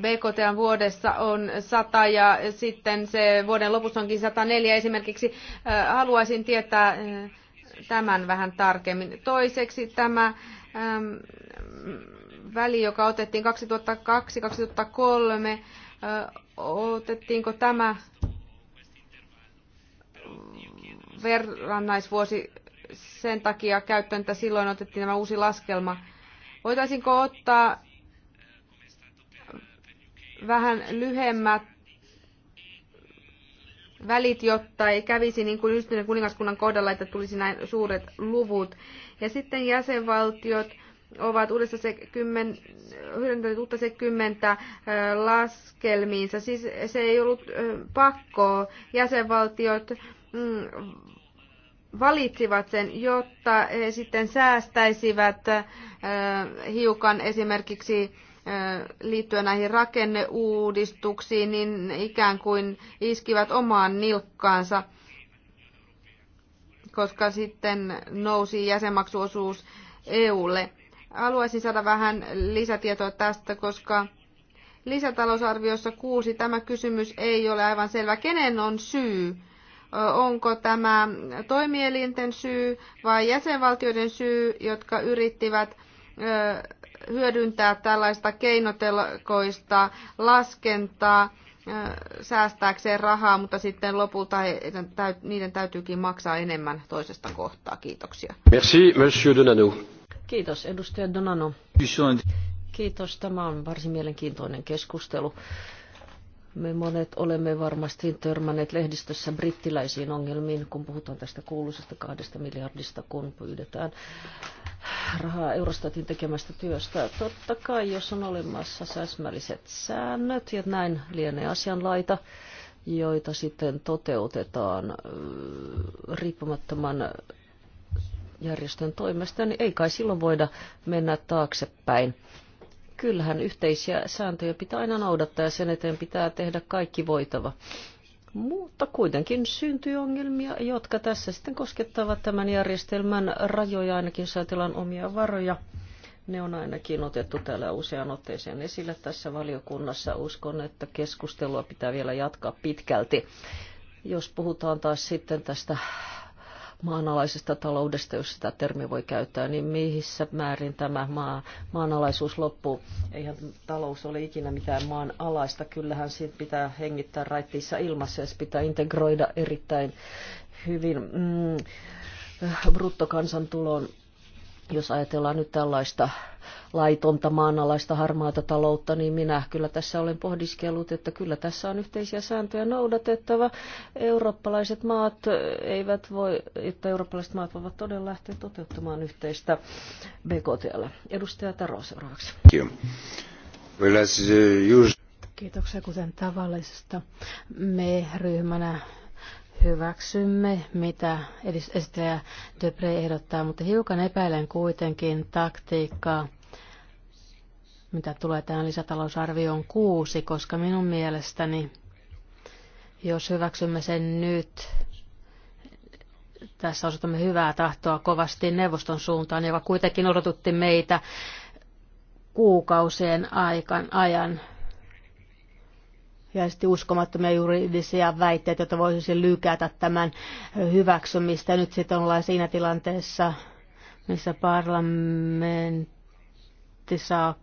BKT vuodessa on 100 ja sitten se vuoden lopussa onkin 104 esimerkiksi. Äh, haluaisin tietää äh, tämän vähän tarkemmin. Toiseksi tämä ähm, väli, joka otettiin 2002-2003, äh, otettiinko tämä verrannaisvuosi sen takia käyttöön, että silloin otettiin tämä uusi laskelma. Voitaisinko ottaa vähän lyhemmät välit, jotta ei kävisi niin kuin yhdistyneen kuningaskunnan kohdalla, että tulisi näin suuret luvut. Ja sitten jäsenvaltiot ovat uudessa se kymmen, uutta se kymmentä laskelmiinsa. Siis se ei ollut pakko. Jäsenvaltiot mm, valitsivat sen, jotta he sitten säästäisivät hiukan esimerkiksi liittyen näihin rakenneuudistuksiin, niin ikään kuin iskivät omaan nilkkaansa, koska sitten nousi jäsenmaksuosuus EUlle. Haluaisin saada vähän lisätietoa tästä, koska lisätalousarviossa kuusi tämä kysymys ei ole aivan selvä. Kenen on syy? Onko tämä toimielinten syy vai jäsenvaltioiden syy, jotka yrittivät hyödyntää tällaista keinotelkoista laskentaa säästääkseen rahaa, mutta sitten lopulta niiden täytyykin maksaa enemmän toisesta kohtaa. Kiitoksia. Merci, monsieur Donano. Kiitos, edustaja Donano. Kiitos, tämä on varsin mielenkiintoinen keskustelu. Me monet olemme varmasti törmänneet lehdistössä brittiläisiin ongelmiin, kun puhutaan tästä kuuluisesta kahdesta miljardista, kun pyydetään rahaa Eurostatin tekemästä työstä. Totta kai, jos on olemassa säsmälliset säännöt, ja näin lienee asianlaita, joita sitten toteutetaan riippumattoman järjestön toimesta, niin ei kai silloin voida mennä taaksepäin kyllähän yhteisiä sääntöjä pitää aina noudattaa ja sen eteen pitää tehdä kaikki voitava. Mutta kuitenkin syntyy ongelmia, jotka tässä sitten koskettavat tämän järjestelmän rajoja, ainakin jos omia varoja. Ne on ainakin otettu täällä usean otteeseen esille tässä valiokunnassa. Uskon, että keskustelua pitää vielä jatkaa pitkälti. Jos puhutaan taas sitten tästä maanalaisesta taloudesta, jos sitä termi voi käyttää, niin missä määrin tämä maa, maanalaisuus loppuu? Eihän talous ole ikinä mitään maanalaista, kyllähän siitä pitää hengittää raittiissa ilmassa ja se pitää integroida erittäin hyvin mm, bruttokansantulon jos ajatellaan nyt tällaista laitonta maanalaista harmaata taloutta, niin minä kyllä tässä olen pohdiskellut, että kyllä tässä on yhteisiä sääntöjä noudatettava. Eurooppalaiset maat eivät voi, että eurooppalaiset maat voivat todella lähteä toteuttamaan yhteistä BKTL. Edustaja Taro seuraavaksi. Uh, Kiitoksia, kuten tavallisesta. Me ryhmänä hyväksymme, mitä esittäjä Depre ehdottaa, mutta hiukan epäilen kuitenkin taktiikkaa, mitä tulee tähän lisätalousarvioon kuusi, koska minun mielestäni, jos hyväksymme sen nyt, tässä osoitamme hyvää tahtoa kovasti neuvoston suuntaan, joka kuitenkin odotutti meitä kuukausien aikan, ajan ja sitten uskomattomia juridisia väitteitä, joita voisi lykätä tämän hyväksymistä. Nyt sitten ollaan siinä tilanteessa, missä parlamentti saa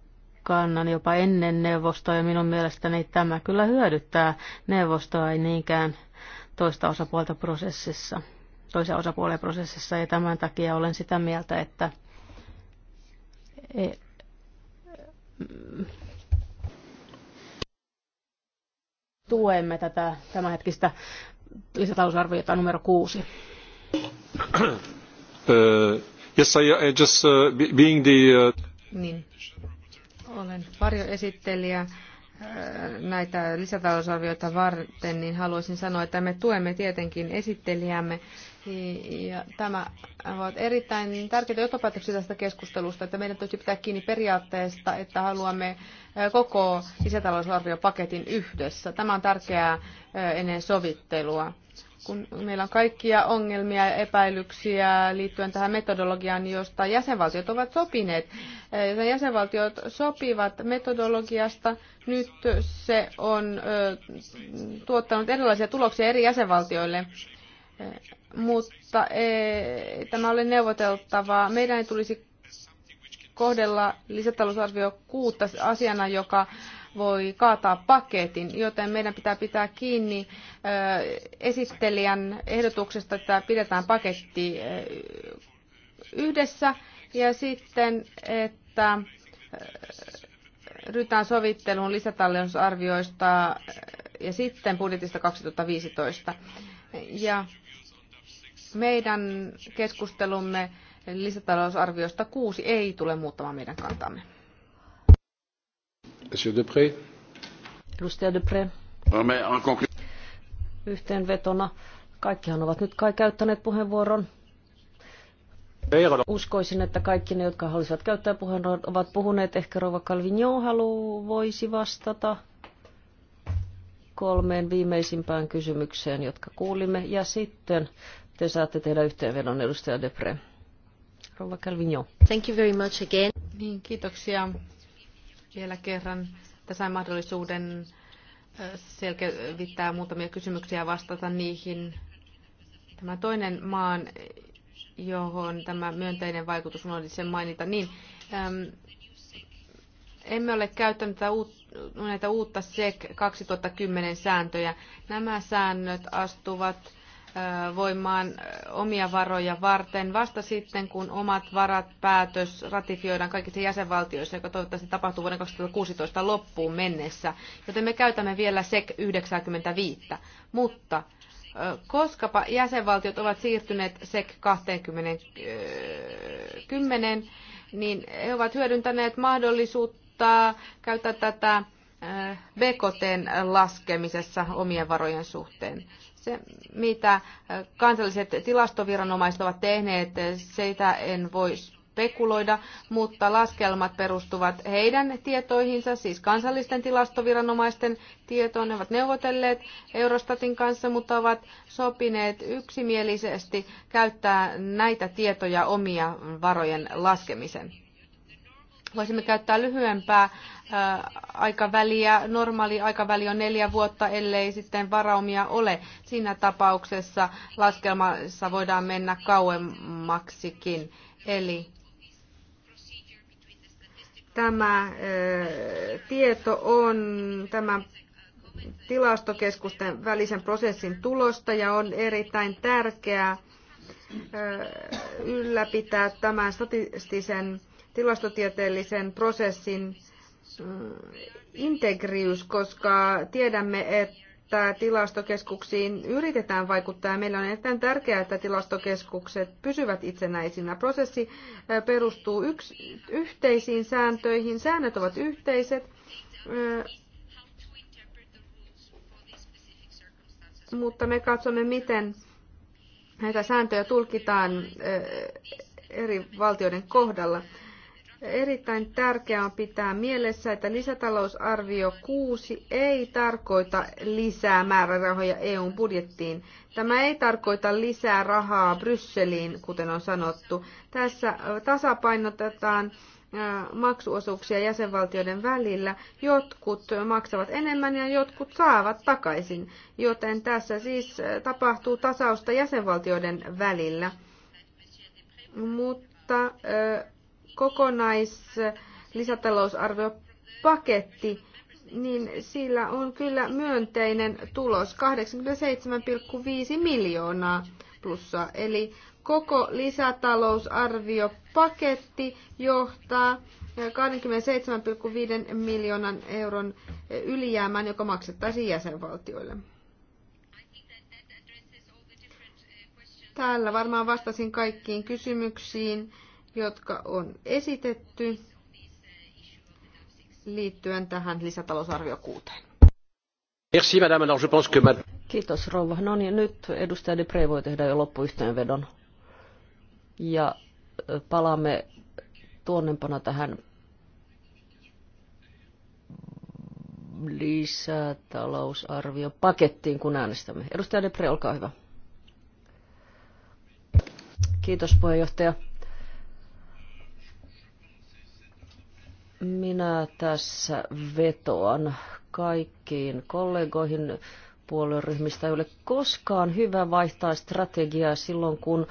kannan jopa ennen neuvostoa, ja minun mielestäni tämä kyllä hyödyttää neuvostoa, ei niinkään toista osapuolta prosessissa, toisen osapuolen prosessissa, ja tämän takia olen sitä mieltä, että e- tuemme tätä tämänhetkistä lisätalousarviota numero kuusi. Uh, yes, I, just uh, being the... Uh... Niin. Olen varjoesittelijä uh, näitä lisätalousarvioita varten, niin haluaisin sanoa, että me tuemme tietenkin esittelijämme ja tämä ovat erittäin tärkeitä johtopäätöksiä tästä keskustelusta, että meidän täytyy pitää kiinni periaatteesta, että haluamme koko lisätalousarviopaketin yhdessä. Tämä on tärkeää ennen sovittelua. Kun meillä on kaikkia ongelmia ja epäilyksiä liittyen tähän metodologiaan, josta jäsenvaltiot ovat sopineet. Joten jäsenvaltiot sopivat metodologiasta. Nyt se on tuottanut erilaisia tuloksia eri jäsenvaltioille mutta ei, tämä oli neuvoteltavaa. Meidän ei tulisi kohdella lisätalousarvio kuutta asiana, joka voi kaataa paketin, joten meidän pitää pitää kiinni e, esittelijän ehdotuksesta, että pidetään paketti e, yhdessä ja sitten, että e, ryhdytään sovitteluun lisätalousarvioista ja sitten budjetista 2015. Ja meidän keskustelumme lisätalousarviosta kuusi ei tule muuttamaan meidän kantamme. Monsieur Depré. Edustaja Depré. Yhteenvetona. Kaikkihan ovat nyt kai käyttäneet puheenvuoron. Uskoisin, että kaikki ne, jotka halusivat käyttää puheenvuoron, ovat puhuneet. Ehkä Rova Calvignon halu voisi vastata kolmeen viimeisimpään kysymykseen, jotka kuulimme. Ja sitten te saatte tehdä yhteenvedon edustaja Depre. Rouva Calvino. Thank you very much again. Niin, kiitoksia vielä kerran. Tässä on mahdollisuuden selkevittää muutamia kysymyksiä ja vastata niihin. Tämä toinen maan, johon tämä myönteinen vaikutus on, sen mainita, niin äm, emme ole käyttäneet näitä uutta SEC 2010 sääntöjä. Nämä säännöt astuvat voimaan omia varoja varten vasta sitten, kun omat varat päätös ratifioidaan kaikissa jäsenvaltioissa, joka toivottavasti tapahtuu vuoden 2016 loppuun mennessä. Joten me käytämme vielä SEC 95. Mutta koskapa jäsenvaltiot ovat siirtyneet SEC 20, 10, niin he ovat hyödyntäneet mahdollisuutta käyttää tätä BKTn laskemisessa omien varojen suhteen. Se, mitä äh, kansalliset tilastoviranomaiset ovat tehneet, äh, sitä en voi spekuloida, mutta laskelmat perustuvat heidän tietoihinsa, siis kansallisten tilastoviranomaisten tietoon. Ne ovat neuvotelleet Eurostatin kanssa, mutta ovat sopineet yksimielisesti käyttää näitä tietoja omia varojen laskemiseen voisimme käyttää lyhyempää aikaväliä. Normaali aikaväli on neljä vuotta, ellei sitten varaumia ole. Siinä tapauksessa laskelmassa voidaan mennä kauemmaksikin. Eli tämä tieto on tämän tilastokeskusten välisen prosessin tulosta ja on erittäin tärkeää ylläpitää tämän statistisen tilastotieteellisen prosessin äh, integrius, koska tiedämme, että tilastokeskuksiin yritetään vaikuttaa. Meillä on erittäin tärkeää, että tilastokeskukset pysyvät itsenäisinä. Prosessi äh, perustuu yks, yhteisiin sääntöihin. Säännöt ovat yhteiset äh, mutta me katsomme, miten näitä sääntöjä tulkitaan eri valtioiden kohdalla. Erittäin tärkeää on pitää mielessä, että lisätalousarvio 6 ei tarkoita lisää määrärahoja EUn budjettiin. Tämä ei tarkoita lisää rahaa Brysseliin, kuten on sanottu. Tässä tasapainotetaan maksuosuuksia jäsenvaltioiden välillä. Jotkut maksavat enemmän ja jotkut saavat takaisin, joten tässä siis tapahtuu tasausta jäsenvaltioiden välillä. Mutta kokonaislisätalousarviopaketti, niin sillä on kyllä myönteinen tulos, 87,5 miljoonaa plussaa. Eli koko lisätalousarviopaketti johtaa 27,5 miljoonan euron ylijäämään, joka maksettaisiin jäsenvaltioille. Täällä varmaan vastasin kaikkiin kysymyksiin jotka on esitetty liittyen tähän lisätalousarvio kuuteen. Merci, madame. Alors, je pense que... Kiitos rouva. No niin, nyt edustaja Depre voi tehdä jo loppuyhteenvedon. Ja palaamme tuonnempana tähän lisätalousarviopakettiin, kun äänestämme. Edustaja Depre, olkaa hyvä. Kiitos puheenjohtaja. Minä tässä vetoan kaikkiin kollegoihin puolueryhmistä, ei ole koskaan hyvä vaihtaa strategiaa silloin, kun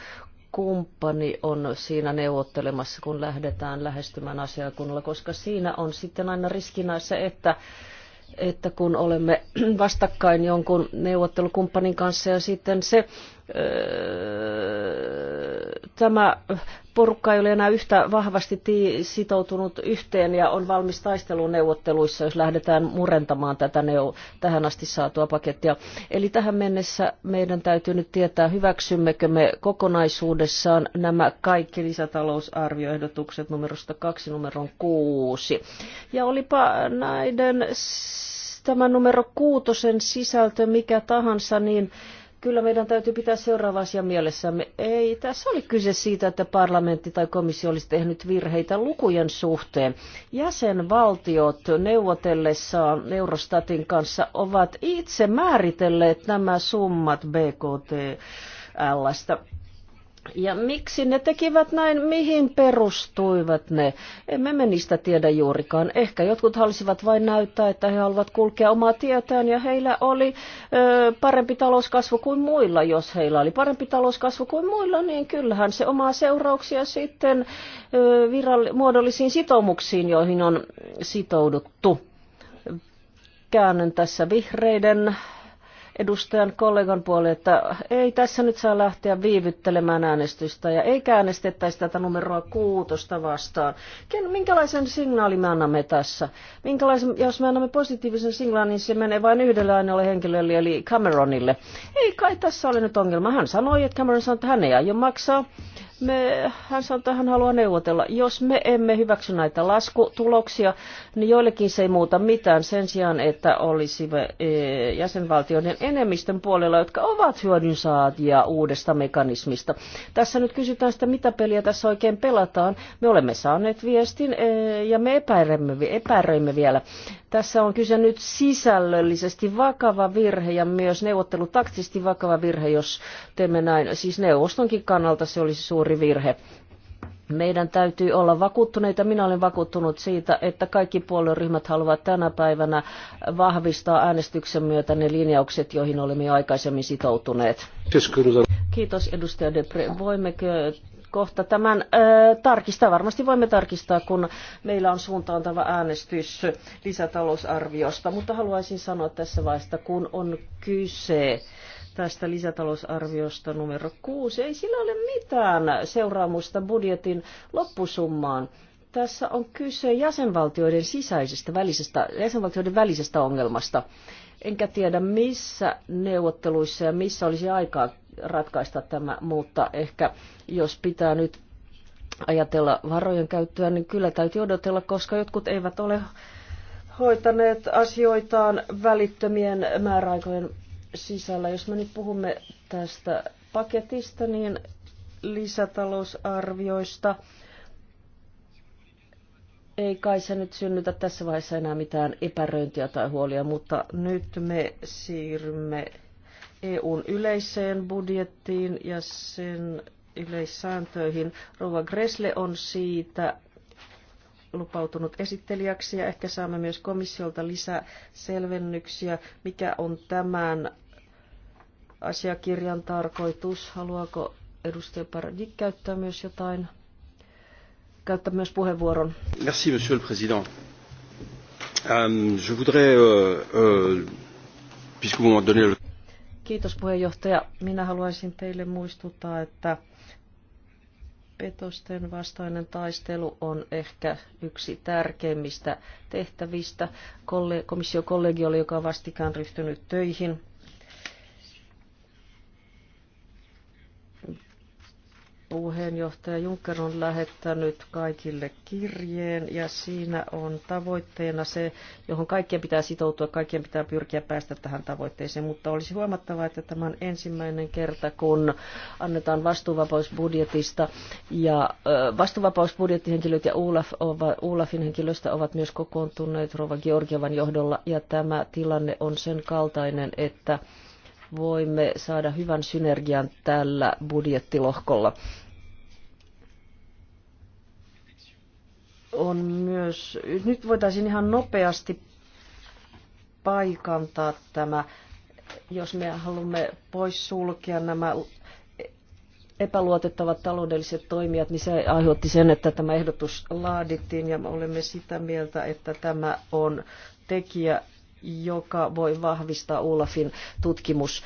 kumppani on siinä neuvottelemassa, kun lähdetään lähestymään asiaa koska siinä on sitten aina riskinä se, että että kun olemme vastakkain jonkun neuvottelukumppanin kanssa ja sitten se öö, tämä porukka ei ole enää yhtä vahvasti sitoutunut yhteen ja on valmis taisteluun neuvotteluissa, jos lähdetään murentamaan tätä neu- tähän asti saatua pakettia. Eli tähän mennessä meidän täytyy nyt tietää, hyväksymmekö me kokonaisuudessaan nämä kaikki lisätalousarvioehdotukset numerosta kaksi numeron kuusi. Ja olipa näiden tämä numero kuutosen sisältö mikä tahansa, niin kyllä meidän täytyy pitää seuraava asia mielessämme. Ei tässä oli kyse siitä, että parlamentti tai komissio olisi tehnyt virheitä lukujen suhteen. Jäsenvaltiot neuvotellessaan Eurostatin kanssa ovat itse määritelleet nämä summat BKT. -stä ja miksi ne tekivät näin, mihin perustuivat ne? Emme me niistä tiedä juurikaan. Ehkä jotkut halusivat vain näyttää, että he haluavat kulkea omaa tietään ja heillä oli ö, parempi talouskasvu kuin muilla. Jos heillä oli parempi talouskasvu kuin muilla, niin kyllähän se omaa seurauksia sitten ö, virall- muodollisiin sitoumuksiin, joihin on sitouduttu. Käännän tässä vihreiden edustajan kollegan puoleen, että ei tässä nyt saa lähteä viivyttelemään äänestystä ja eikä äänestettäisi tätä numeroa kuutosta vastaan. Minkälaisen signaali me annamme tässä? Minkälaisen, jos me annamme positiivisen signaalin, niin se menee vain yhdelle ainoalle henkilölle, eli Cameronille. Ei kai tässä ole nyt ongelma. Hän sanoi, että Cameron sanoi, että hän ei aio maksaa. Me, hän sanoi, että hän haluaa neuvotella. Jos me emme hyväksy näitä laskutuloksia, niin joillekin se ei muuta mitään sen sijaan, että olisimme e, jäsenvaltioiden enemmistön puolella, jotka ovat hyödynsaajia uudesta mekanismista. Tässä nyt kysytään sitä, mitä peliä tässä oikein pelataan. Me olemme saaneet viestin e, ja me epäröimme, epäröimme vielä tässä on kyse nyt sisällöllisesti vakava virhe ja myös neuvottelutaktisesti vakava virhe, jos teemme näin. Siis neuvostonkin kannalta se olisi suuri virhe. Meidän täytyy olla vakuuttuneita. Minä olen vakuuttunut siitä, että kaikki puolueryhmät haluavat tänä päivänä vahvistaa äänestyksen myötä ne linjaukset, joihin olemme jo aikaisemmin sitoutuneet. Kiitos edustaja Depre. Voimmeko kohta tämän ö, tarkistaa. Varmasti voimme tarkistaa, kun meillä on suuntaantava äänestys lisätalousarviosta. Mutta haluaisin sanoa tässä vaiheessa, kun on kyse tästä lisätalousarviosta numero kuusi. Ei sillä ole mitään seuraamusta budjetin loppusummaan. Tässä on kyse jäsenvaltioiden sisäisestä välisestä, jäsenvaltioiden välisestä ongelmasta. Enkä tiedä missä neuvotteluissa ja missä olisi aikaa ratkaista tämä, mutta ehkä jos pitää nyt ajatella varojen käyttöä, niin kyllä täytyy odotella, koska jotkut eivät ole hoitaneet asioitaan välittömien määräaikojen sisällä. Jos me nyt puhumme tästä paketista, niin lisätalousarvioista, ei kai se nyt synnytä tässä vaiheessa enää mitään epäröintiä tai huolia, mutta nyt me siirrymme EUn yleiseen budjettiin ja sen yleissääntöihin. Rova Gresle on siitä lupautunut esittelijäksi ja ehkä saamme myös komissiolta lisää selvennyksiä, mikä on tämän asiakirjan tarkoitus. Haluaako edustaja Paradik käyttää myös jotain käyttää myös puheenvuoron. Merci, monsieur le président. Um, je voudrais, uh, uh, puisque vous donné Kiitos puheenjohtaja. Minä haluaisin teille muistuttaa, että petosten vastainen taistelu on ehkä yksi tärkeimmistä tehtävistä komission kollegiolle, joka on vastikään ryhtynyt töihin puheenjohtaja Juncker on lähettänyt kaikille kirjeen ja siinä on tavoitteena se, johon kaikkien pitää sitoutua, kaikkien pitää pyrkiä päästä tähän tavoitteeseen, mutta olisi huomattava, että tämä on ensimmäinen kerta, kun annetaan vastuuvapausbudjetista ja vastuuvapausbudjettihenkilöt ja Ulaf, Ulafin henkilöstä ovat myös kokoontuneet Rova Georgievan johdolla ja tämä tilanne on sen kaltainen, että voimme saada hyvän synergian tällä budjettilohkolla. On myös, nyt voitaisiin ihan nopeasti paikantaa tämä, jos me haluamme poissulkea nämä epäluotettavat taloudelliset toimijat, niin se aiheutti sen, että tämä ehdotus laadittiin ja me olemme sitä mieltä, että tämä on tekijä, joka voi vahvistaa ULAFin tutkimus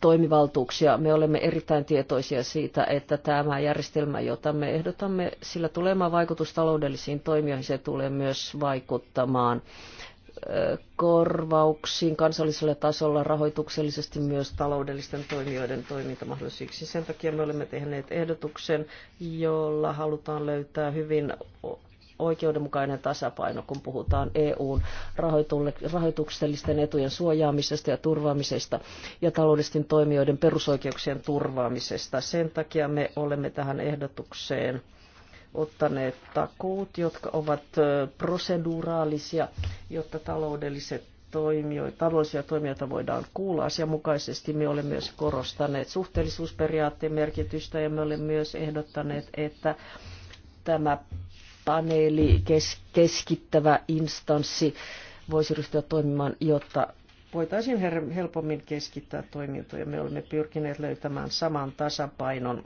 toimivaltuuksia. Me olemme erittäin tietoisia siitä, että tämä järjestelmä, jota me ehdotamme, sillä tulemaan vaikutus taloudellisiin toimijoihin, se tulee myös vaikuttamaan korvauksiin kansallisella tasolla rahoituksellisesti myös taloudellisten toimijoiden toimintamahdollisuuksiin. Sen takia me olemme tehneet ehdotuksen, jolla halutaan löytää hyvin oikeudenmukainen tasapaino, kun puhutaan EUn rahoituksellisten etujen suojaamisesta ja turvaamisesta ja taloudellisten toimijoiden perusoikeuksien turvaamisesta. Sen takia me olemme tähän ehdotukseen ottaneet takuut, jotka ovat proseduraalisia, jotta taloudelliset taloudellisia toimijoita voidaan kuulla asianmukaisesti. Me olemme myös korostaneet suhteellisuusperiaatteen merkitystä ja me olemme myös ehdottaneet, että tämä paneeli, kes, keskittävä instanssi voisi ryhtyä toimimaan, jotta voitaisiin helpommin keskittää toimintoja. Me olemme pyrkineet löytämään saman tasapainon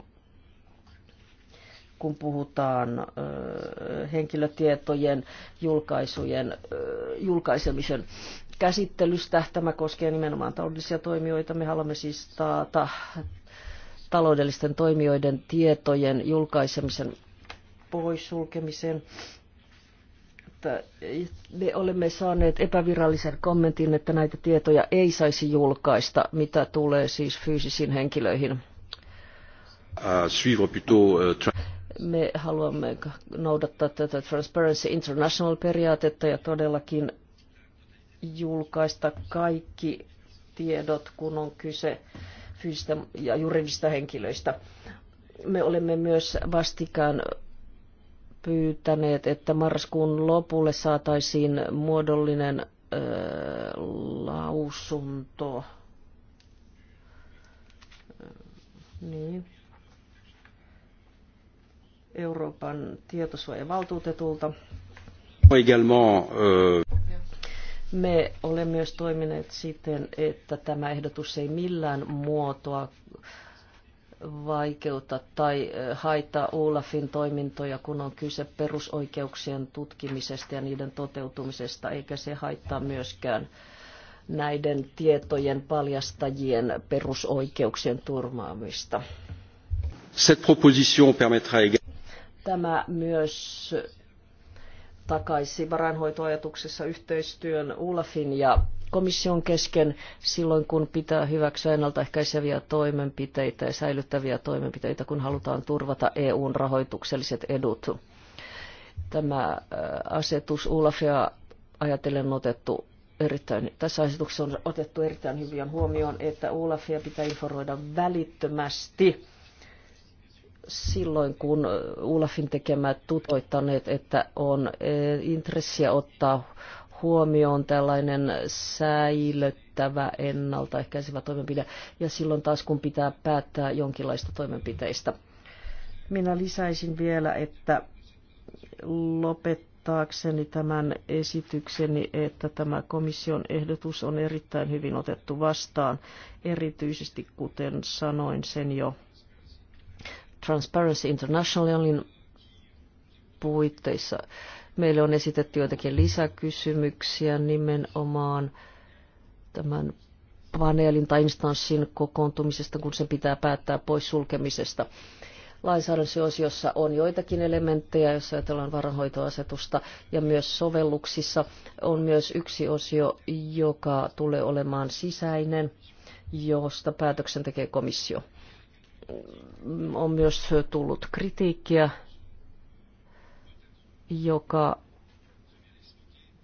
kun puhutaan henkilötietojen julkaisujen, julkaisemisen käsittelystä. Tämä koskee nimenomaan taloudellisia toimijoita. Me haluamme siis taata taloudellisten toimijoiden tietojen julkaisemisen poissulkemisen että me olemme saaneet epävirallisen kommentin, että näitä tietoja ei saisi julkaista, mitä tulee siis fyysisiin henkilöihin. Uh, uh, me haluamme noudattaa tätä Transparency International-periaatetta ja todellakin julkaista kaikki tiedot, kun on kyse fyysistä ja juridista henkilöistä. Me olemme myös vastikään pyytäneet, että marraskuun lopulle saataisiin muodollinen ö, lausunto. Niin. Euroopan tietosuojavaltuutetulta. Me olemme myös toimineet siten, että tämä ehdotus ei millään muotoa vaikeuta tai haittaa Olafin toimintoja, kun on kyse perusoikeuksien tutkimisesta ja niiden toteutumisesta, eikä se haittaa myöskään näiden tietojen paljastajien perusoikeuksien turmaamista. Tämä myös takaisi varainhoitoajatuksessa yhteistyön Ulafin ja komission kesken silloin, kun pitää hyväksyä ennaltaehkäiseviä toimenpiteitä ja säilyttäviä toimenpiteitä, kun halutaan turvata EUn rahoitukselliset edut. Tämä äh, asetus Ulafia ajatellen otettu erittäin, tässä asetuksessa on otettu erittäin hyvin huomioon, että Ulafia pitää informoida välittömästi silloin, kun Ulafin tekemät tutkoittaneet, että on äh, intressiä ottaa huomioon tällainen säilyttävä ennaltaehkäisevä toimenpide ja silloin taas kun pitää päättää jonkinlaista toimenpiteistä. Minä lisäisin vielä, että lopettaakseni tämän esitykseni, että tämä komission ehdotus on erittäin hyvin otettu vastaan, erityisesti kuten sanoin sen jo Transparency Internationalin puitteissa Meille on esitetty joitakin lisäkysymyksiä nimenomaan tämän paneelin tai instanssin kokoontumisesta, kun sen pitää päättää pois sulkemisesta. Lainsäädännössä on joitakin elementtejä, jos ajatellaan varanhoitoasetusta, ja myös sovelluksissa on myös yksi osio, joka tulee olemaan sisäinen, josta päätöksen tekee komissio. On myös tullut kritiikkiä joka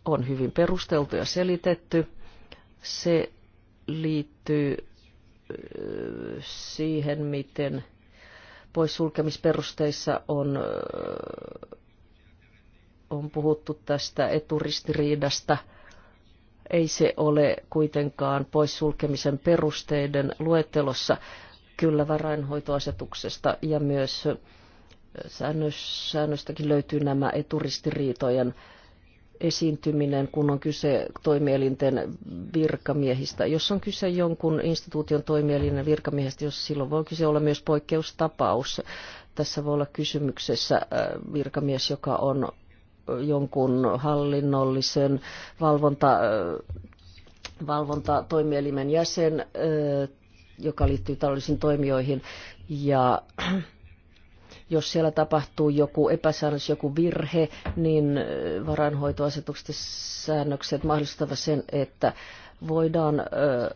on hyvin perusteltu ja selitetty. Se liittyy siihen, miten poissulkemisperusteissa on, on puhuttu tästä eturistiriidasta. Ei se ole kuitenkaan poissulkemisen perusteiden luettelossa kyllä varainhoitoasetuksesta ja myös säännöistäkin löytyy nämä eturistiriitojen esiintyminen, kun on kyse toimielinten virkamiehistä. Jos on kyse jonkun instituution toimielinen virkamiehistä, jos silloin voi kyse olla myös poikkeustapaus. Tässä voi olla kysymyksessä äh, virkamies, joka on jonkun hallinnollisen valvonta, äh, valvontatoimielimen jäsen, äh, joka liittyy taloudellisiin toimijoihin. Ja jos siellä tapahtuu joku epäsäännös, joku virhe, niin äh, varainhoitoasetukset säännökset mahdollistavat sen, että voidaan äh,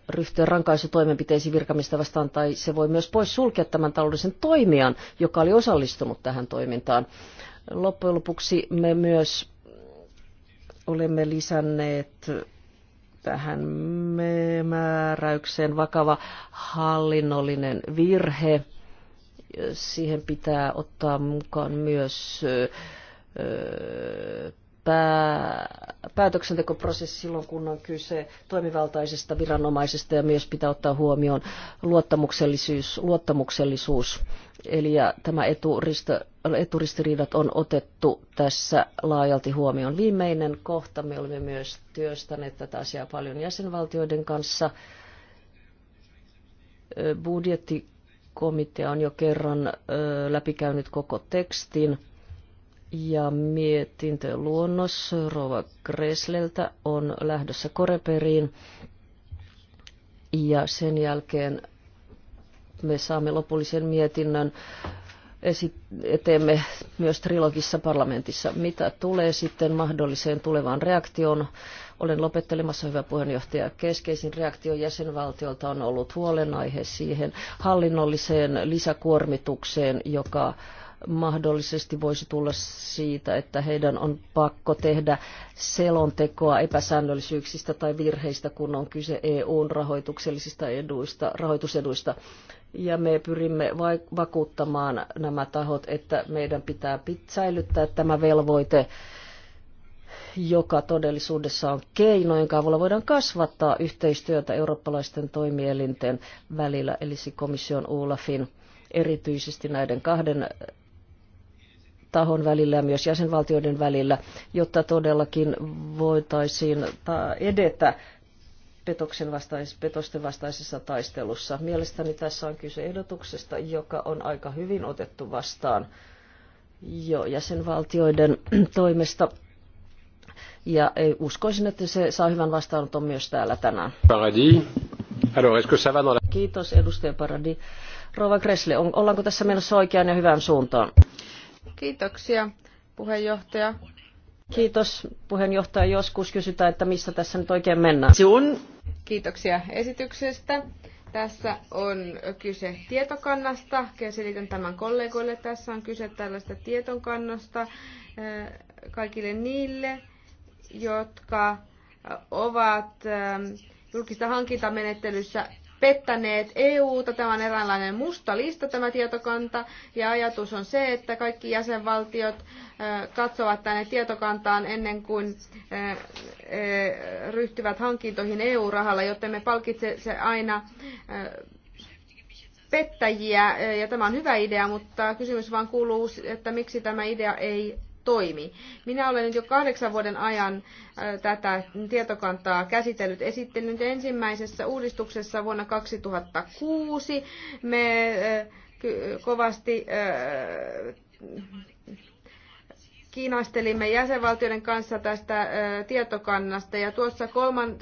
ryhtyä rankaisutoimenpiteisiin virkamista vastaan, tai se voi myös pois sulkea tämän taloudellisen toimijan, joka oli osallistunut tähän toimintaan. Loppujen lopuksi me myös olemme lisänneet tähän määräykseen vakava hallinnollinen virhe Siihen pitää ottaa mukaan myös pää, päätöksentekoprosessi silloin, kun on kyse toimivaltaisesta viranomaisesta ja myös pitää ottaa huomioon luottamuksellisuus. luottamuksellisuus. Eli ja tämä eturista, eturistiriidat on otettu tässä laajalti huomioon. Viimeinen kohta, me olemme myös työstäneet tätä asiaa paljon jäsenvaltioiden kanssa. Budjetti komitea on jo kerran ö, läpikäynyt koko tekstin ja mietintöluonnos Rova Kresleltä on lähdössä Koreperiin ja sen jälkeen me saamme lopullisen mietinnön eteemme myös trilogissa parlamentissa. Mitä tulee sitten mahdolliseen tulevaan reaktioon olen lopettelemassa, hyvä puheenjohtaja. Keskeisin reaktio jäsenvaltiolta on ollut huolenaihe siihen hallinnolliseen lisäkuormitukseen, joka mahdollisesti voisi tulla siitä, että heidän on pakko tehdä selontekoa epäsäännöllisyyksistä tai virheistä, kun on kyse EUn rahoituksellisista eduista, rahoituseduista. Ja me pyrimme vakuuttamaan nämä tahot, että meidän pitää säilyttää tämä velvoite joka todellisuudessa on keino, jonka avulla voidaan kasvattaa yhteistyötä eurooppalaisten toimielinten välillä, eli siis komission ULAFin erityisesti näiden kahden tahon välillä ja myös jäsenvaltioiden välillä, jotta todellakin voitaisiin edetä petoksen vastais, petosten vastaisessa taistelussa. Mielestäni tässä on kyse ehdotuksesta, joka on aika hyvin otettu vastaan jo jäsenvaltioiden toimesta ja uskoisin, että se saa hyvän vastaanoton myös täällä tänään. Paradis. Kiitos edustaja Paradis. Rova Gressle, ollaanko tässä menossa oikeaan ja hyvään suuntaan? Kiitoksia puheenjohtaja. Kiitos puheenjohtaja. Joskus kysytään, että missä tässä nyt oikein mennään. Sun. Kiitoksia esityksestä. Tässä on kyse tietokannasta. Selitän tämän kollegoille. Tässä on kyse tällaista tietokannasta eh, kaikille niille, jotka ovat ähm, julkista hankintamenettelyssä pettäneet EU-ta. Tämä on eräänlainen musta lista tämä tietokanta ja ajatus on se, että kaikki jäsenvaltiot äh, katsovat tänne tietokantaan ennen kuin äh, äh, ryhtyvät hankintoihin EU-rahalla, joten me palkitse se aina pettäjiä ja tämä on hyvä idea, mutta kysymys vaan kuuluu, että miksi tämä idea ei toimi. Minä olen nyt jo kahdeksan vuoden ajan äh, tätä tietokantaa käsitellyt esittelyt ensimmäisessä uudistuksessa vuonna 2006. Me äh, kovasti äh, kiinastelimme jäsenvaltioiden kanssa tästä tietokannasta ja tuossa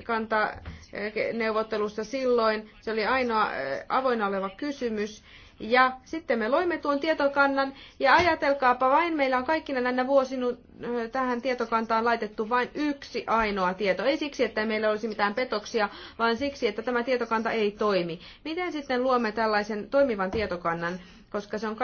kanta neuvottelussa silloin se oli ainoa avoinna oleva kysymys ja sitten me loimme tuon tietokannan ja ajatelkaapa vain, meillä on kaikkina näinä vuosina tähän tietokantaan laitettu vain yksi ainoa tieto. Ei siksi, että meillä olisi mitään petoksia, vaan siksi, että tämä tietokanta ei toimi. Miten sitten luomme tällaisen toimivan tietokannan? koska se on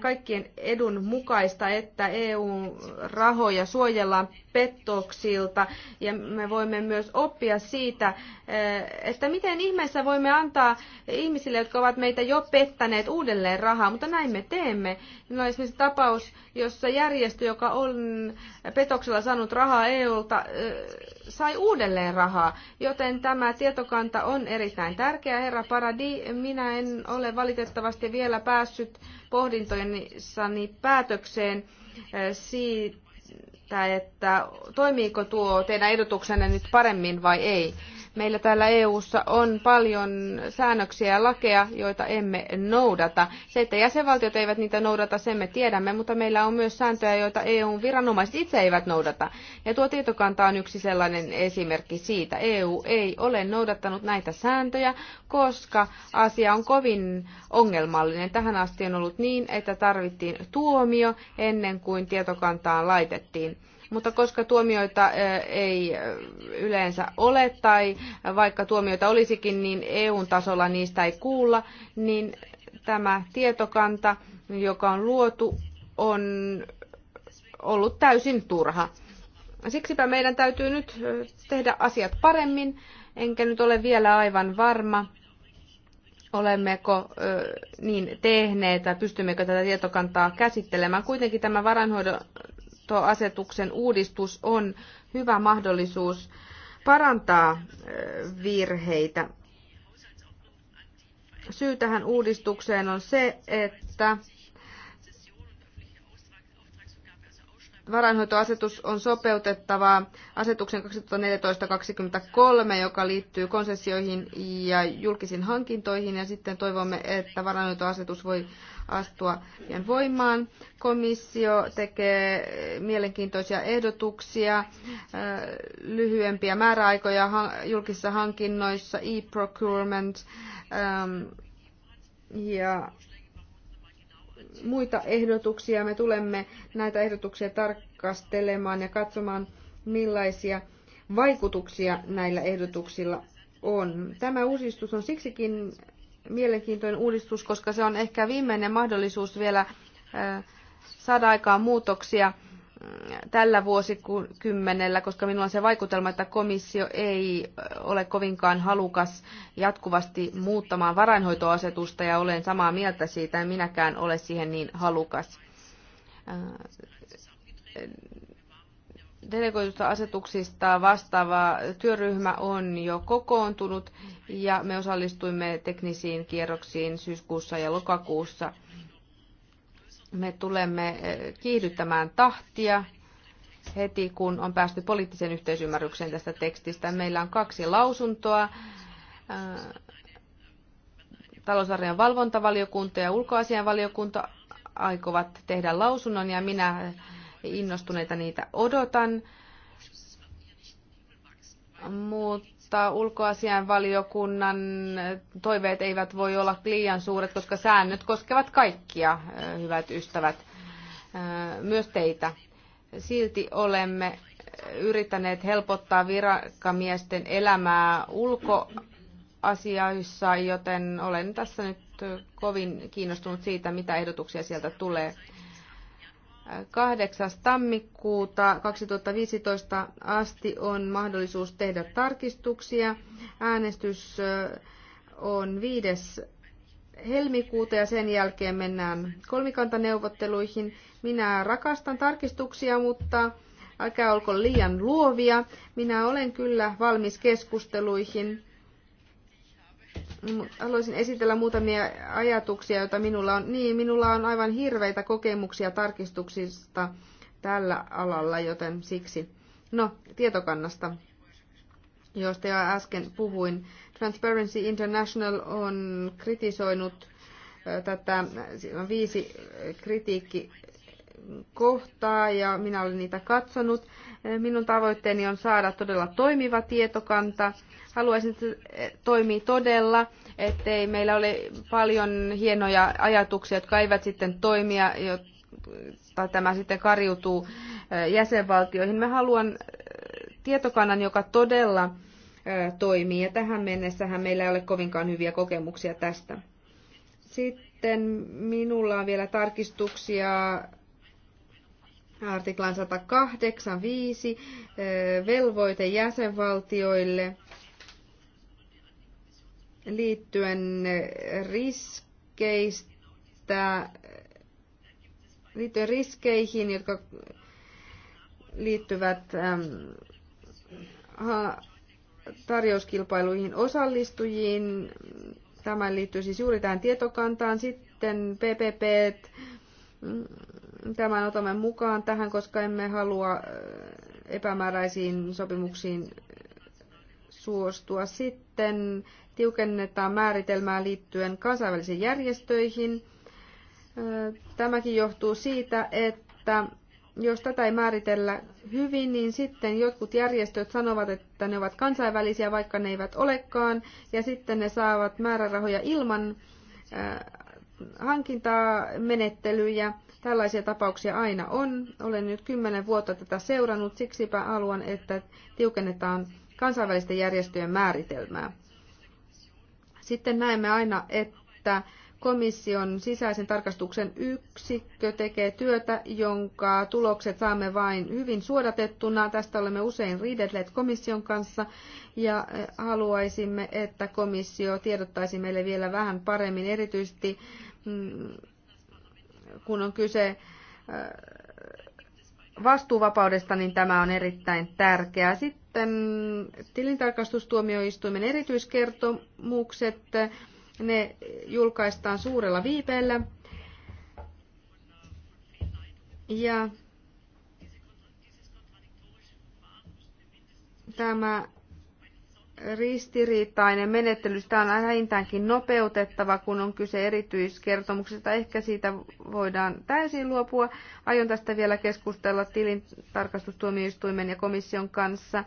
kaikkien edun mukaista, että EU-rahoja suojellaan pettoksilta ja me voimme myös oppia siitä, eh, että miten ihmeessä voimme antaa ihmisille, jotka ovat meitä jo pettäneet uudelleen rahaa, mutta näin me teemme. No esimerkiksi tapaus, jossa järjestö, joka on petoksella saanut rahaa EUlta, eh, sai uudelleen rahaa, joten tämä tietokanta on erittäin tärkeä. Herra Paradi, minä en ole valitettavasti vielä päässyt pohdintojeni päätökseen eh, siitä, että toimiiko tuo teidän edutuksenne nyt paremmin vai ei. Meillä täällä EU:ssa on paljon säännöksiä ja lakeja, joita emme noudata. Se, että jäsenvaltiot eivät niitä noudata, sen me tiedämme, mutta meillä on myös sääntöjä, joita EUn viranomaiset itse eivät noudata. Ja tuo tietokanta on yksi sellainen esimerkki siitä. EU ei ole noudattanut näitä sääntöjä, koska asia on kovin ongelmallinen. Tähän asti on ollut niin, että tarvittiin tuomio ennen kuin tietokantaan laitettiin mutta koska tuomioita ei yleensä ole tai vaikka tuomioita olisikin, niin EU-tasolla niistä ei kuulla, niin tämä tietokanta, joka on luotu, on ollut täysin turha. Siksipä meidän täytyy nyt tehdä asiat paremmin, enkä nyt ole vielä aivan varma, olemmeko ö, niin tehneet tai pystymmekö tätä tietokantaa käsittelemään. Kuitenkin tämä varainhoidon virastoasetuksen uudistus on hyvä mahdollisuus parantaa virheitä. Syy tähän uudistukseen on se, että varainhoitoasetus on sopeutettava asetuksen 2014 2023 joka liittyy konsessioihin ja julkisiin hankintoihin. Ja sitten toivomme, että varainhoitoasetus voi astua pian voimaan. Komissio tekee mielenkiintoisia ehdotuksia, lyhyempiä määräaikoja julkisissa hankinnoissa, e-procurement ähm, ja muita ehdotuksia. Me tulemme näitä ehdotuksia tarkastelemaan ja katsomaan, millaisia vaikutuksia näillä ehdotuksilla on. Tämä uusistus on siksikin mielenkiintoinen uudistus, koska se on ehkä viimeinen mahdollisuus vielä äh, saada aikaan muutoksia äh, tällä vuosikymmenellä, koska minulla on se vaikutelma, että komissio ei äh, ole kovinkaan halukas jatkuvasti muuttamaan varainhoitoasetusta ja olen samaa mieltä siitä, en minäkään ole siihen niin halukas delegoitusta asetuksista vastaava työryhmä on jo kokoontunut ja me osallistuimme teknisiin kierroksiin syyskuussa ja lokakuussa. Me tulemme eh, kiihdyttämään tahtia heti, kun on päästy poliittisen yhteisymmärrykseen tästä tekstistä. Meillä on kaksi lausuntoa eh, Talousarjan valvontavaliokunta ja ulkoasianvaliokunta aikovat tehdä lausunnon ja minä innostuneita niitä odotan. Mutta valiokunnan toiveet eivät voi olla liian suuret, koska säännöt koskevat kaikkia, hyvät ystävät, myös teitä. Silti olemme yrittäneet helpottaa virkamiesten elämää ulkoasioissa, joten olen tässä nyt kovin kiinnostunut siitä, mitä ehdotuksia sieltä tulee. 8. tammikuuta 2015 asti on mahdollisuus tehdä tarkistuksia. Äänestys on 5. helmikuuta ja sen jälkeen mennään kolmikantaneuvotteluihin. Minä rakastan tarkistuksia, mutta älkää olko liian luovia. Minä olen kyllä valmis keskusteluihin Haluaisin esitellä muutamia ajatuksia, joita minulla on. Niin, minulla on aivan hirveitä kokemuksia tarkistuksista tällä alalla, joten siksi. No, tietokannasta, josta jo äsken puhuin. Transparency International on kritisoinut tätä, on viisi kritiikki kohtaa ja minä olen niitä katsonut. Minun tavoitteeni on saada todella toimiva tietokanta Haluaisin, että toimii todella, ettei meillä ole paljon hienoja ajatuksia, jotka eivät sitten toimia, jotta tämä sitten karjutuu jäsenvaltioihin. Me haluan tietokannan, joka todella toimii, ja tähän mennessähän meillä ei ole kovinkaan hyviä kokemuksia tästä. Sitten minulla on vielä tarkistuksia artiklan 185 velvoite jäsenvaltioille liittyen riskeistä, liittyen riskeihin, jotka liittyvät ähm, tarjouskilpailuihin osallistujiin. Tämä liittyy siis juuri tähän tietokantaan. Sitten PPP, mm, tämän otamme mukaan tähän, koska emme halua äh, epämääräisiin sopimuksiin suostua. Sitten tiukennetaan määritelmää liittyen kansainvälisiin järjestöihin. Tämäkin johtuu siitä, että jos tätä ei määritellä hyvin, niin sitten jotkut järjestöt sanovat, että ne ovat kansainvälisiä, vaikka ne eivät olekaan, ja sitten ne saavat määrärahoja ilman hankintaa, menettelyjä. Tällaisia tapauksia aina on. Olen nyt kymmenen vuotta tätä seurannut, siksipä haluan, että tiukennetaan kansainvälisten järjestöjen määritelmää. Sitten näemme aina, että komission sisäisen tarkastuksen yksikkö tekee työtä, jonka tulokset saamme vain hyvin suodatettuna. Tästä olemme usein riidelleet komission kanssa ja eh, haluaisimme, että komissio tiedottaisi meille vielä vähän paremmin, erityisesti mm, kun on kyse eh, vastuuvapaudesta, niin tämä on erittäin tärkeää. Sitten sitten tilintarkastustuomioistuimen erityiskertomukset, ne julkaistaan suurella viipeellä. Ja tämä ristiriitainen menettely. Sitä on vähintäänkin nopeutettava, kun on kyse erityiskertomuksesta. Ehkä siitä voidaan täysin luopua. Aion tästä vielä keskustella tilintarkastustuomioistuimen ja komission kanssa.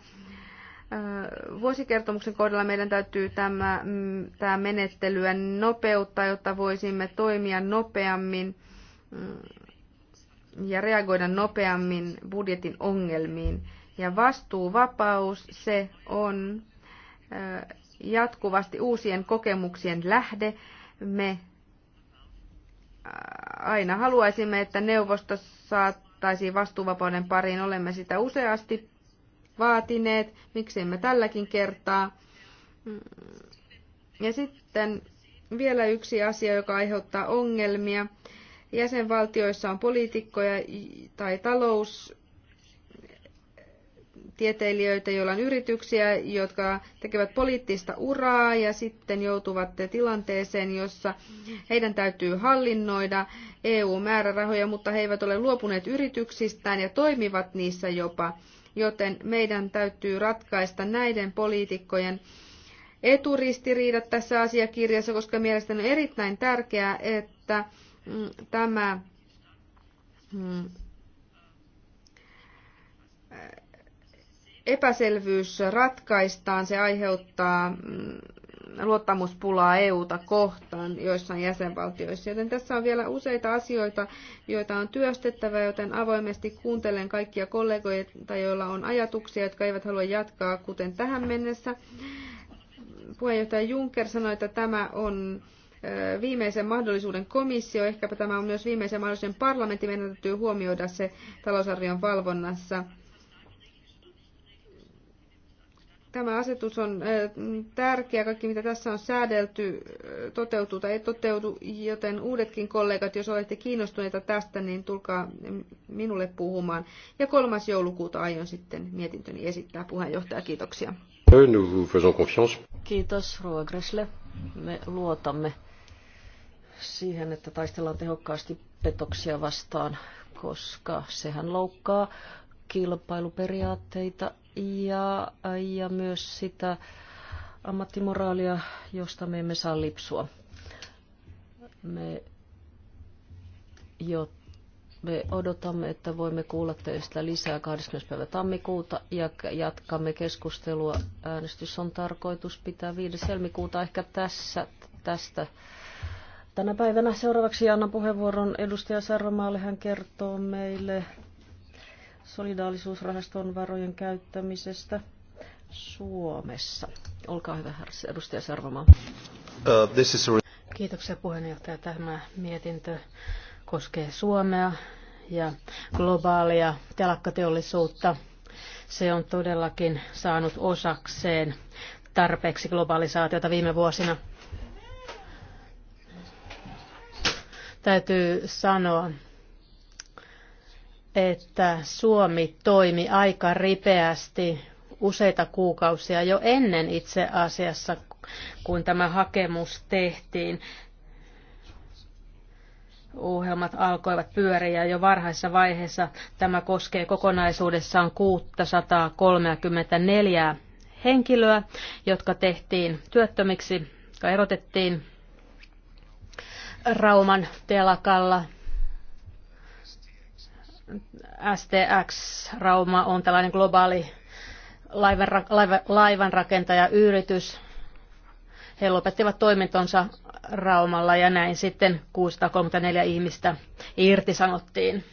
Vuosikertomuksen kohdalla meidän täytyy tämä, mm, tämä menettelyä nopeuttaa, jotta voisimme toimia nopeammin mm, ja reagoida nopeammin budjetin ongelmiin. Ja vastuuvapaus, se on jatkuvasti uusien kokemuksien lähde. Me aina haluaisimme, että neuvosto saattaisi vastuuvapauden pariin. Olemme sitä useasti vaatineet, miksei me tälläkin kertaa. Mm. Ja sitten vielä yksi asia, joka aiheuttaa ongelmia. Jäsenvaltioissa on poliitikkoja tai talous tieteilijöitä, joilla on yrityksiä, jotka tekevät poliittista uraa ja sitten joutuvat tilanteeseen, jossa heidän täytyy hallinnoida EU-määrärahoja, mutta he eivät ole luopuneet yrityksistään ja toimivat niissä jopa. Joten meidän täytyy ratkaista näiden poliitikkojen eturistiriidat tässä asiakirjassa, koska mielestäni on erittäin tärkeää, että mm, tämä mm, epäselvyys ratkaistaan, se aiheuttaa mm, luottamuspulaa EUta kohtaan joissain jäsenvaltioissa. Joten tässä on vielä useita asioita, joita on työstettävä, joten avoimesti kuuntelen kaikkia kollegoita, joilla on ajatuksia, jotka eivät halua jatkaa kuten tähän mennessä. Puheenjohtaja Juncker sanoi, että tämä on viimeisen mahdollisuuden komissio, ehkäpä tämä on myös viimeisen mahdollisen parlamentti, meidän täytyy huomioida se talousarvion valvonnassa. Tämä asetus on tärkeä. Kaikki, mitä tässä on säädelty, toteutuu tai ei toteudu, joten uudetkin kollegat, jos olette kiinnostuneita tästä, niin tulkaa minulle puhumaan. Ja kolmas joulukuuta aion sitten mietintöni esittää. Puheenjohtaja, kiitoksia. Kiitos, Rua Gressle. Me luotamme siihen, että taistellaan tehokkaasti petoksia vastaan, koska sehän loukkaa kilpailuperiaatteita ja, ja myös sitä ammattimoraalia, josta me emme saa lipsua. Me, jo, me odotamme, että voimme kuulla teistä lisää 20. päivä tammikuuta ja jatkamme keskustelua. Äänestys on tarkoitus pitää 5. helmikuuta ehkä tässä tästä tänä päivänä. Seuraavaksi annan puheenvuoron edustaja Sarvamaalle. Hän kertoo meille solidaalisuusrahaston varojen käyttämisestä Suomessa. Olkaa hyvä, edustaja Sarvamaa. Uh, this is... Kiitoksia puheenjohtaja. Tämä mietintö koskee Suomea ja globaalia telakkateollisuutta. Se on todellakin saanut osakseen tarpeeksi globalisaatiota viime vuosina. Täytyy sanoa, että Suomi toimi aika ripeästi useita kuukausia jo ennen itse asiassa, kun tämä hakemus tehtiin. Ohjelmat alkoivat pyöriä jo varhaisessa vaiheessa. Tämä koskee kokonaisuudessaan 634 henkilöä, jotka tehtiin työttömiksi, jotka erotettiin Rauman telakalla STX-Rauma on tällainen globaali laivanrakentajayritys. He lopettivat toimintonsa Raumalla ja näin sitten 634 ihmistä irtisanottiin.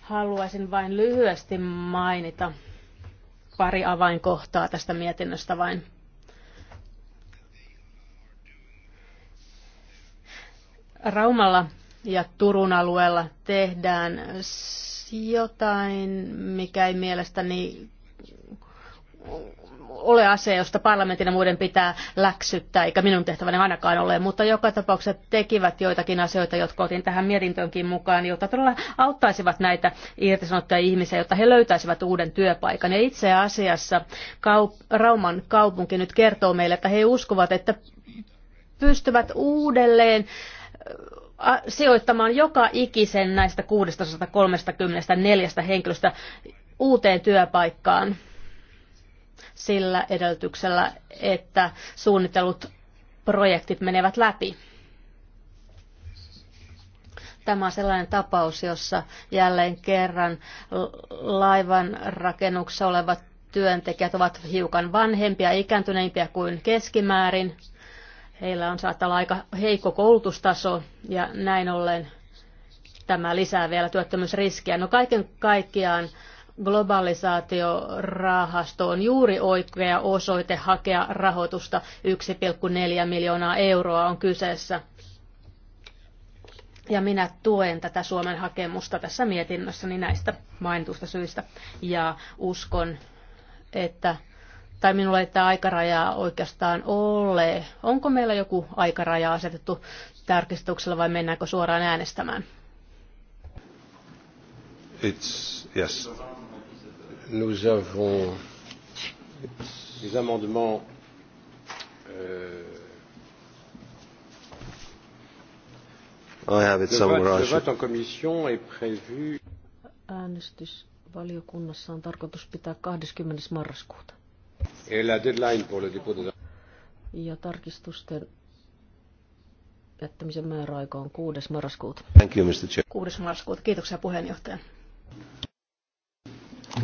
Haluaisin vain lyhyesti mainita pari avainkohtaa tästä mietinnöstä vain. Raumalla ja Turun alueella tehdään jotain, mikä ei mielestäni ole asia, josta parlamentin ja muiden pitää läksyttää, eikä minun tehtäväni ainakaan ole, mutta joka tapauksessa tekivät joitakin asioita, jotka otin tähän mietintöönkin mukaan, jotta todella auttaisivat näitä irtisanottuja ihmisiä, jotta he löytäisivät uuden työpaikan. Ja itse asiassa kaup- Rauman kaupunki nyt kertoo meille, että he uskovat, että pystyvät uudelleen sijoittamaan joka ikisen näistä 634 henkilöstä uuteen työpaikkaan sillä edellytyksellä, että suunnitellut projektit menevät läpi. Tämä on sellainen tapaus, jossa jälleen kerran laivan rakennuksessa olevat työntekijät ovat hiukan vanhempia, ikääntyneimpiä kuin keskimäärin Heillä on saattaa olla aika heikko koulutustaso ja näin ollen tämä lisää vielä työttömyysriskiä. No kaiken kaikkiaan globalisaatiorahasto on juuri oikea osoite hakea rahoitusta. 1,4 miljoonaa euroa on kyseessä. Ja minä tuen tätä Suomen hakemusta tässä mietinnössäni näistä mainitusta syistä. Ja uskon, että tai minulla ei tämä aikarajaa oikeastaan ole. Onko meillä joku aikaraja asetettu tarkistuksella vai mennäänkö suoraan äänestämään? It's, yes. Nous avons les amendements euh, I have it somewhere. Le vote en commission est prévu. Äänestysvaliokunnassa valiokunnassa on tarkoitus pitää 20. marraskuuta. Ja tarkistusten jättämisen määräaika on 6. marraskuuta. Thank you, Mr. Chair. 6. marraskuuta. Kiitoksia puheenjohtaja.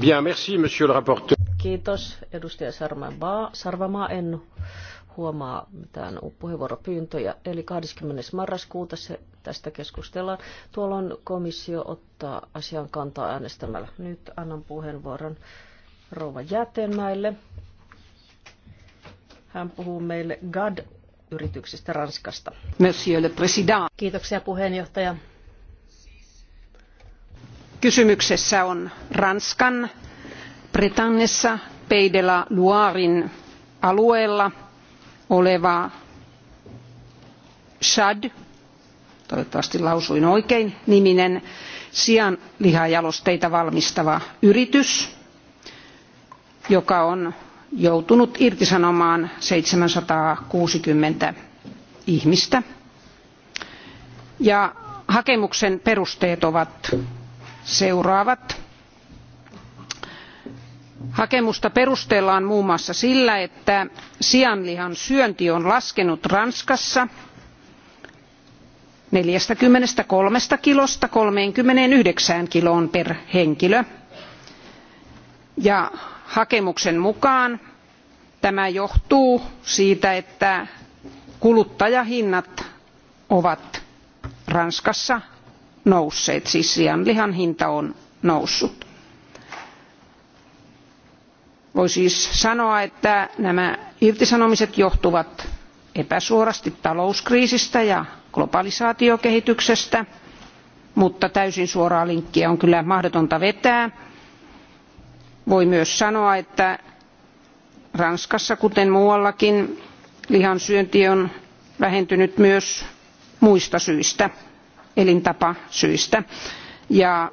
Bien, merci, monsieur le rapporteur. Kiitos, edustaja Sarvamaa. Sarvamaa en huomaa mitään puheenvuoropyyntöjä. Eli 20. marraskuuta se, tästä keskustellaan. Tuolloin komissio ottaa asian kantaa äänestämällä. Nyt annan puheenvuoron rouva Jätemäelle. Hän puhuu meille GAD-yrityksistä Ranskasta. Monsieur le Président. Kiitoksia puheenjohtaja. Kysymyksessä on Ranskan Bretannessa Peidela Luarin alueella oleva SHAD, toivottavasti lausuin oikein, niminen sianlihajalosteita valmistava yritys, joka on joutunut irtisanomaan 760 ihmistä. Ja hakemuksen perusteet ovat seuraavat. Hakemusta perustellaan muun muassa sillä, että sianlihan syönti on laskenut Ranskassa 43 kilosta 39 kiloon per henkilö. Ja hakemuksen mukaan tämä johtuu siitä että kuluttajahinnat ovat ranskassa nousseet siis sianlihan hinta on noussut. voi siis sanoa että nämä irtisanomiset johtuvat epäsuorasti talouskriisistä ja globalisaatiokehityksestä mutta täysin suoraa linkkiä on kyllä mahdotonta vetää voi myös sanoa että ranskassa kuten muuallakin lihansyönti on vähentynyt myös muista syistä elintapasyistä ja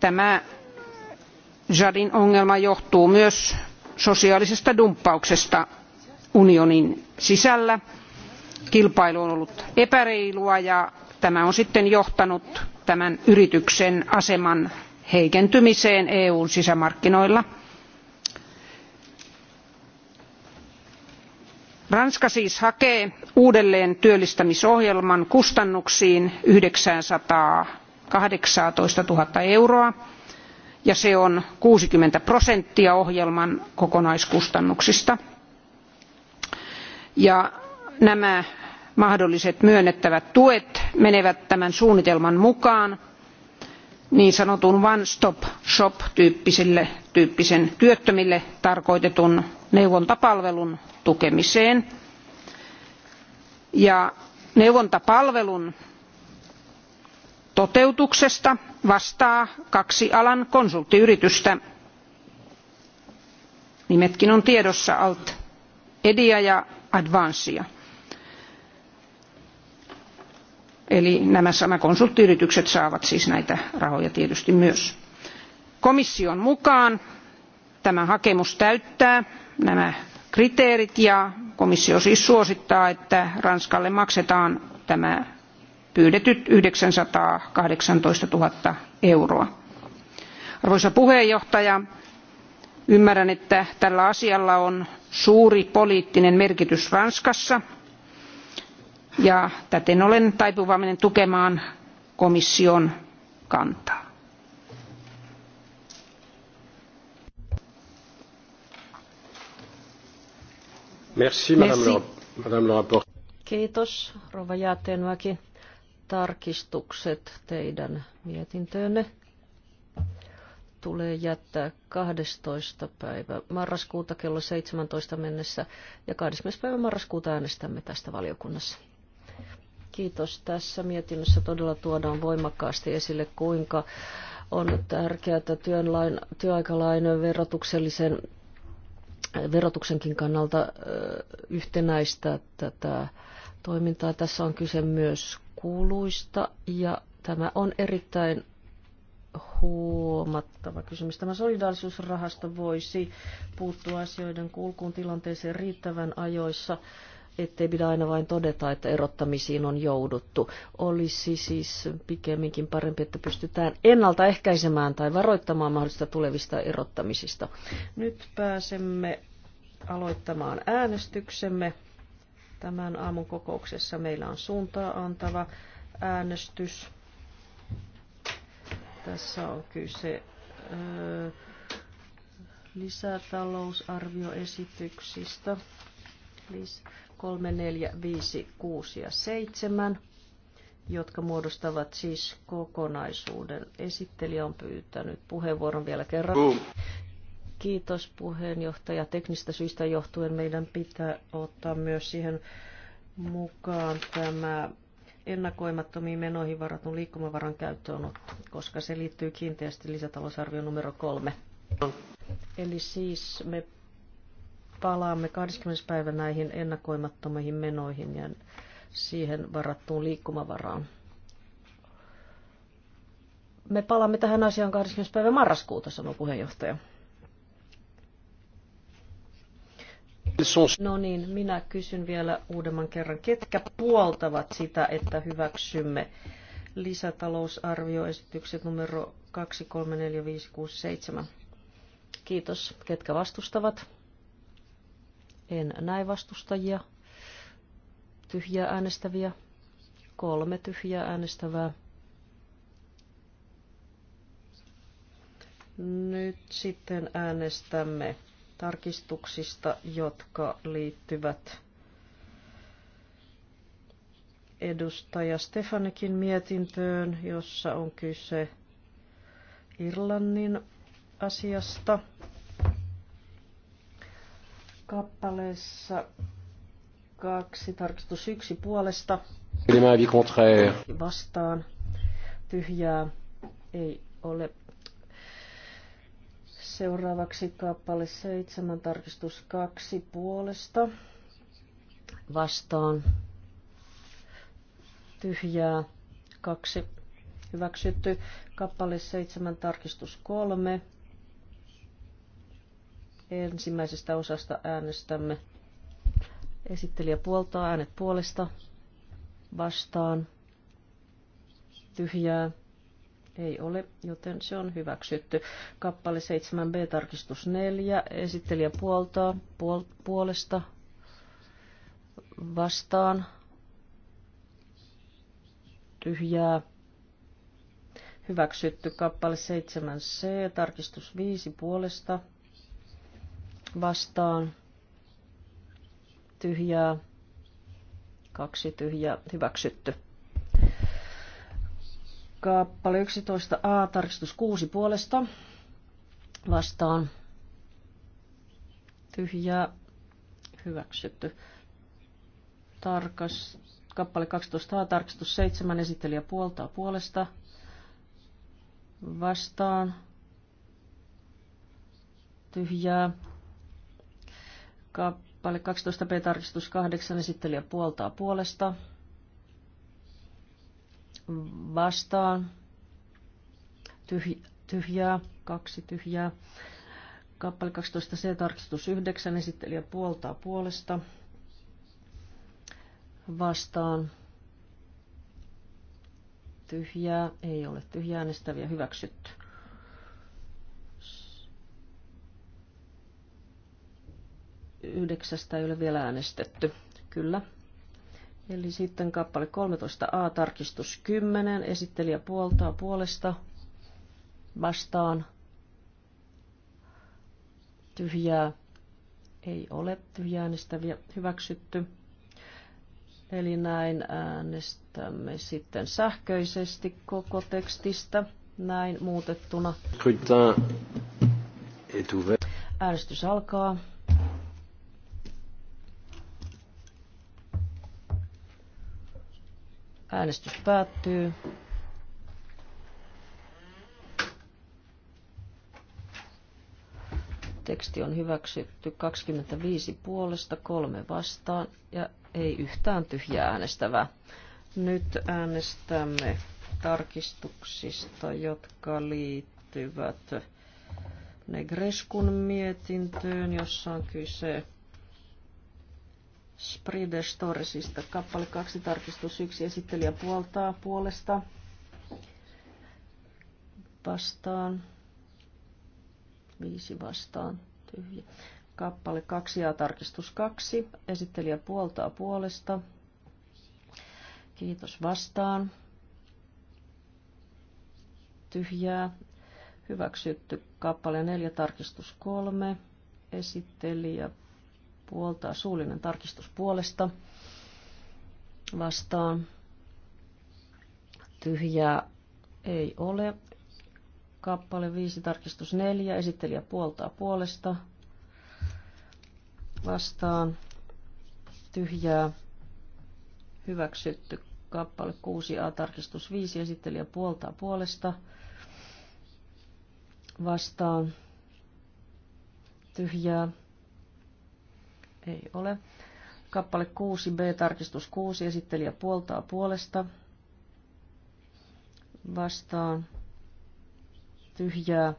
tämä jadin ongelma johtuu myös sosiaalisesta dumppauksesta unionin sisällä. kilpailu on ollut epäreilua ja tämä on sitten johtanut tämän yrityksen aseman heikentymiseen EU: n sisämarkkinoilla. ranska siis hakee uudelleen työllistämisohjelman kustannuksiin yhdeksänsataakahdeksantoista nolla euroa ja se on kuusikymmentä prosenttia ohjelman kokonaiskustannuksista. Ja nämä mahdolliset myönnettävät tuet menevät tämän suunnitelman mukaan niin sanotun one stop shop tyyppisen työttömille tarkoitetun neuvontapalvelun tukemiseen. Ja neuvontapalvelun toteutuksesta vastaa kaksi alan konsulttiyritystä nimetkin on tiedossa alt edia ja advancia eli nämä samat konsulttiyritykset saavat siis näitä rahoja tietysti myös. komission mukaan tämä hakemus täyttää nämä kriteerit ja komissio siis suosittaa että ranskalle maksetaan tämä pyydetyt yhdeksänsataakahdeksantoista nolla euroa. arvoisa puheenjohtaja ymmärrän että tällä asialla on suuri poliittinen merkitys ranskassa ja täten olen taipuvainen tukemaan komission kantaa. Merci, Madame Madame Kiitos, Rova Tarkistukset teidän mietintöönne tulee jättää 12. päivä marraskuuta kello 17 mennessä ja 20. päivä marraskuuta äänestämme tästä valiokunnassa. Kiitos. Tässä mietinnössä todella tuodaan voimakkaasti esille, kuinka on tärkeää työnlain, työaikalain verotuksellisen verotuksenkin kannalta yhtenäistää tätä toimintaa. Tässä on kyse myös kuluista ja tämä on erittäin huomattava kysymys. Tämä solidaarisuusrahasto voisi puuttua asioiden kulkuun tilanteeseen riittävän ajoissa ettei pidä aina vain todeta, että erottamisiin on jouduttu. Olisi siis pikemminkin parempi, että pystytään ennaltaehkäisemään tai varoittamaan mahdollista tulevista erottamisista. Nyt pääsemme aloittamaan äänestyksemme. Tämän aamun kokouksessa meillä on suuntaa antava äänestys. Tässä on kyse ö, lisätalousarvioesityksistä. 3, 4, 5, 6 ja 7, jotka muodostavat siis kokonaisuuden. Esittelijä on pyytänyt puheenvuoron vielä kerran. Boom. Kiitos puheenjohtaja. Teknistä syistä johtuen meidän pitää ottaa myös siihen mukaan tämä ennakoimattomiin menoihin varatun liikkumavaran käyttöönotto, koska se liittyy kiinteästi lisätalousarvion numero kolme. Eli siis me palaamme 20. päivä näihin ennakoimattomiin menoihin ja siihen varattuun liikkumavaraan. Me palaamme tähän asiaan 20. päivä marraskuuta, sanoi puheenjohtaja. No niin, minä kysyn vielä uudemman kerran, ketkä puoltavat sitä, että hyväksymme lisätalousarvioesitykset numero 2, 3, 4, 5, 6, 7. Kiitos, ketkä vastustavat. En näe vastustajia, tyhjää äänestäviä, kolme tyhjää äänestävää. Nyt sitten äänestämme tarkistuksista, jotka liittyvät edustaja Stefanikin mietintöön, jossa on kyse Irlannin asiasta kappaleessa kaksi, tarkistus yksi puolesta. Vastaan. Tyhjää ei ole. Seuraavaksi kappale seitsemän, tarkistus kaksi puolesta. Vastaan. Tyhjää kaksi. Hyväksytty. Kappale seitsemän, tarkistus kolme Ensimmäisestä osasta äänestämme esittelijä puoltaa äänet puolesta vastaan tyhjää ei ole, joten se on hyväksytty. Kappale 7b, tarkistus 4, esittelijä puoltaa puol- puolesta vastaan tyhjää. Hyväksytty kappale 7c, tarkistus 5 puolesta vastaan tyhjää, kaksi tyhjää, hyväksytty. Kappale 11a, tarkistus 6 puolesta vastaan tyhjää, hyväksytty. Tarkas, kappale 12a, tarkistus 7, esittelijä puoltaa puolesta vastaan tyhjää, Kappale 12b tarkistus 8 esittelijä puoltaa puolesta. Vastaan. Tyhj- tyhjää. Kaksi tyhjää. Kappale 12c tarkistus 9 esittelijä puoltaa puolesta. Vastaan. Tyhjää. Ei ole tyhjäänestäviä hyväksytty. yhdeksästä ei ole vielä äänestetty. Kyllä. Eli sitten kappale 13a, tarkistus 10, esittelijä puoltaa puolesta vastaan. Tyhjää ei ole tyhjää äänestäviä, hyväksytty. Eli näin äänestämme sitten sähköisesti koko tekstistä näin muutettuna. Äänestys alkaa. Äänestys päättyy. Teksti on hyväksytty 25 puolesta, kolme vastaan ja ei yhtään tyhjää äänestävää. Nyt äänestämme tarkistuksista, jotka liittyvät Negreskun mietintöön, jossa on kyse Sprides Torresista. Kappale 2, tarkistus 1, esittelijä puoltaa puolesta. Vastaan. Viisi vastaan. Tyhjä. Kappale 2 ja tarkistus 2. Esittelijä puoltaa puolesta. Kiitos vastaan. Tyhjää. Hyväksytty. Kappale 4, tarkistus 3. Esittelijä puoltaa suullinen tarkistus puolesta vastaan. Tyhjää ei ole. Kappale 5, tarkistus 4, esittelijä puoltaa puolesta vastaan. Tyhjää hyväksytty. Kappale 6a, tarkistus 5, esittelijä puoltaa puolesta vastaan. Tyhjää ei ole. Kappale 6b, tarkistus 6, esittelijä puoltaa puolesta. Vastaan. Tyhjää.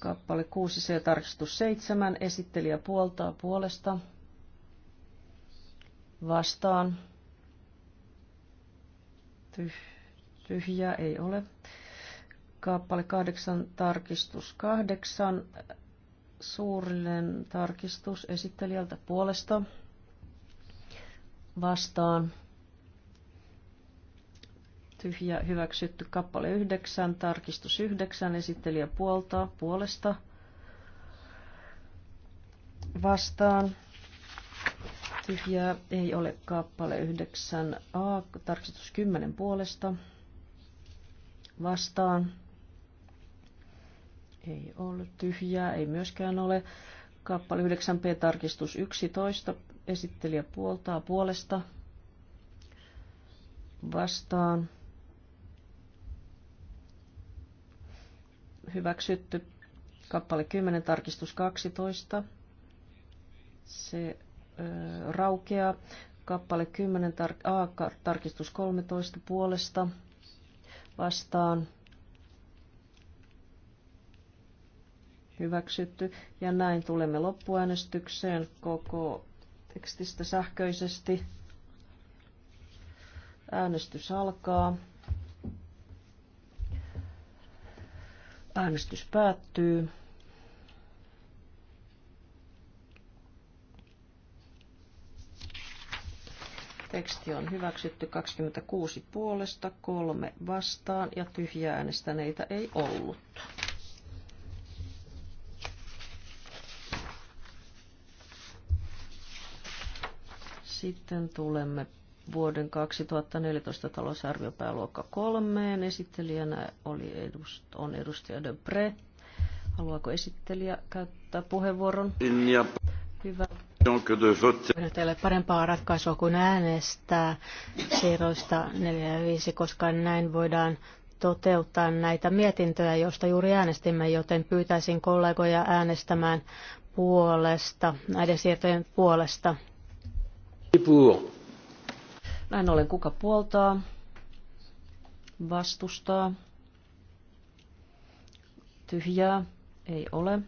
Kappale 6c, tarkistus 7, esittelijä puoltaa puolesta. Vastaan. Tyh, Tyhjää ei ole. Kappale 8, tarkistus 8, Suurinen tarkistus esittelijältä puolesta vastaan. Tyhjä hyväksytty kappale 9, tarkistus 9, esittelijä puolta puolesta vastaan. Tyhjää ei ole kappale 9a, tarkistus 10 puolesta vastaan ei ole tyhjää, ei myöskään ole. Kappale 9b, tarkistus 11. Esittelijä puoltaa puolesta. Vastaan. Hyväksytty. Kappale 10, tarkistus 12. Se ö, raukeaa. Kappale 10, tar- A, tarkistus 13 puolesta. Vastaan hyväksytty. Ja näin tulemme loppuäänestykseen koko tekstistä sähköisesti. Äänestys alkaa. Äänestys päättyy. Teksti on hyväksytty 26 puolesta, kolme vastaan ja tyhjää äänestäneitä ei ollut. Sitten tulemme vuoden 2014 talousarviopääluokka kolmeen. Esittelijänä oli edust, on edustaja Pre. Haluaako esittelijä käyttää puheenvuoron? Ja. Hyvä. Teille parempaa ratkaisua kuin äänestää siirroista 4 ja 5, koska näin voidaan toteuttaa näitä mietintöjä, joista juuri äänestimme, joten pyytäisin kollegoja äänestämään puolesta, näiden siirtojen puolesta. Pour. Näin ollen kuka puoltaa, vastustaa, tyhjää, ei ole.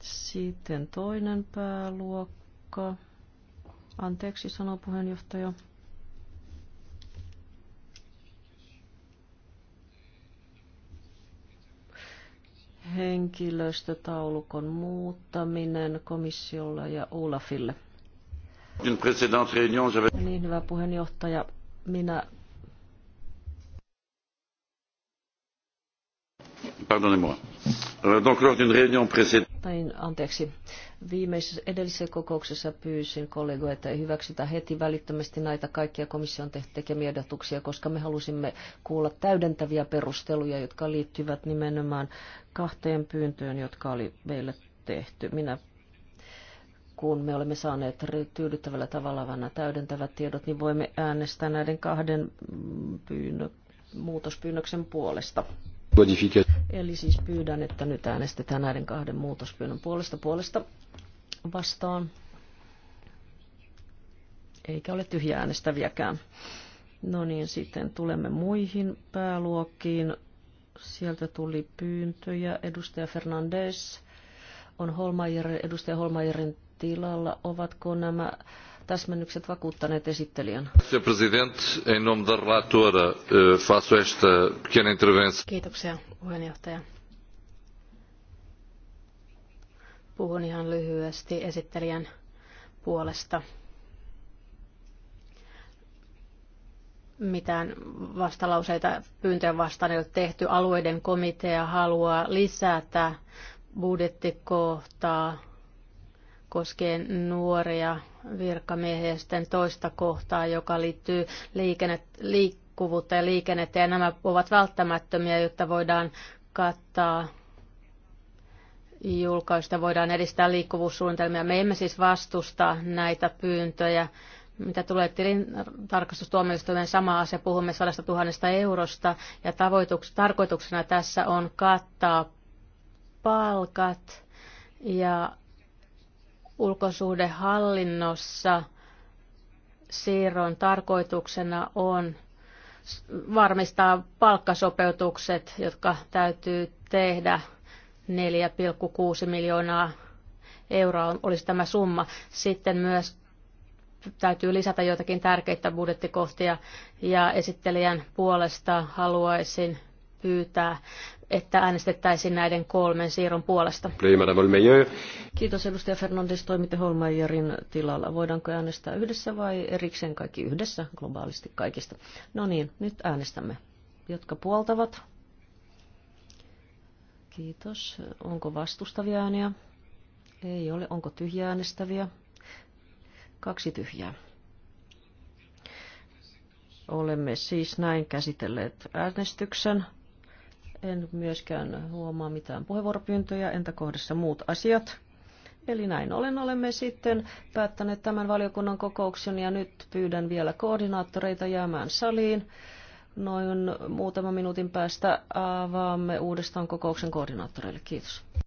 Sitten toinen pääluokka. Anteeksi, sanoo puheenjohtaja. henkilöstötaulukon muuttaminen komissiolla ja Olafille. Niin, hyvä puheenjohtaja. Minä pardonnez-moi. Euh, donc lors d'une réunion précédente, tai anteeksi, viimeisessä edellisessä kokouksessa pyysin kollegoja, että ei hyväksytä heti välittömästi näitä kaikkia komission tekemiä ehdotuksia, koska me halusimme kuulla täydentäviä perusteluja, jotka liittyvät nimenomaan kahteen pyyntöön, jotka oli meille tehty. Minä kun me olemme saaneet tyydyttävällä tavalla nämä täydentävät tiedot, niin voimme äänestää näiden kahden pyynnö, muutospyynnöksen puolesta. Eli siis pyydän, että nyt äänestetään näiden kahden muutospyynnön puolesta puolesta vastaan. Eikä ole tyhjää äänestäviäkään. No niin, sitten tulemme muihin pääluokkiin. Sieltä tuli pyyntöjä. Edustaja Fernandes on Holmeier, edustaja Holmeierin tilalla. Ovatko nämä täsmennykset vakuuttaneet esittelijän. Eh, Kiitoksia puheenjohtaja. Puhun ihan lyhyesti esittelijän puolesta. mitään vastalauseita pyyntöjen vastaan ei ole tehty. Alueiden komitea haluaa lisätä budjettikohtaa koskien nuoria virkamiehisten toista kohtaa, joka liittyy liikennet, liikkuvuutta ja liikennettä. Ja nämä ovat välttämättömiä, jotta voidaan kattaa julkaista, voidaan edistää liikkuvuussuunnitelmia. Me emme siis vastusta näitä pyyntöjä. Mitä tulee tilintarkastustuomioistuimen sama asia, puhumme 100 000 eurosta ja tarkoituksena tässä on kattaa palkat ja Ulkosuhdehallinnossa siirron tarkoituksena on varmistaa palkkasopeutukset, jotka täytyy tehdä 4,6 miljoonaa euroa olisi tämä summa. Sitten myös täytyy lisätä joitakin tärkeitä budjettikohtia ja esittelijän puolesta haluaisin pyytää että äänestettäisiin näiden kolmen siirron puolesta. Kiitos edustaja Fernandes, toimitte Holmeijerin tilalla. Voidaanko äänestää yhdessä vai erikseen kaikki yhdessä, globaalisti kaikista? No niin, nyt äänestämme. Jotka puoltavat? Kiitos. Onko vastustavia ääniä? Ei ole. Onko tyhjää äänestäviä? Kaksi tyhjää. Olemme siis näin käsitelleet äänestyksen. En myöskään huomaa mitään puheenvuoropyyntöjä, entä kohdassa muut asiat? Eli näin ollen olemme sitten päättäneet tämän valiokunnan kokouksen ja nyt pyydän vielä koordinaattoreita jäämään saliin. Noin muutaman minuutin päästä avaamme uudestaan kokouksen koordinaattoreille. Kiitos.